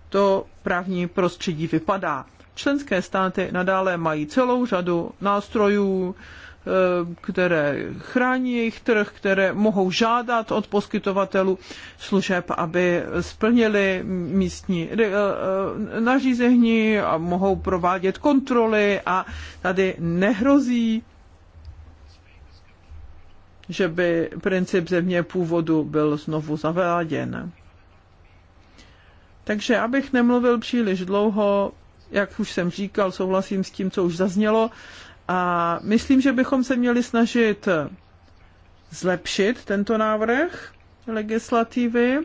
to právní prostředí vypadá. Členské státy nadále mají celou řadu nástrojů, Eh, které chrání jejich trh, které mohou žádat od poskytovatelů služeb, aby splnili místní eh, eh, nařízení a mohou provádět kontroly a tady nehrozí že by princip země původu byl znovu zaváděn. Takže abych nemluvil příliš dlouho, jak už jsem říkal, souhlasím s tím, co už zaznělo a myslím, že bychom se měli snažit zlepšit tento návrh legislativy,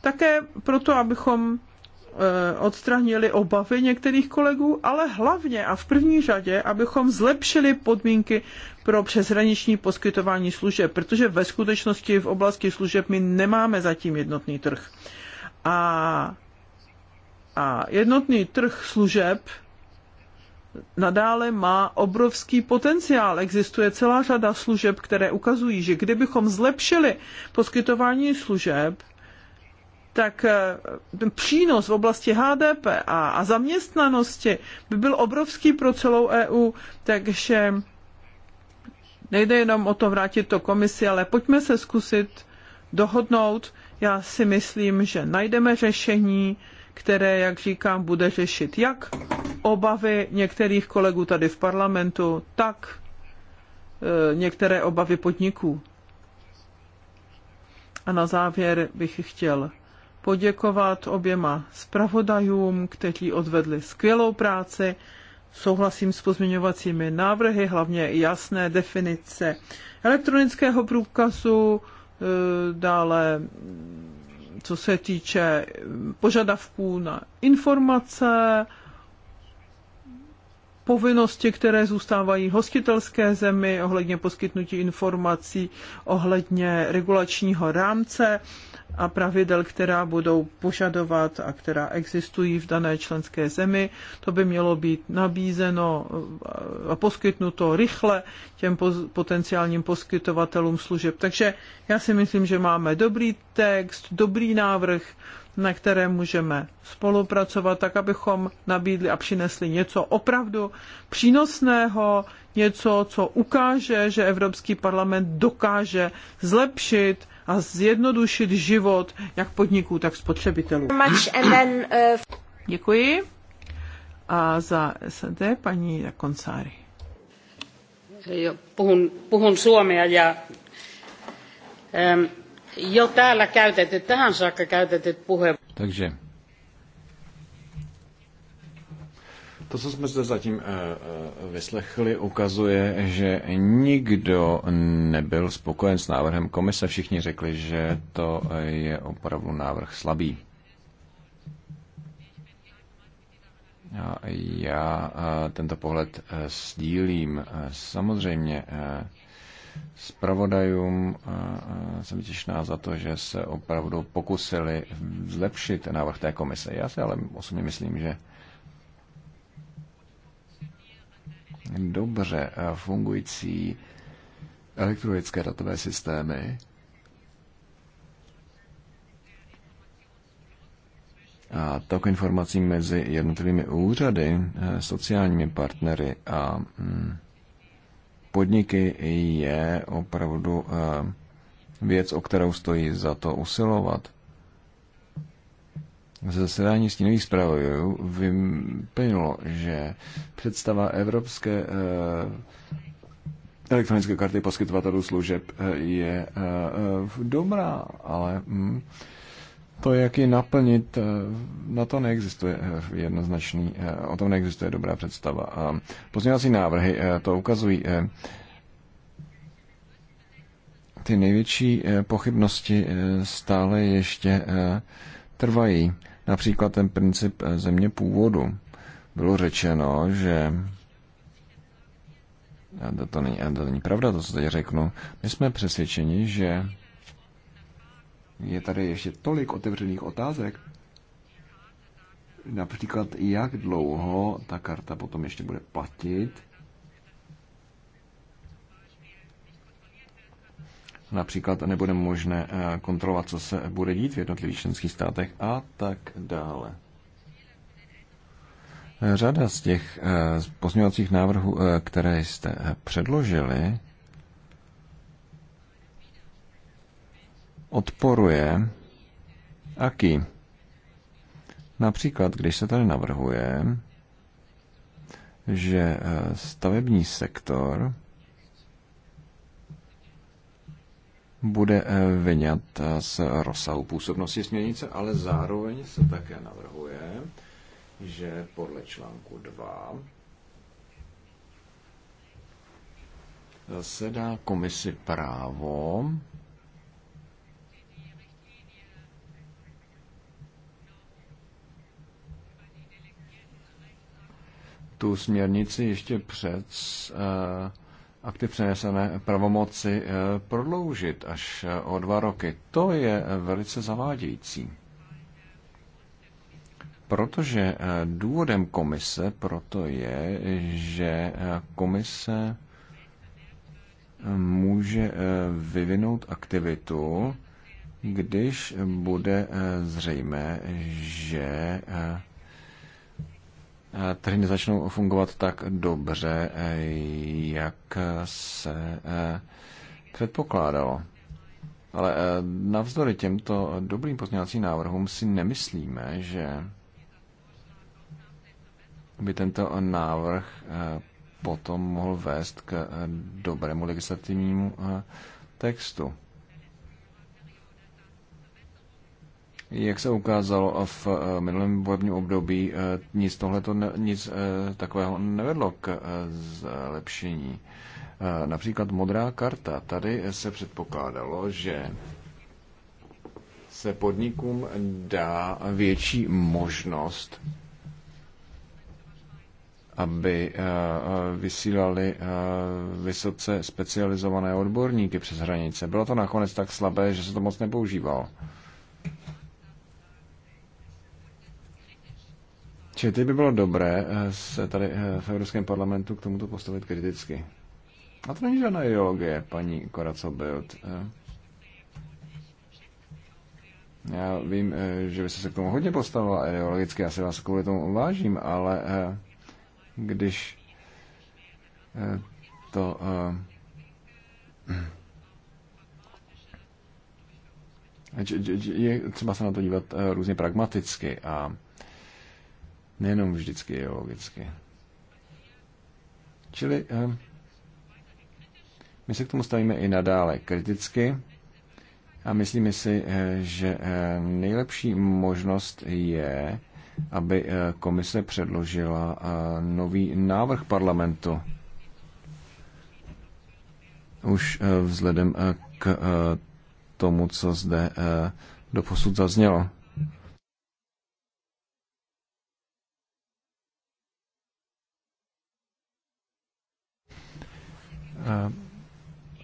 také proto, abychom eh, odstranili obavy některých kolegů, ale hlavně a v první řadě, abychom zlepšili podmínky pro přeshraniční poskytování služeb, protože ve skutečnosti v oblasti služeb my nemáme zatím jednotný trh. A, a jednotný trh služeb nadále má obrovský potenciál. Existuje celá řada služeb, které ukazují, že kdybychom zlepšili poskytování služeb, tak eh, přínos v oblasti HDP a, a zaměstnanosti by byl obrovský pro celou EU, takže nejde jenom o to vrátit to komisi, ale pojďme se zkusit dohodnout. Já si myslím, že najdeme řešení, které, jak říkám, bude řešit jak obavy některých kolegů tady v parlamentu, tak e, některé obavy podniků. A na závěr bych chtěl poděkovat oběma zpravodajům, kteří odvedli skvělou práci. Souhlasím s pozměňovacími návrhy, hlavně jasné definice elektronického průkazu, e, dále co se týče požadavků na informace, povinnosti, které zůstávají hostitelské zemi ohledně poskytnutí informací, ohledně regulačního rámce a pravidel, která budou požadovat a která existují v dané členské zemi. To by mělo být nabízeno eh, a poskytnuto rychle těm potenciálním poskytovatelům služeb. Takže já si myslím, že máme dobrý text, dobrý návrh, na které můžeme spolupracovat, tak abychom nabídli a přinesli něco opravdu přínosného, něco, co ukáže, že Evropský parlament dokáže zlepšit a zjednodušit život jak podniků, tak spotřebitelů. Uh, Děkuji. A za SD paní Jakonsári. Puhun, puhun suomea ja jo täällä käytetyt, tähän saakka käytetyt puheenvuorot. Takže To, co jsme zde zatím eh, eh, vyslechli, ukazuje, že nikdo nebyl spokojen s návrhem komise. Všichni řekli, že to eh, je opravdu návrh slabý. A já tento pohled sdílím. Samozřejmě zpravodajům jsem těšná za to, že se opravdu pokusili zlepšit návrh té komise. Já si ale osobně myslím, že dobře eh, fungující elektronické datové systémy a tok informací mezi jednotlivými úřady, eh, sociálními partnery a mm, podniky je opravdu eh, věc, o kterou stojí za to usilovat ze zasedání stínových zpravodajů vyplynulo, že představa evropské eh, elektronické karty poskytovatelů služeb eh, je eh, dobrá, ale hm, to, jak ji naplnit, na to neexistuje jednoznačný, o tom neexistuje dobrá představa. Pozměňovací návrhy to ukazují. Ty největší pochybnosti stále ještě trvají. Například ten princip eh, země původu. Bylo řečeno, že a to není, a to není pravda, to, co teď řeknu. My jsme přesvědčeni, že je tady ještě tolik otevřených otázek, například jak dlouho ta karta potom ještě bude platit, Například nebude možné eh, kontrolovat, co se bude dít v jednotlivých členských státech a tak dále. Řada z těch eh, pozměňovacích návrhů, eh, které jste předložili, odporuje aký. Například, když se tady navrhuje, že stavební sektor bude eh, vyňat eh, z rozsahu působnosti směrnice, ale zároveň se také navrhuje, že podle článku 2 se dá komisi právo tu směrnici ještě před uh, akty přenesené pravomoci eh, prodloužit až eh, o dva roky. To je eh, velice zavádějící. Protože důvodem komise proto je, že komise může vyvinout aktivitu, když bude zřejmé, že trhy nezačnou fungovat tak dobře, jak se eh, předpokládalo. Ale eh, navzdory těmto dobrým pozměňovacím návrhům si nemyslíme, že by tento návrh eh, potom mohl vést k dobrému legislativnímu textu. Jak se ukázalo v eh, minulém volebním období, eh, nic, tohleto, nic eh, takového nevedlo k zlepšení. Například modrá karta. Tady se předpokládalo, že se podnikům dá větší možnost, aby vysílali vysoce specializované odborníky přes hranice. Bylo to nakonec tak slabé, že se to moc nepoužívalo. Čili ty by bylo dobré eh, se tady eh, v Evropském parlamentu k tomuto postavit kriticky. A to není žádná ideologie, paní Koraco Bild. Eh. Já vím, že vy se k tomu hodně postavila ideologicky, já se vás kvůli tomu vážím, ale když to je třeba se na to dívat různě pragmaticky a Nejenom vždycky geologicky. Čili eh, my se k tomu stavíme i nadále kriticky a myslíme si, eh, že eh, nejlepší možnost je, aby komise předložila nový návrh parlamentu. Už vzhledem k tomu, co zde posud zaznělo.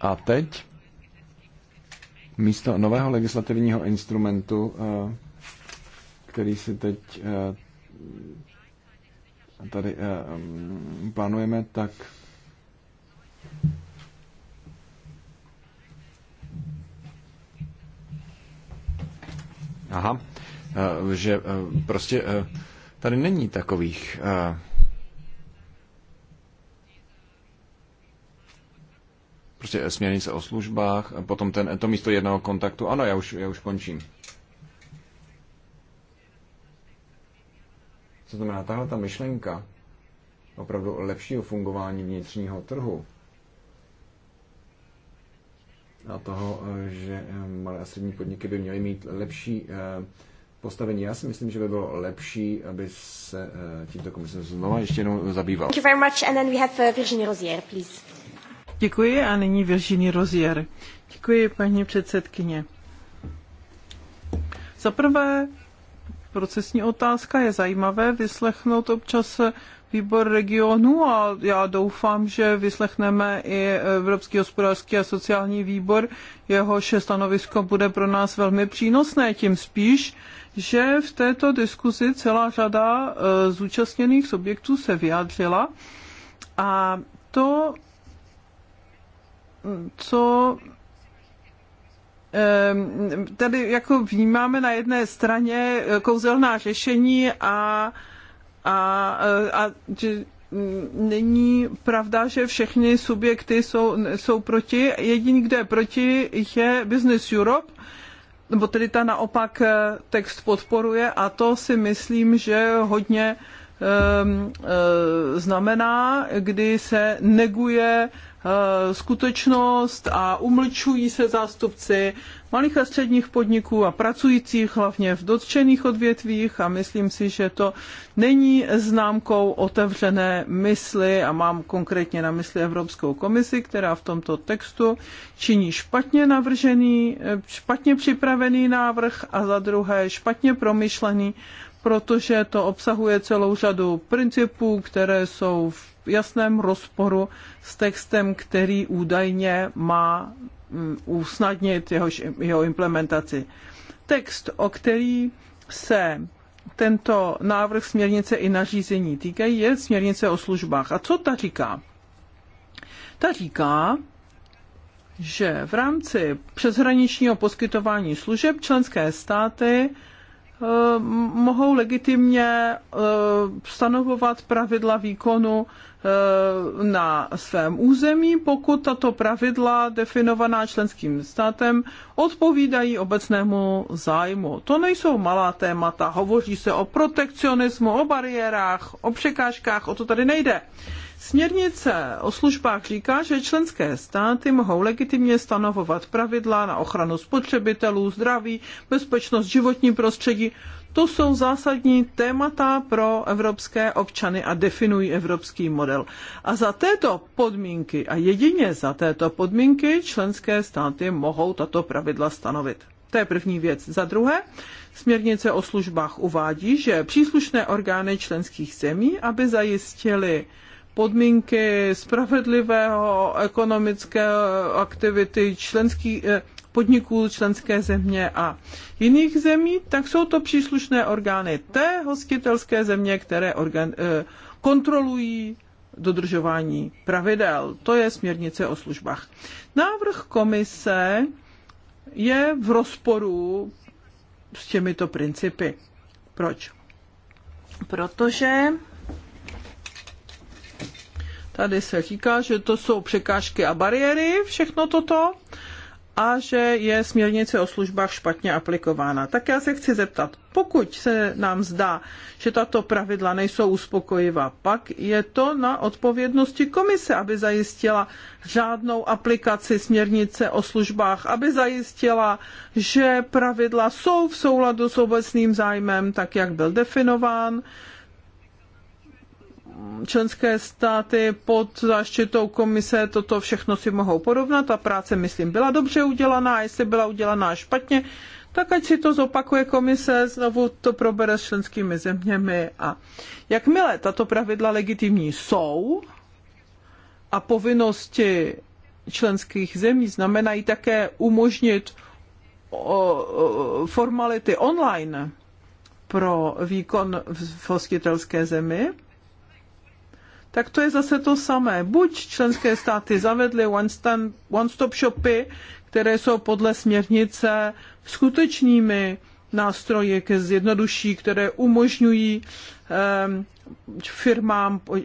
A teď místo nového legislativního instrumentu, eh, který si teď eh, tady eh, mm, plánujeme, tak Aha, že prostě tady není takových prostě směrnice o službách, a potom ten, to místo jednoho kontaktu. Ano, já už, já už končím. Co znamená tahle ta myšlenka opravdu lepšího fungování vnitřního trhu a toho, že eh, malé a střední podniky by měly mít lepší eh, postavení. Já si myslím, že by bylo lepší, aby se eh, tímto komisem znovu ještě jednou zabýval. Thank you very much and then we have Virginie Rozier, please. Děkuji a nyní Virginie Rozier. Děkuji, paní předsedkyně. Za prvé, procesní otázka je zajímavé vyslechnout občas výbor regionu a já doufám, že vyslechneme i Evropský hospodářský a sociální výbor. Jeho stanovisko bude pro nás velmi přínosné, tím spíš, že v této diskuzi celá řada e, zúčastněných subjektů se vyjádřila a to co tady jako vnímáme na jedné straně kouzelná řešení a, a, a že není pravda, že všechny subjekty jsou, jsou proti. Jediný, kdo je proti, je Business Europe, nebo tedy ta naopak eh, text podporuje a to si myslím, že hodně eh, znamená, kdy se neguje Eh, skutečnost a umlčují se zástupci malých a středních podniků a pracujících hlavně v dotčených odvětvích a myslím si, že to není známkou otevřené mysli a mám konkrétně na mysli Evropskou komisi, která v tomto textu činí špatně navržený, eh, špatně připravený návrh a za druhé špatně promyšlený protože to obsahuje celou řadu principů, které jsou v jasném rozporu s textem, který údajně má mm, usnadnit jeho, jeho implementaci. Text, o který se tento návrh směrnice i nařízení týkají, je směrnice o službách. A co ta říká? Ta říká, že v rámci přeshraničního poskytování služeb členské státy e, mohou legitimně e, stanovovat pravidla výkonu Eh, na svém území, pokud tato pravidla definovaná členským státem odpovídají obecnému zájmu. To nejsou malá témata, hovoří se o protekcionismu, o bariérách, o překážkách, o to tady nejde. Směrnice o službách říká, že členské státy mohou legitimně stanovovat pravidla na ochranu spotřebitelů, zdraví, bezpečnost, životní prostředí, to jsou zásadní témata pro evropské občany a definují evropský model. A za této podmínky a jedině za této podmínky členské státy mohou tato pravidla stanovit. To je první věc. Za druhé, směrnice o službách uvádí, že příslušné orgány členských zemí, aby zajistili podmínky spravedlivého ekonomické aktivity členských eh, podniků členské země a jiných zemí, tak jsou to příslušné orgány té hostitelské země, které organ, eh, kontrolují dodržování pravidel. To je směrnice o službách. Návrh komise je v rozporu s těmito principy. Proč? Protože tady se říká, že to jsou překážky a bariéry, všechno toto a že je směrnice o službách špatně aplikována. Tak já se chci zeptat, pokud se nám zdá, že tato pravidla nejsou uspokojivá, pak je to na odpovědnosti komise, aby zajistila řádnou aplikaci směrnice o službách, aby zajistila, že pravidla jsou v souladu s obecným zájmem, tak jak byl definován, členské státy pod záštitou komise toto všechno si mohou porovnat. a práce, myslím, byla dobře udělaná a jestli byla udělaná špatně, tak ať si to zopakuje komise, znovu to probere s členskými zeměmi a jakmile tato pravidla legitimní jsou a povinnosti členských zemí znamenají také umožnit formality online pro výkon v hostitelské zemi, tak to je zase to samé. Buď členské státy zavedly one-stop shopy, které jsou podle směrnice skutečnými nástroje ke zjednoduší, které umožňují ehm, firmám, eh,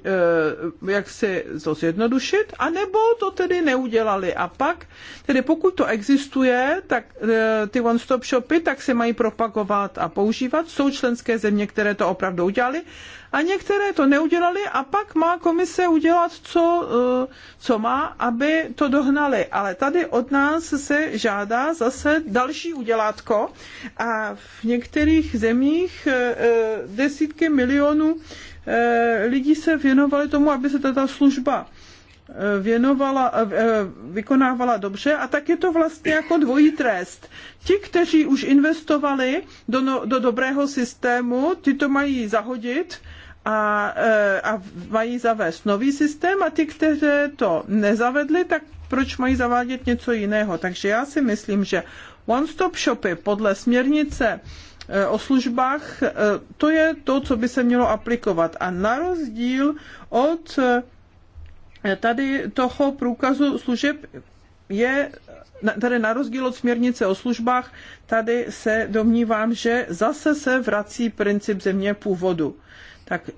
jak si to zjednodušit, anebo to tedy neudělali. A pak, tedy pokud to existuje, tak eh, ty one-stop shopy, tak se mají propagovat a používat. Jsou členské země, které to opravdu udělali a některé to neudělali a pak má komise udělat, co, eh, co má, aby to dohnali. Ale tady od nás se žádá zase další udělátko a v některých zemích eh, eh, desítky milionů lidí se věnovali tomu, aby se tato služba věnovala, vykonávala dobře a tak je to vlastně jako dvojí trest. Ti, kteří už investovali do, no, do dobrého systému, ty to mají zahodit a, e, a mají zavést nový systém a ty, kteří to nezavedli, tak proč mají zavádět něco jiného? Takže já si myslím, že one-stop shopy podle směrnice e, o službách, e, to je to, co by se mělo aplikovat. A na rozdíl od tady toho průkazu služeb je tady na rozdíl od směrnice o službách, tady se domnívám, že zase se vrací princip země původu tak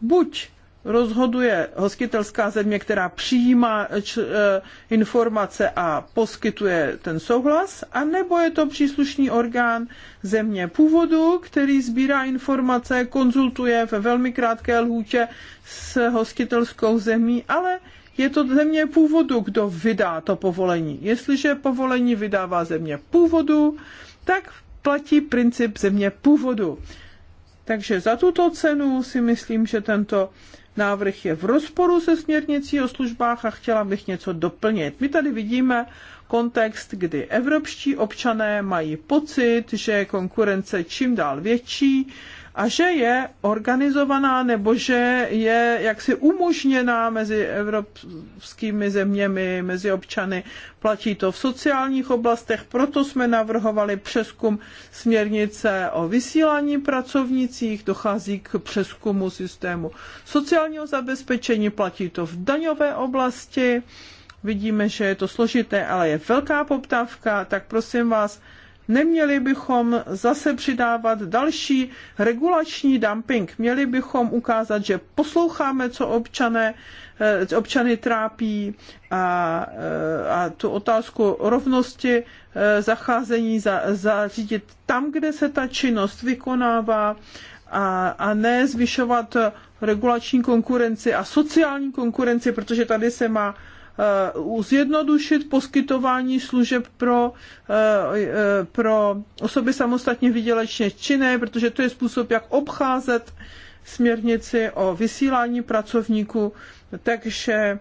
buď rozhoduje hostitelská země, která přijímá č, eh, informace a poskytuje ten souhlas, anebo je to příslušný orgán země původu, který sbírá informace, konzultuje ve velmi krátké lhůtě s hostitelskou zemí, ale je to země původu, kdo vydá to povolení. Jestliže povolení vydává země původu, tak platí princip země původu. Takže za tuto cenu si myslím, že tento návrh je v rozporu se směrnicí o službách a chtěla bych něco doplnit. My tady vidíme kontext, kdy evropští občané mají pocit, že konkurence čím dál větší, a že je organizovaná nebo že je jaksi umožněná mezi evropskými zeměmi, mezi občany. Platí to v sociálních oblastech, proto jsme navrhovali přeskum směrnice o vysílání pracovnicích, dochází k přeskumu systému sociálního zabezpečení, platí to v daňové oblasti. Vidíme, že je to složité, ale je velká poptávka, tak prosím vás, Neměli bychom zase přidávat další regulační dumping. Měli bychom ukázat, že posloucháme, co občané, eh, občany trápí a, eh, a tu otázku rovnosti eh, zacházení za, zařídit tam, kde se ta činnost vykonává a, a ne zvyšovat regulační konkurenci a sociální konkurenci, protože tady se má Eh, zjednodušit poskytování služeb pro, eh, eh, pro osoby samostatně vydělečně činné, protože to je způsob, jak obcházet směrnici o vysílání pracovníků. Takže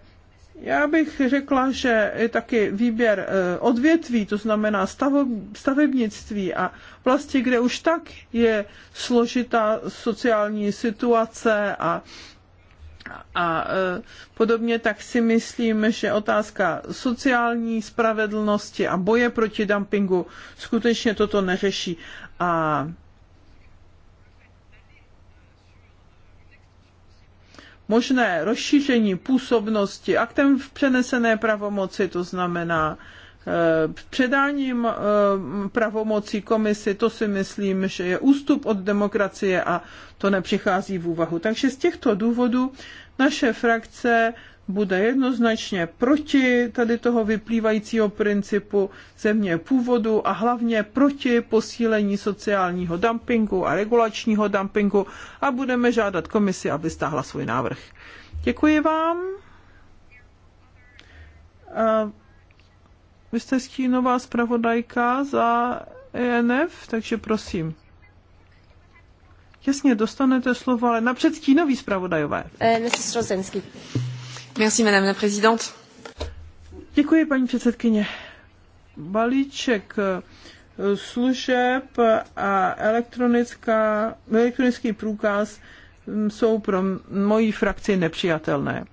já bych řekla, že je taky výběr odvětví, to znamená stavebnictví a vlastně, kde už tak je složitá sociální situace a a e, podobně tak si myslím, že otázka sociální spravedlnosti a boje proti dumpingu skutečně toto neřeší. A možné rozšíření působnosti aktem v přenesené pravomoci, to znamená Eh, předáním eh, pravomocí komisi, to si myslím, že je ústup od demokracie a to nepřichází v úvahu. Takže z těchto důvodů naše frakce bude jednoznačně proti tady toho vyplývajícího principu země původu a hlavně proti posílení sociálního dumpingu a regulačního dumpingu a budeme žádat komisi, aby stáhla svůj návrh. Děkuji vám. Vy jste stínová zpravodajka za ENF, takže prosím. Jasně, dostanete slovo, ale napřed stínový zpravodajové. Eh, Merci, madame la présidente. Děkuji, paní předsedkyně. Balíček eh, služeb a elektronická, elektronický průkaz mm, jsou pro moji frakci nepřijatelné.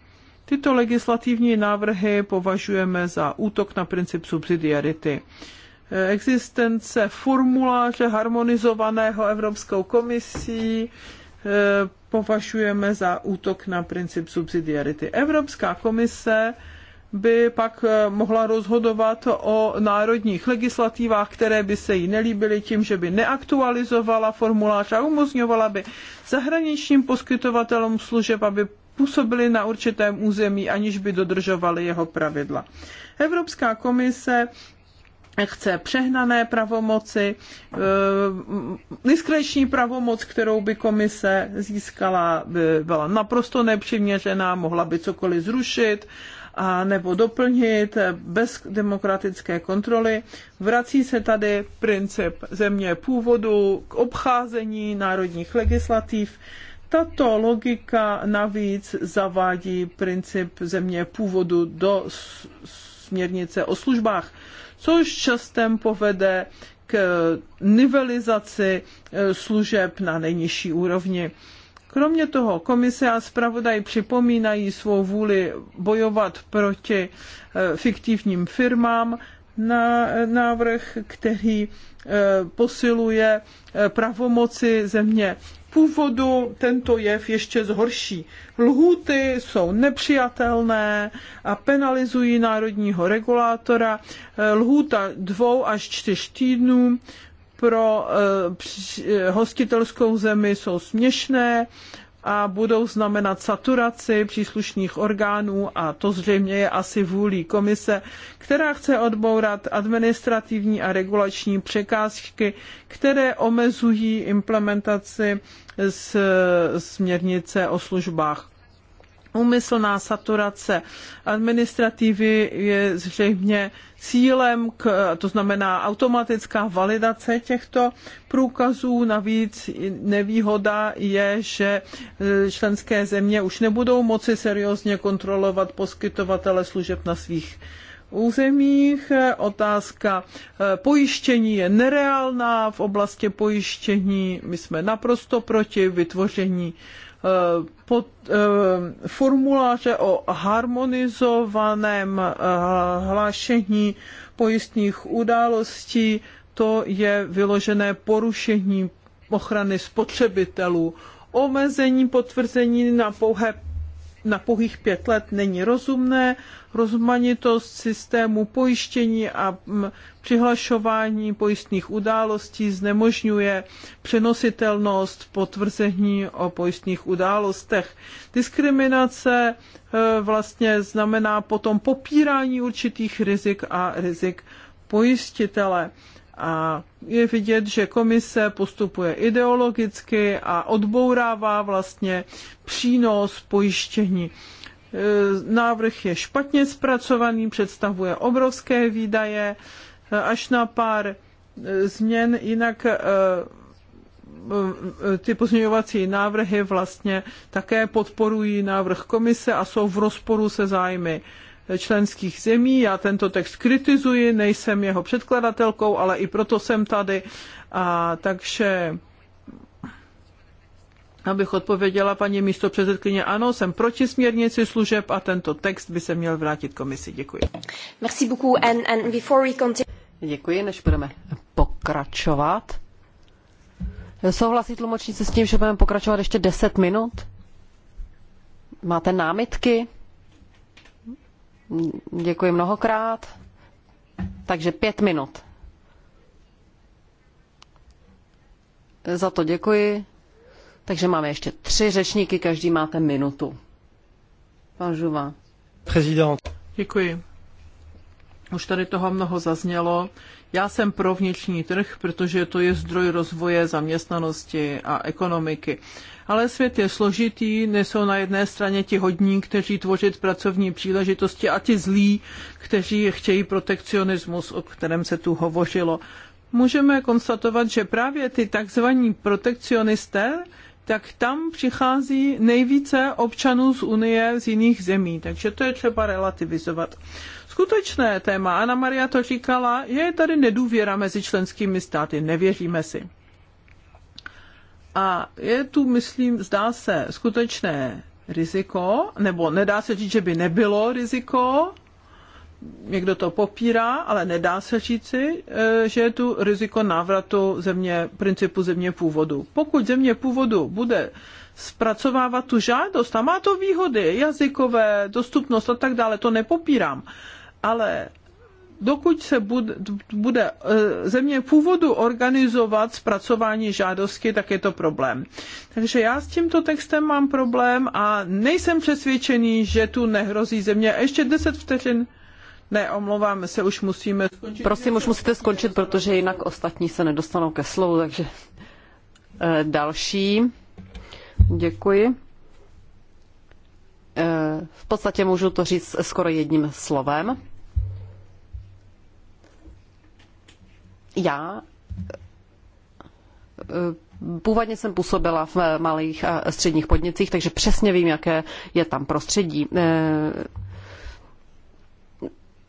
Tyto legislativní návrhy považujeme za útok na princip subsidiarity existence formuláře harmonizovaného Evropskou komisí e, považujeme za útok na princip subsidiarity. Evropská komise by pak e, mohla rozhodovat o národních legislativách, které by se jí nelíbily tím, že by neaktualizovala formulář a umožňovala by zahraničním poskytovatelům služeb, aby působili na určitém území, aniž by dodržovali jeho pravidla. Evropská komise chce přehnané pravomoci, eh, diskreční pravomoc, kterou by komise získala, by byla naprosto nepřiměřená, mohla by cokoliv zrušit a nebo doplnit bez demokratické kontroly. Vrací se tady princip země původu k obcházení národních legislativ tato logika navíc zavádí princip země původu do směrnice o službách, což častem povede k nivelizaci e, služeb na nejnižší úrovni. Kromě toho komise a zpravodaj připomínají svou vůli bojovat proti e, fiktivním firmám na e, návrh, který posiluje pravomoci země původu tento jev ještě zhorší. Lhůty jsou nepřijatelné a penalizují národního regulátora. Eh, lhůta dvou až čtyř týdnů pro eh, eh, hostitelskou zemi jsou směšné a budou znamenat saturaci příslušných orgánů a to zřejmě je asi vůlí komise, která chce odbourat administrativní a regulační překážky, které omezují implementaci z směrnice o službách. Úmyslná saturace administrativy je zřejmě cílem, k, to znamená automatická validace těchto průkazů. Navíc nevýhoda je, že e, členské země už nebudou moci seriózně kontrolovat poskytovatele služeb na svých územích. E, otázka e, pojištění je nereálná. V oblasti pojištění my jsme naprosto proti vytvoření Eh, pod, eh, formuláře o harmonizovaném eh, hlášení pojistných událostí, to je vyložené porušení ochrany spotřebitelů omezení potvrzení na pouhé na pouhých pět let není rozumné. Rozmanitost systému pojištění a mm, přihlašování pojistných událostí znemožňuje přenositelnost potvrzení o pojistných událostech. Diskriminace e, vlastně znamená potom popírání určitých rizik a rizik pojistitele. A je vidět, že komise postupuje ideologicky a odbourává vlastně přínos pojištění. E, návrh je špatně zpracovaný, představuje obrovské výdaje, e, až na pár e, změn, jinak ty pozměňovací návrhy vlastně také podporují návrh komise a jsou v rozporu se zájmy členských zemí. Já tento text kritizuji, nejsem jeho předkladatelkou, ale i proto jsem tady. A takže Abych odpověděla paní místo předsedkyně, ano, jsem proti směrnici služeb a tento text by se měl vrátit komisi. Děkuji. Merci beaucoup and, and before we continue... Děkuji, než budeme pokračovat. Souhlasí tlumočníci s tím, že budeme pokračovat ještě 10 minut? Máte námitky? Děkuji mnohokrát. Takže pět minut. Za to děkuji. Takže máme ještě tři řečníky, každý máte minutu. Pan Žuva. Prezident. Děkuji. Už tady toho mnoho zaznělo. Já jsem pro vnitřní trh, protože to je zdroj rozvoje zaměstnanosti a ekonomiky. Ale svět je složitý, nejsou na jedné straně ti hodní, kteří tvořit pracovní příležitosti a ti zlí, kteří chtějí protekcionismus, o kterém se tu hovořilo. Můžeme konstatovat, že právě ty takzvaní protekcionisté, tak tam přichází nejvíce občanů z Unie z jiných zemí, takže to je třeba relativizovat skutečné téma. Ana Maria to říkala, že je tady nedůvěra mezi členskými státy, nevěříme si. A je tu, myslím, zdá se skutečné riziko, nebo nedá se říct, že by nebylo riziko, někdo to popírá, ale nedá se říci, eh, že je tu riziko návratu země, principu země původu. Pokud země původu bude zpracovávat tu žádost a má to výhody jazykové, dostupnost a tak dále, to nepopírám ale dokud se bude, bude eh, země původu organizovat zpracování žádosti, tak je to problém. Takže já s tímto textem mám problém a nejsem přesvědčený, že tu nehrozí země. A ještě 10 vteřin. Ne, omlouvám se, už musíme skončit. Prosím, už musíte skončit, protože jinak ostatní se nedostanou ke slovu, takže eh, další. Děkuji. Eh, v podstatě můžu to říct skoro jedním slovem. Já eh, Původně jsem působila v malých a středních podnicích, takže přesně vím, jaké je tam prostředí. Eh,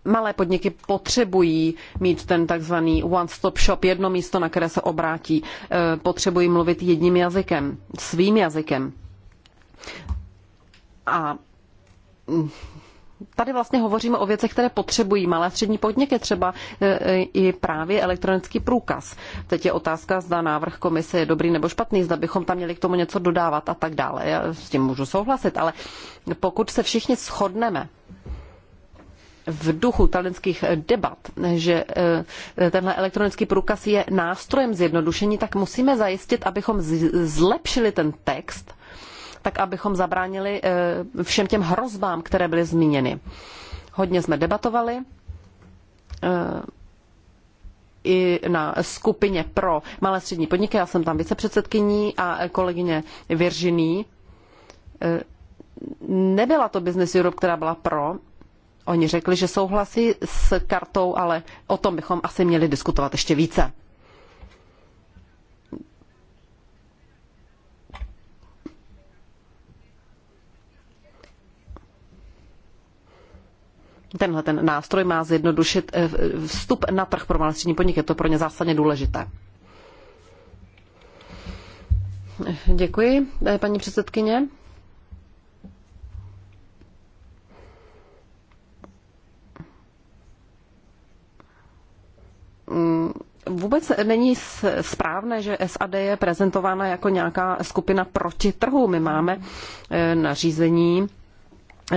malé podniky potřebují mít ten takzvaný one-stop shop, jedno místo, na které se obrátí. Eh, potřebují mluvit jedním jazykem, svým jazykem. A mm, tady vlastně hovoříme o věcech, které potřebují malé a střední podniky, třeba e, e, i právě elektronický průkaz. Teď je otázka, zda návrh komise je dobrý nebo špatný, zda bychom tam měli k tomu něco dodávat a tak dále. Já s tím můžu souhlasit, ale pokud se všichni shodneme, v duchu talinských debat, že e, tenhle elektronický průkaz je nástrojem zjednodušení, tak musíme zajistit, abychom zlepšili ten text tak abychom zabránili eh, všem těm hrozbám, které byly zmíněny. Hodně jsme debatovali eh, i na skupině pro malé střední podniky. Já jsem tam vicepředsedkyní a kolegyně Virginie. Eh, nebyla to Business Europe, která byla pro. Oni řekli, že souhlasí s kartou, ale o tom bychom asi měli diskutovat ještě více. tenhle ten nástroj má zjednodušit eh, vstup na trh pro malé střední podnik. Je to pro ně zásadně důležité. Děkuji, eh, paní předsedkyně. Mm, vůbec není správné, že SAD je prezentována jako nějaká skupina proti trhu. My máme eh, nařízení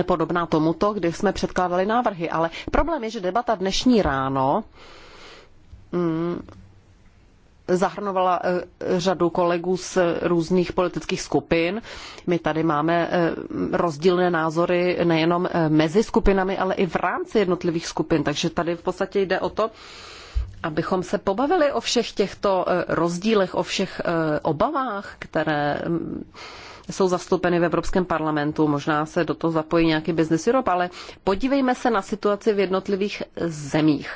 podobná tomuto, kdy jsme předkládali návrhy. Ale problém je, že debata dnešní ráno mm, zahrnovala e, řadu kolegů z různých politických skupin. My tady máme e, rozdílné názory nejenom e, mezi skupinami, ale i v rámci jednotlivých skupin. Takže tady v podstatě jde o to, abychom se pobavili o všech těchto rozdílech, o všech obavách, které jsou zastoupeny v Evropském parlamentu. Možná se do toho zapojí nějaký Business Europe, ale podívejme se na situaci v jednotlivých zemích.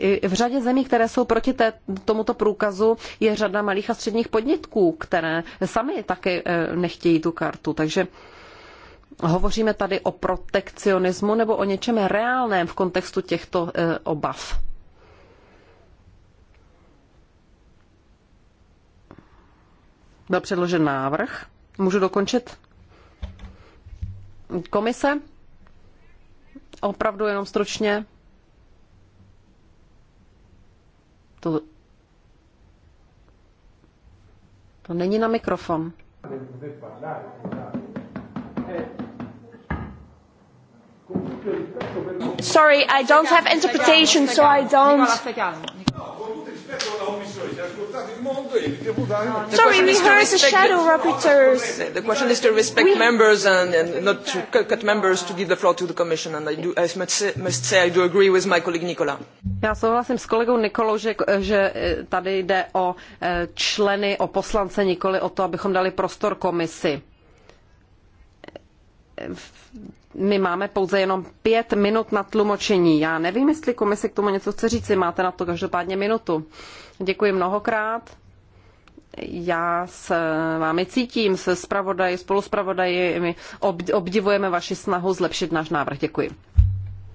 E, v řadě zemí, které jsou proti té, tomuto průkazu, je řada malých a středních podniků, které sami taky e, nechtějí tu kartu. Takže hovoříme tady o protekcionismu nebo o něčem reálném v kontextu těchto e, obav. byl předložen návrh. Můžu dokončit? Komise? Opravdu jenom stručně. To, to není na mikrofon. Sorry, I don't have interpretation, so I don't. Sorry, we heard the shadow rapporteurs. The question is to respect we... members and, and not to cut, cut members to give the floor to the Commission. And I, do, I must, say, must say I do agree with my colleague Nicola. Já souhlasím s kolegou Nikolou, že, že eh, tady jde o eh, členy, o poslance, nikoli o to, abychom dali prostor komisi my máme pouze jenom pět minut na tlumočení. Já nevím, jestli komise k tomu něco chce říci, máte na to každopádně minutu. Děkuji mnohokrát. Já s vámi cítím, se spravodaji, spoluspravodaji, my obdivujeme vaši snahu zlepšit náš návrh. Děkuji.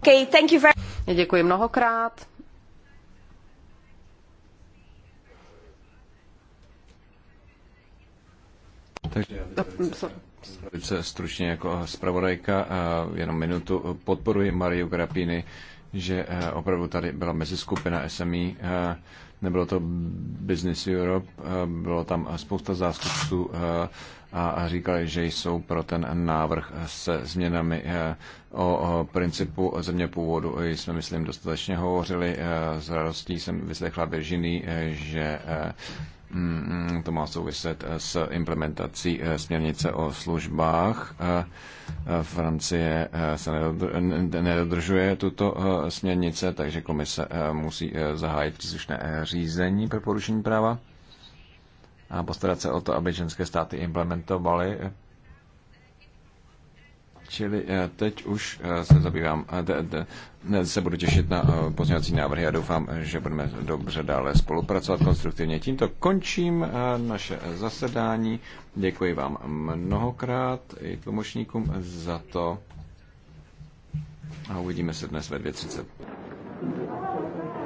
Okay, thank you very... Děkuji mnohokrát. Takže já no, Velice stručně jako zpravodajka, jenom minutu, podporuji Mariu Grapini, že opravdu tady byla meziskupina SME, nebylo to Business Europe, bylo tam spousta zástupců a říkali, že jsou pro ten návrh se změnami o principu země původu. Jsme, myslím, dostatečně hovořili. S radostí jsem vyslechla Virginie, že Mm, to má souviset eh, s implementací eh, směrnice o službách. Eh, Francie se nedodržuje tuto směrnice, takže komise musí zahájit příslušné řízení pro porušení práva a postarat se o to, aby ženské státy implementovaly Čili eh, teď už eh, se zabývám, eh, se budu těšit na pozměňovací návrhy a doufám, že budeme dobře dále spolupracovat konstruktivně. Tímto končím naše zasedání. Děkuji vám mnohokrát i tlumočníkům za to a uvidíme se dnes ve 2.30.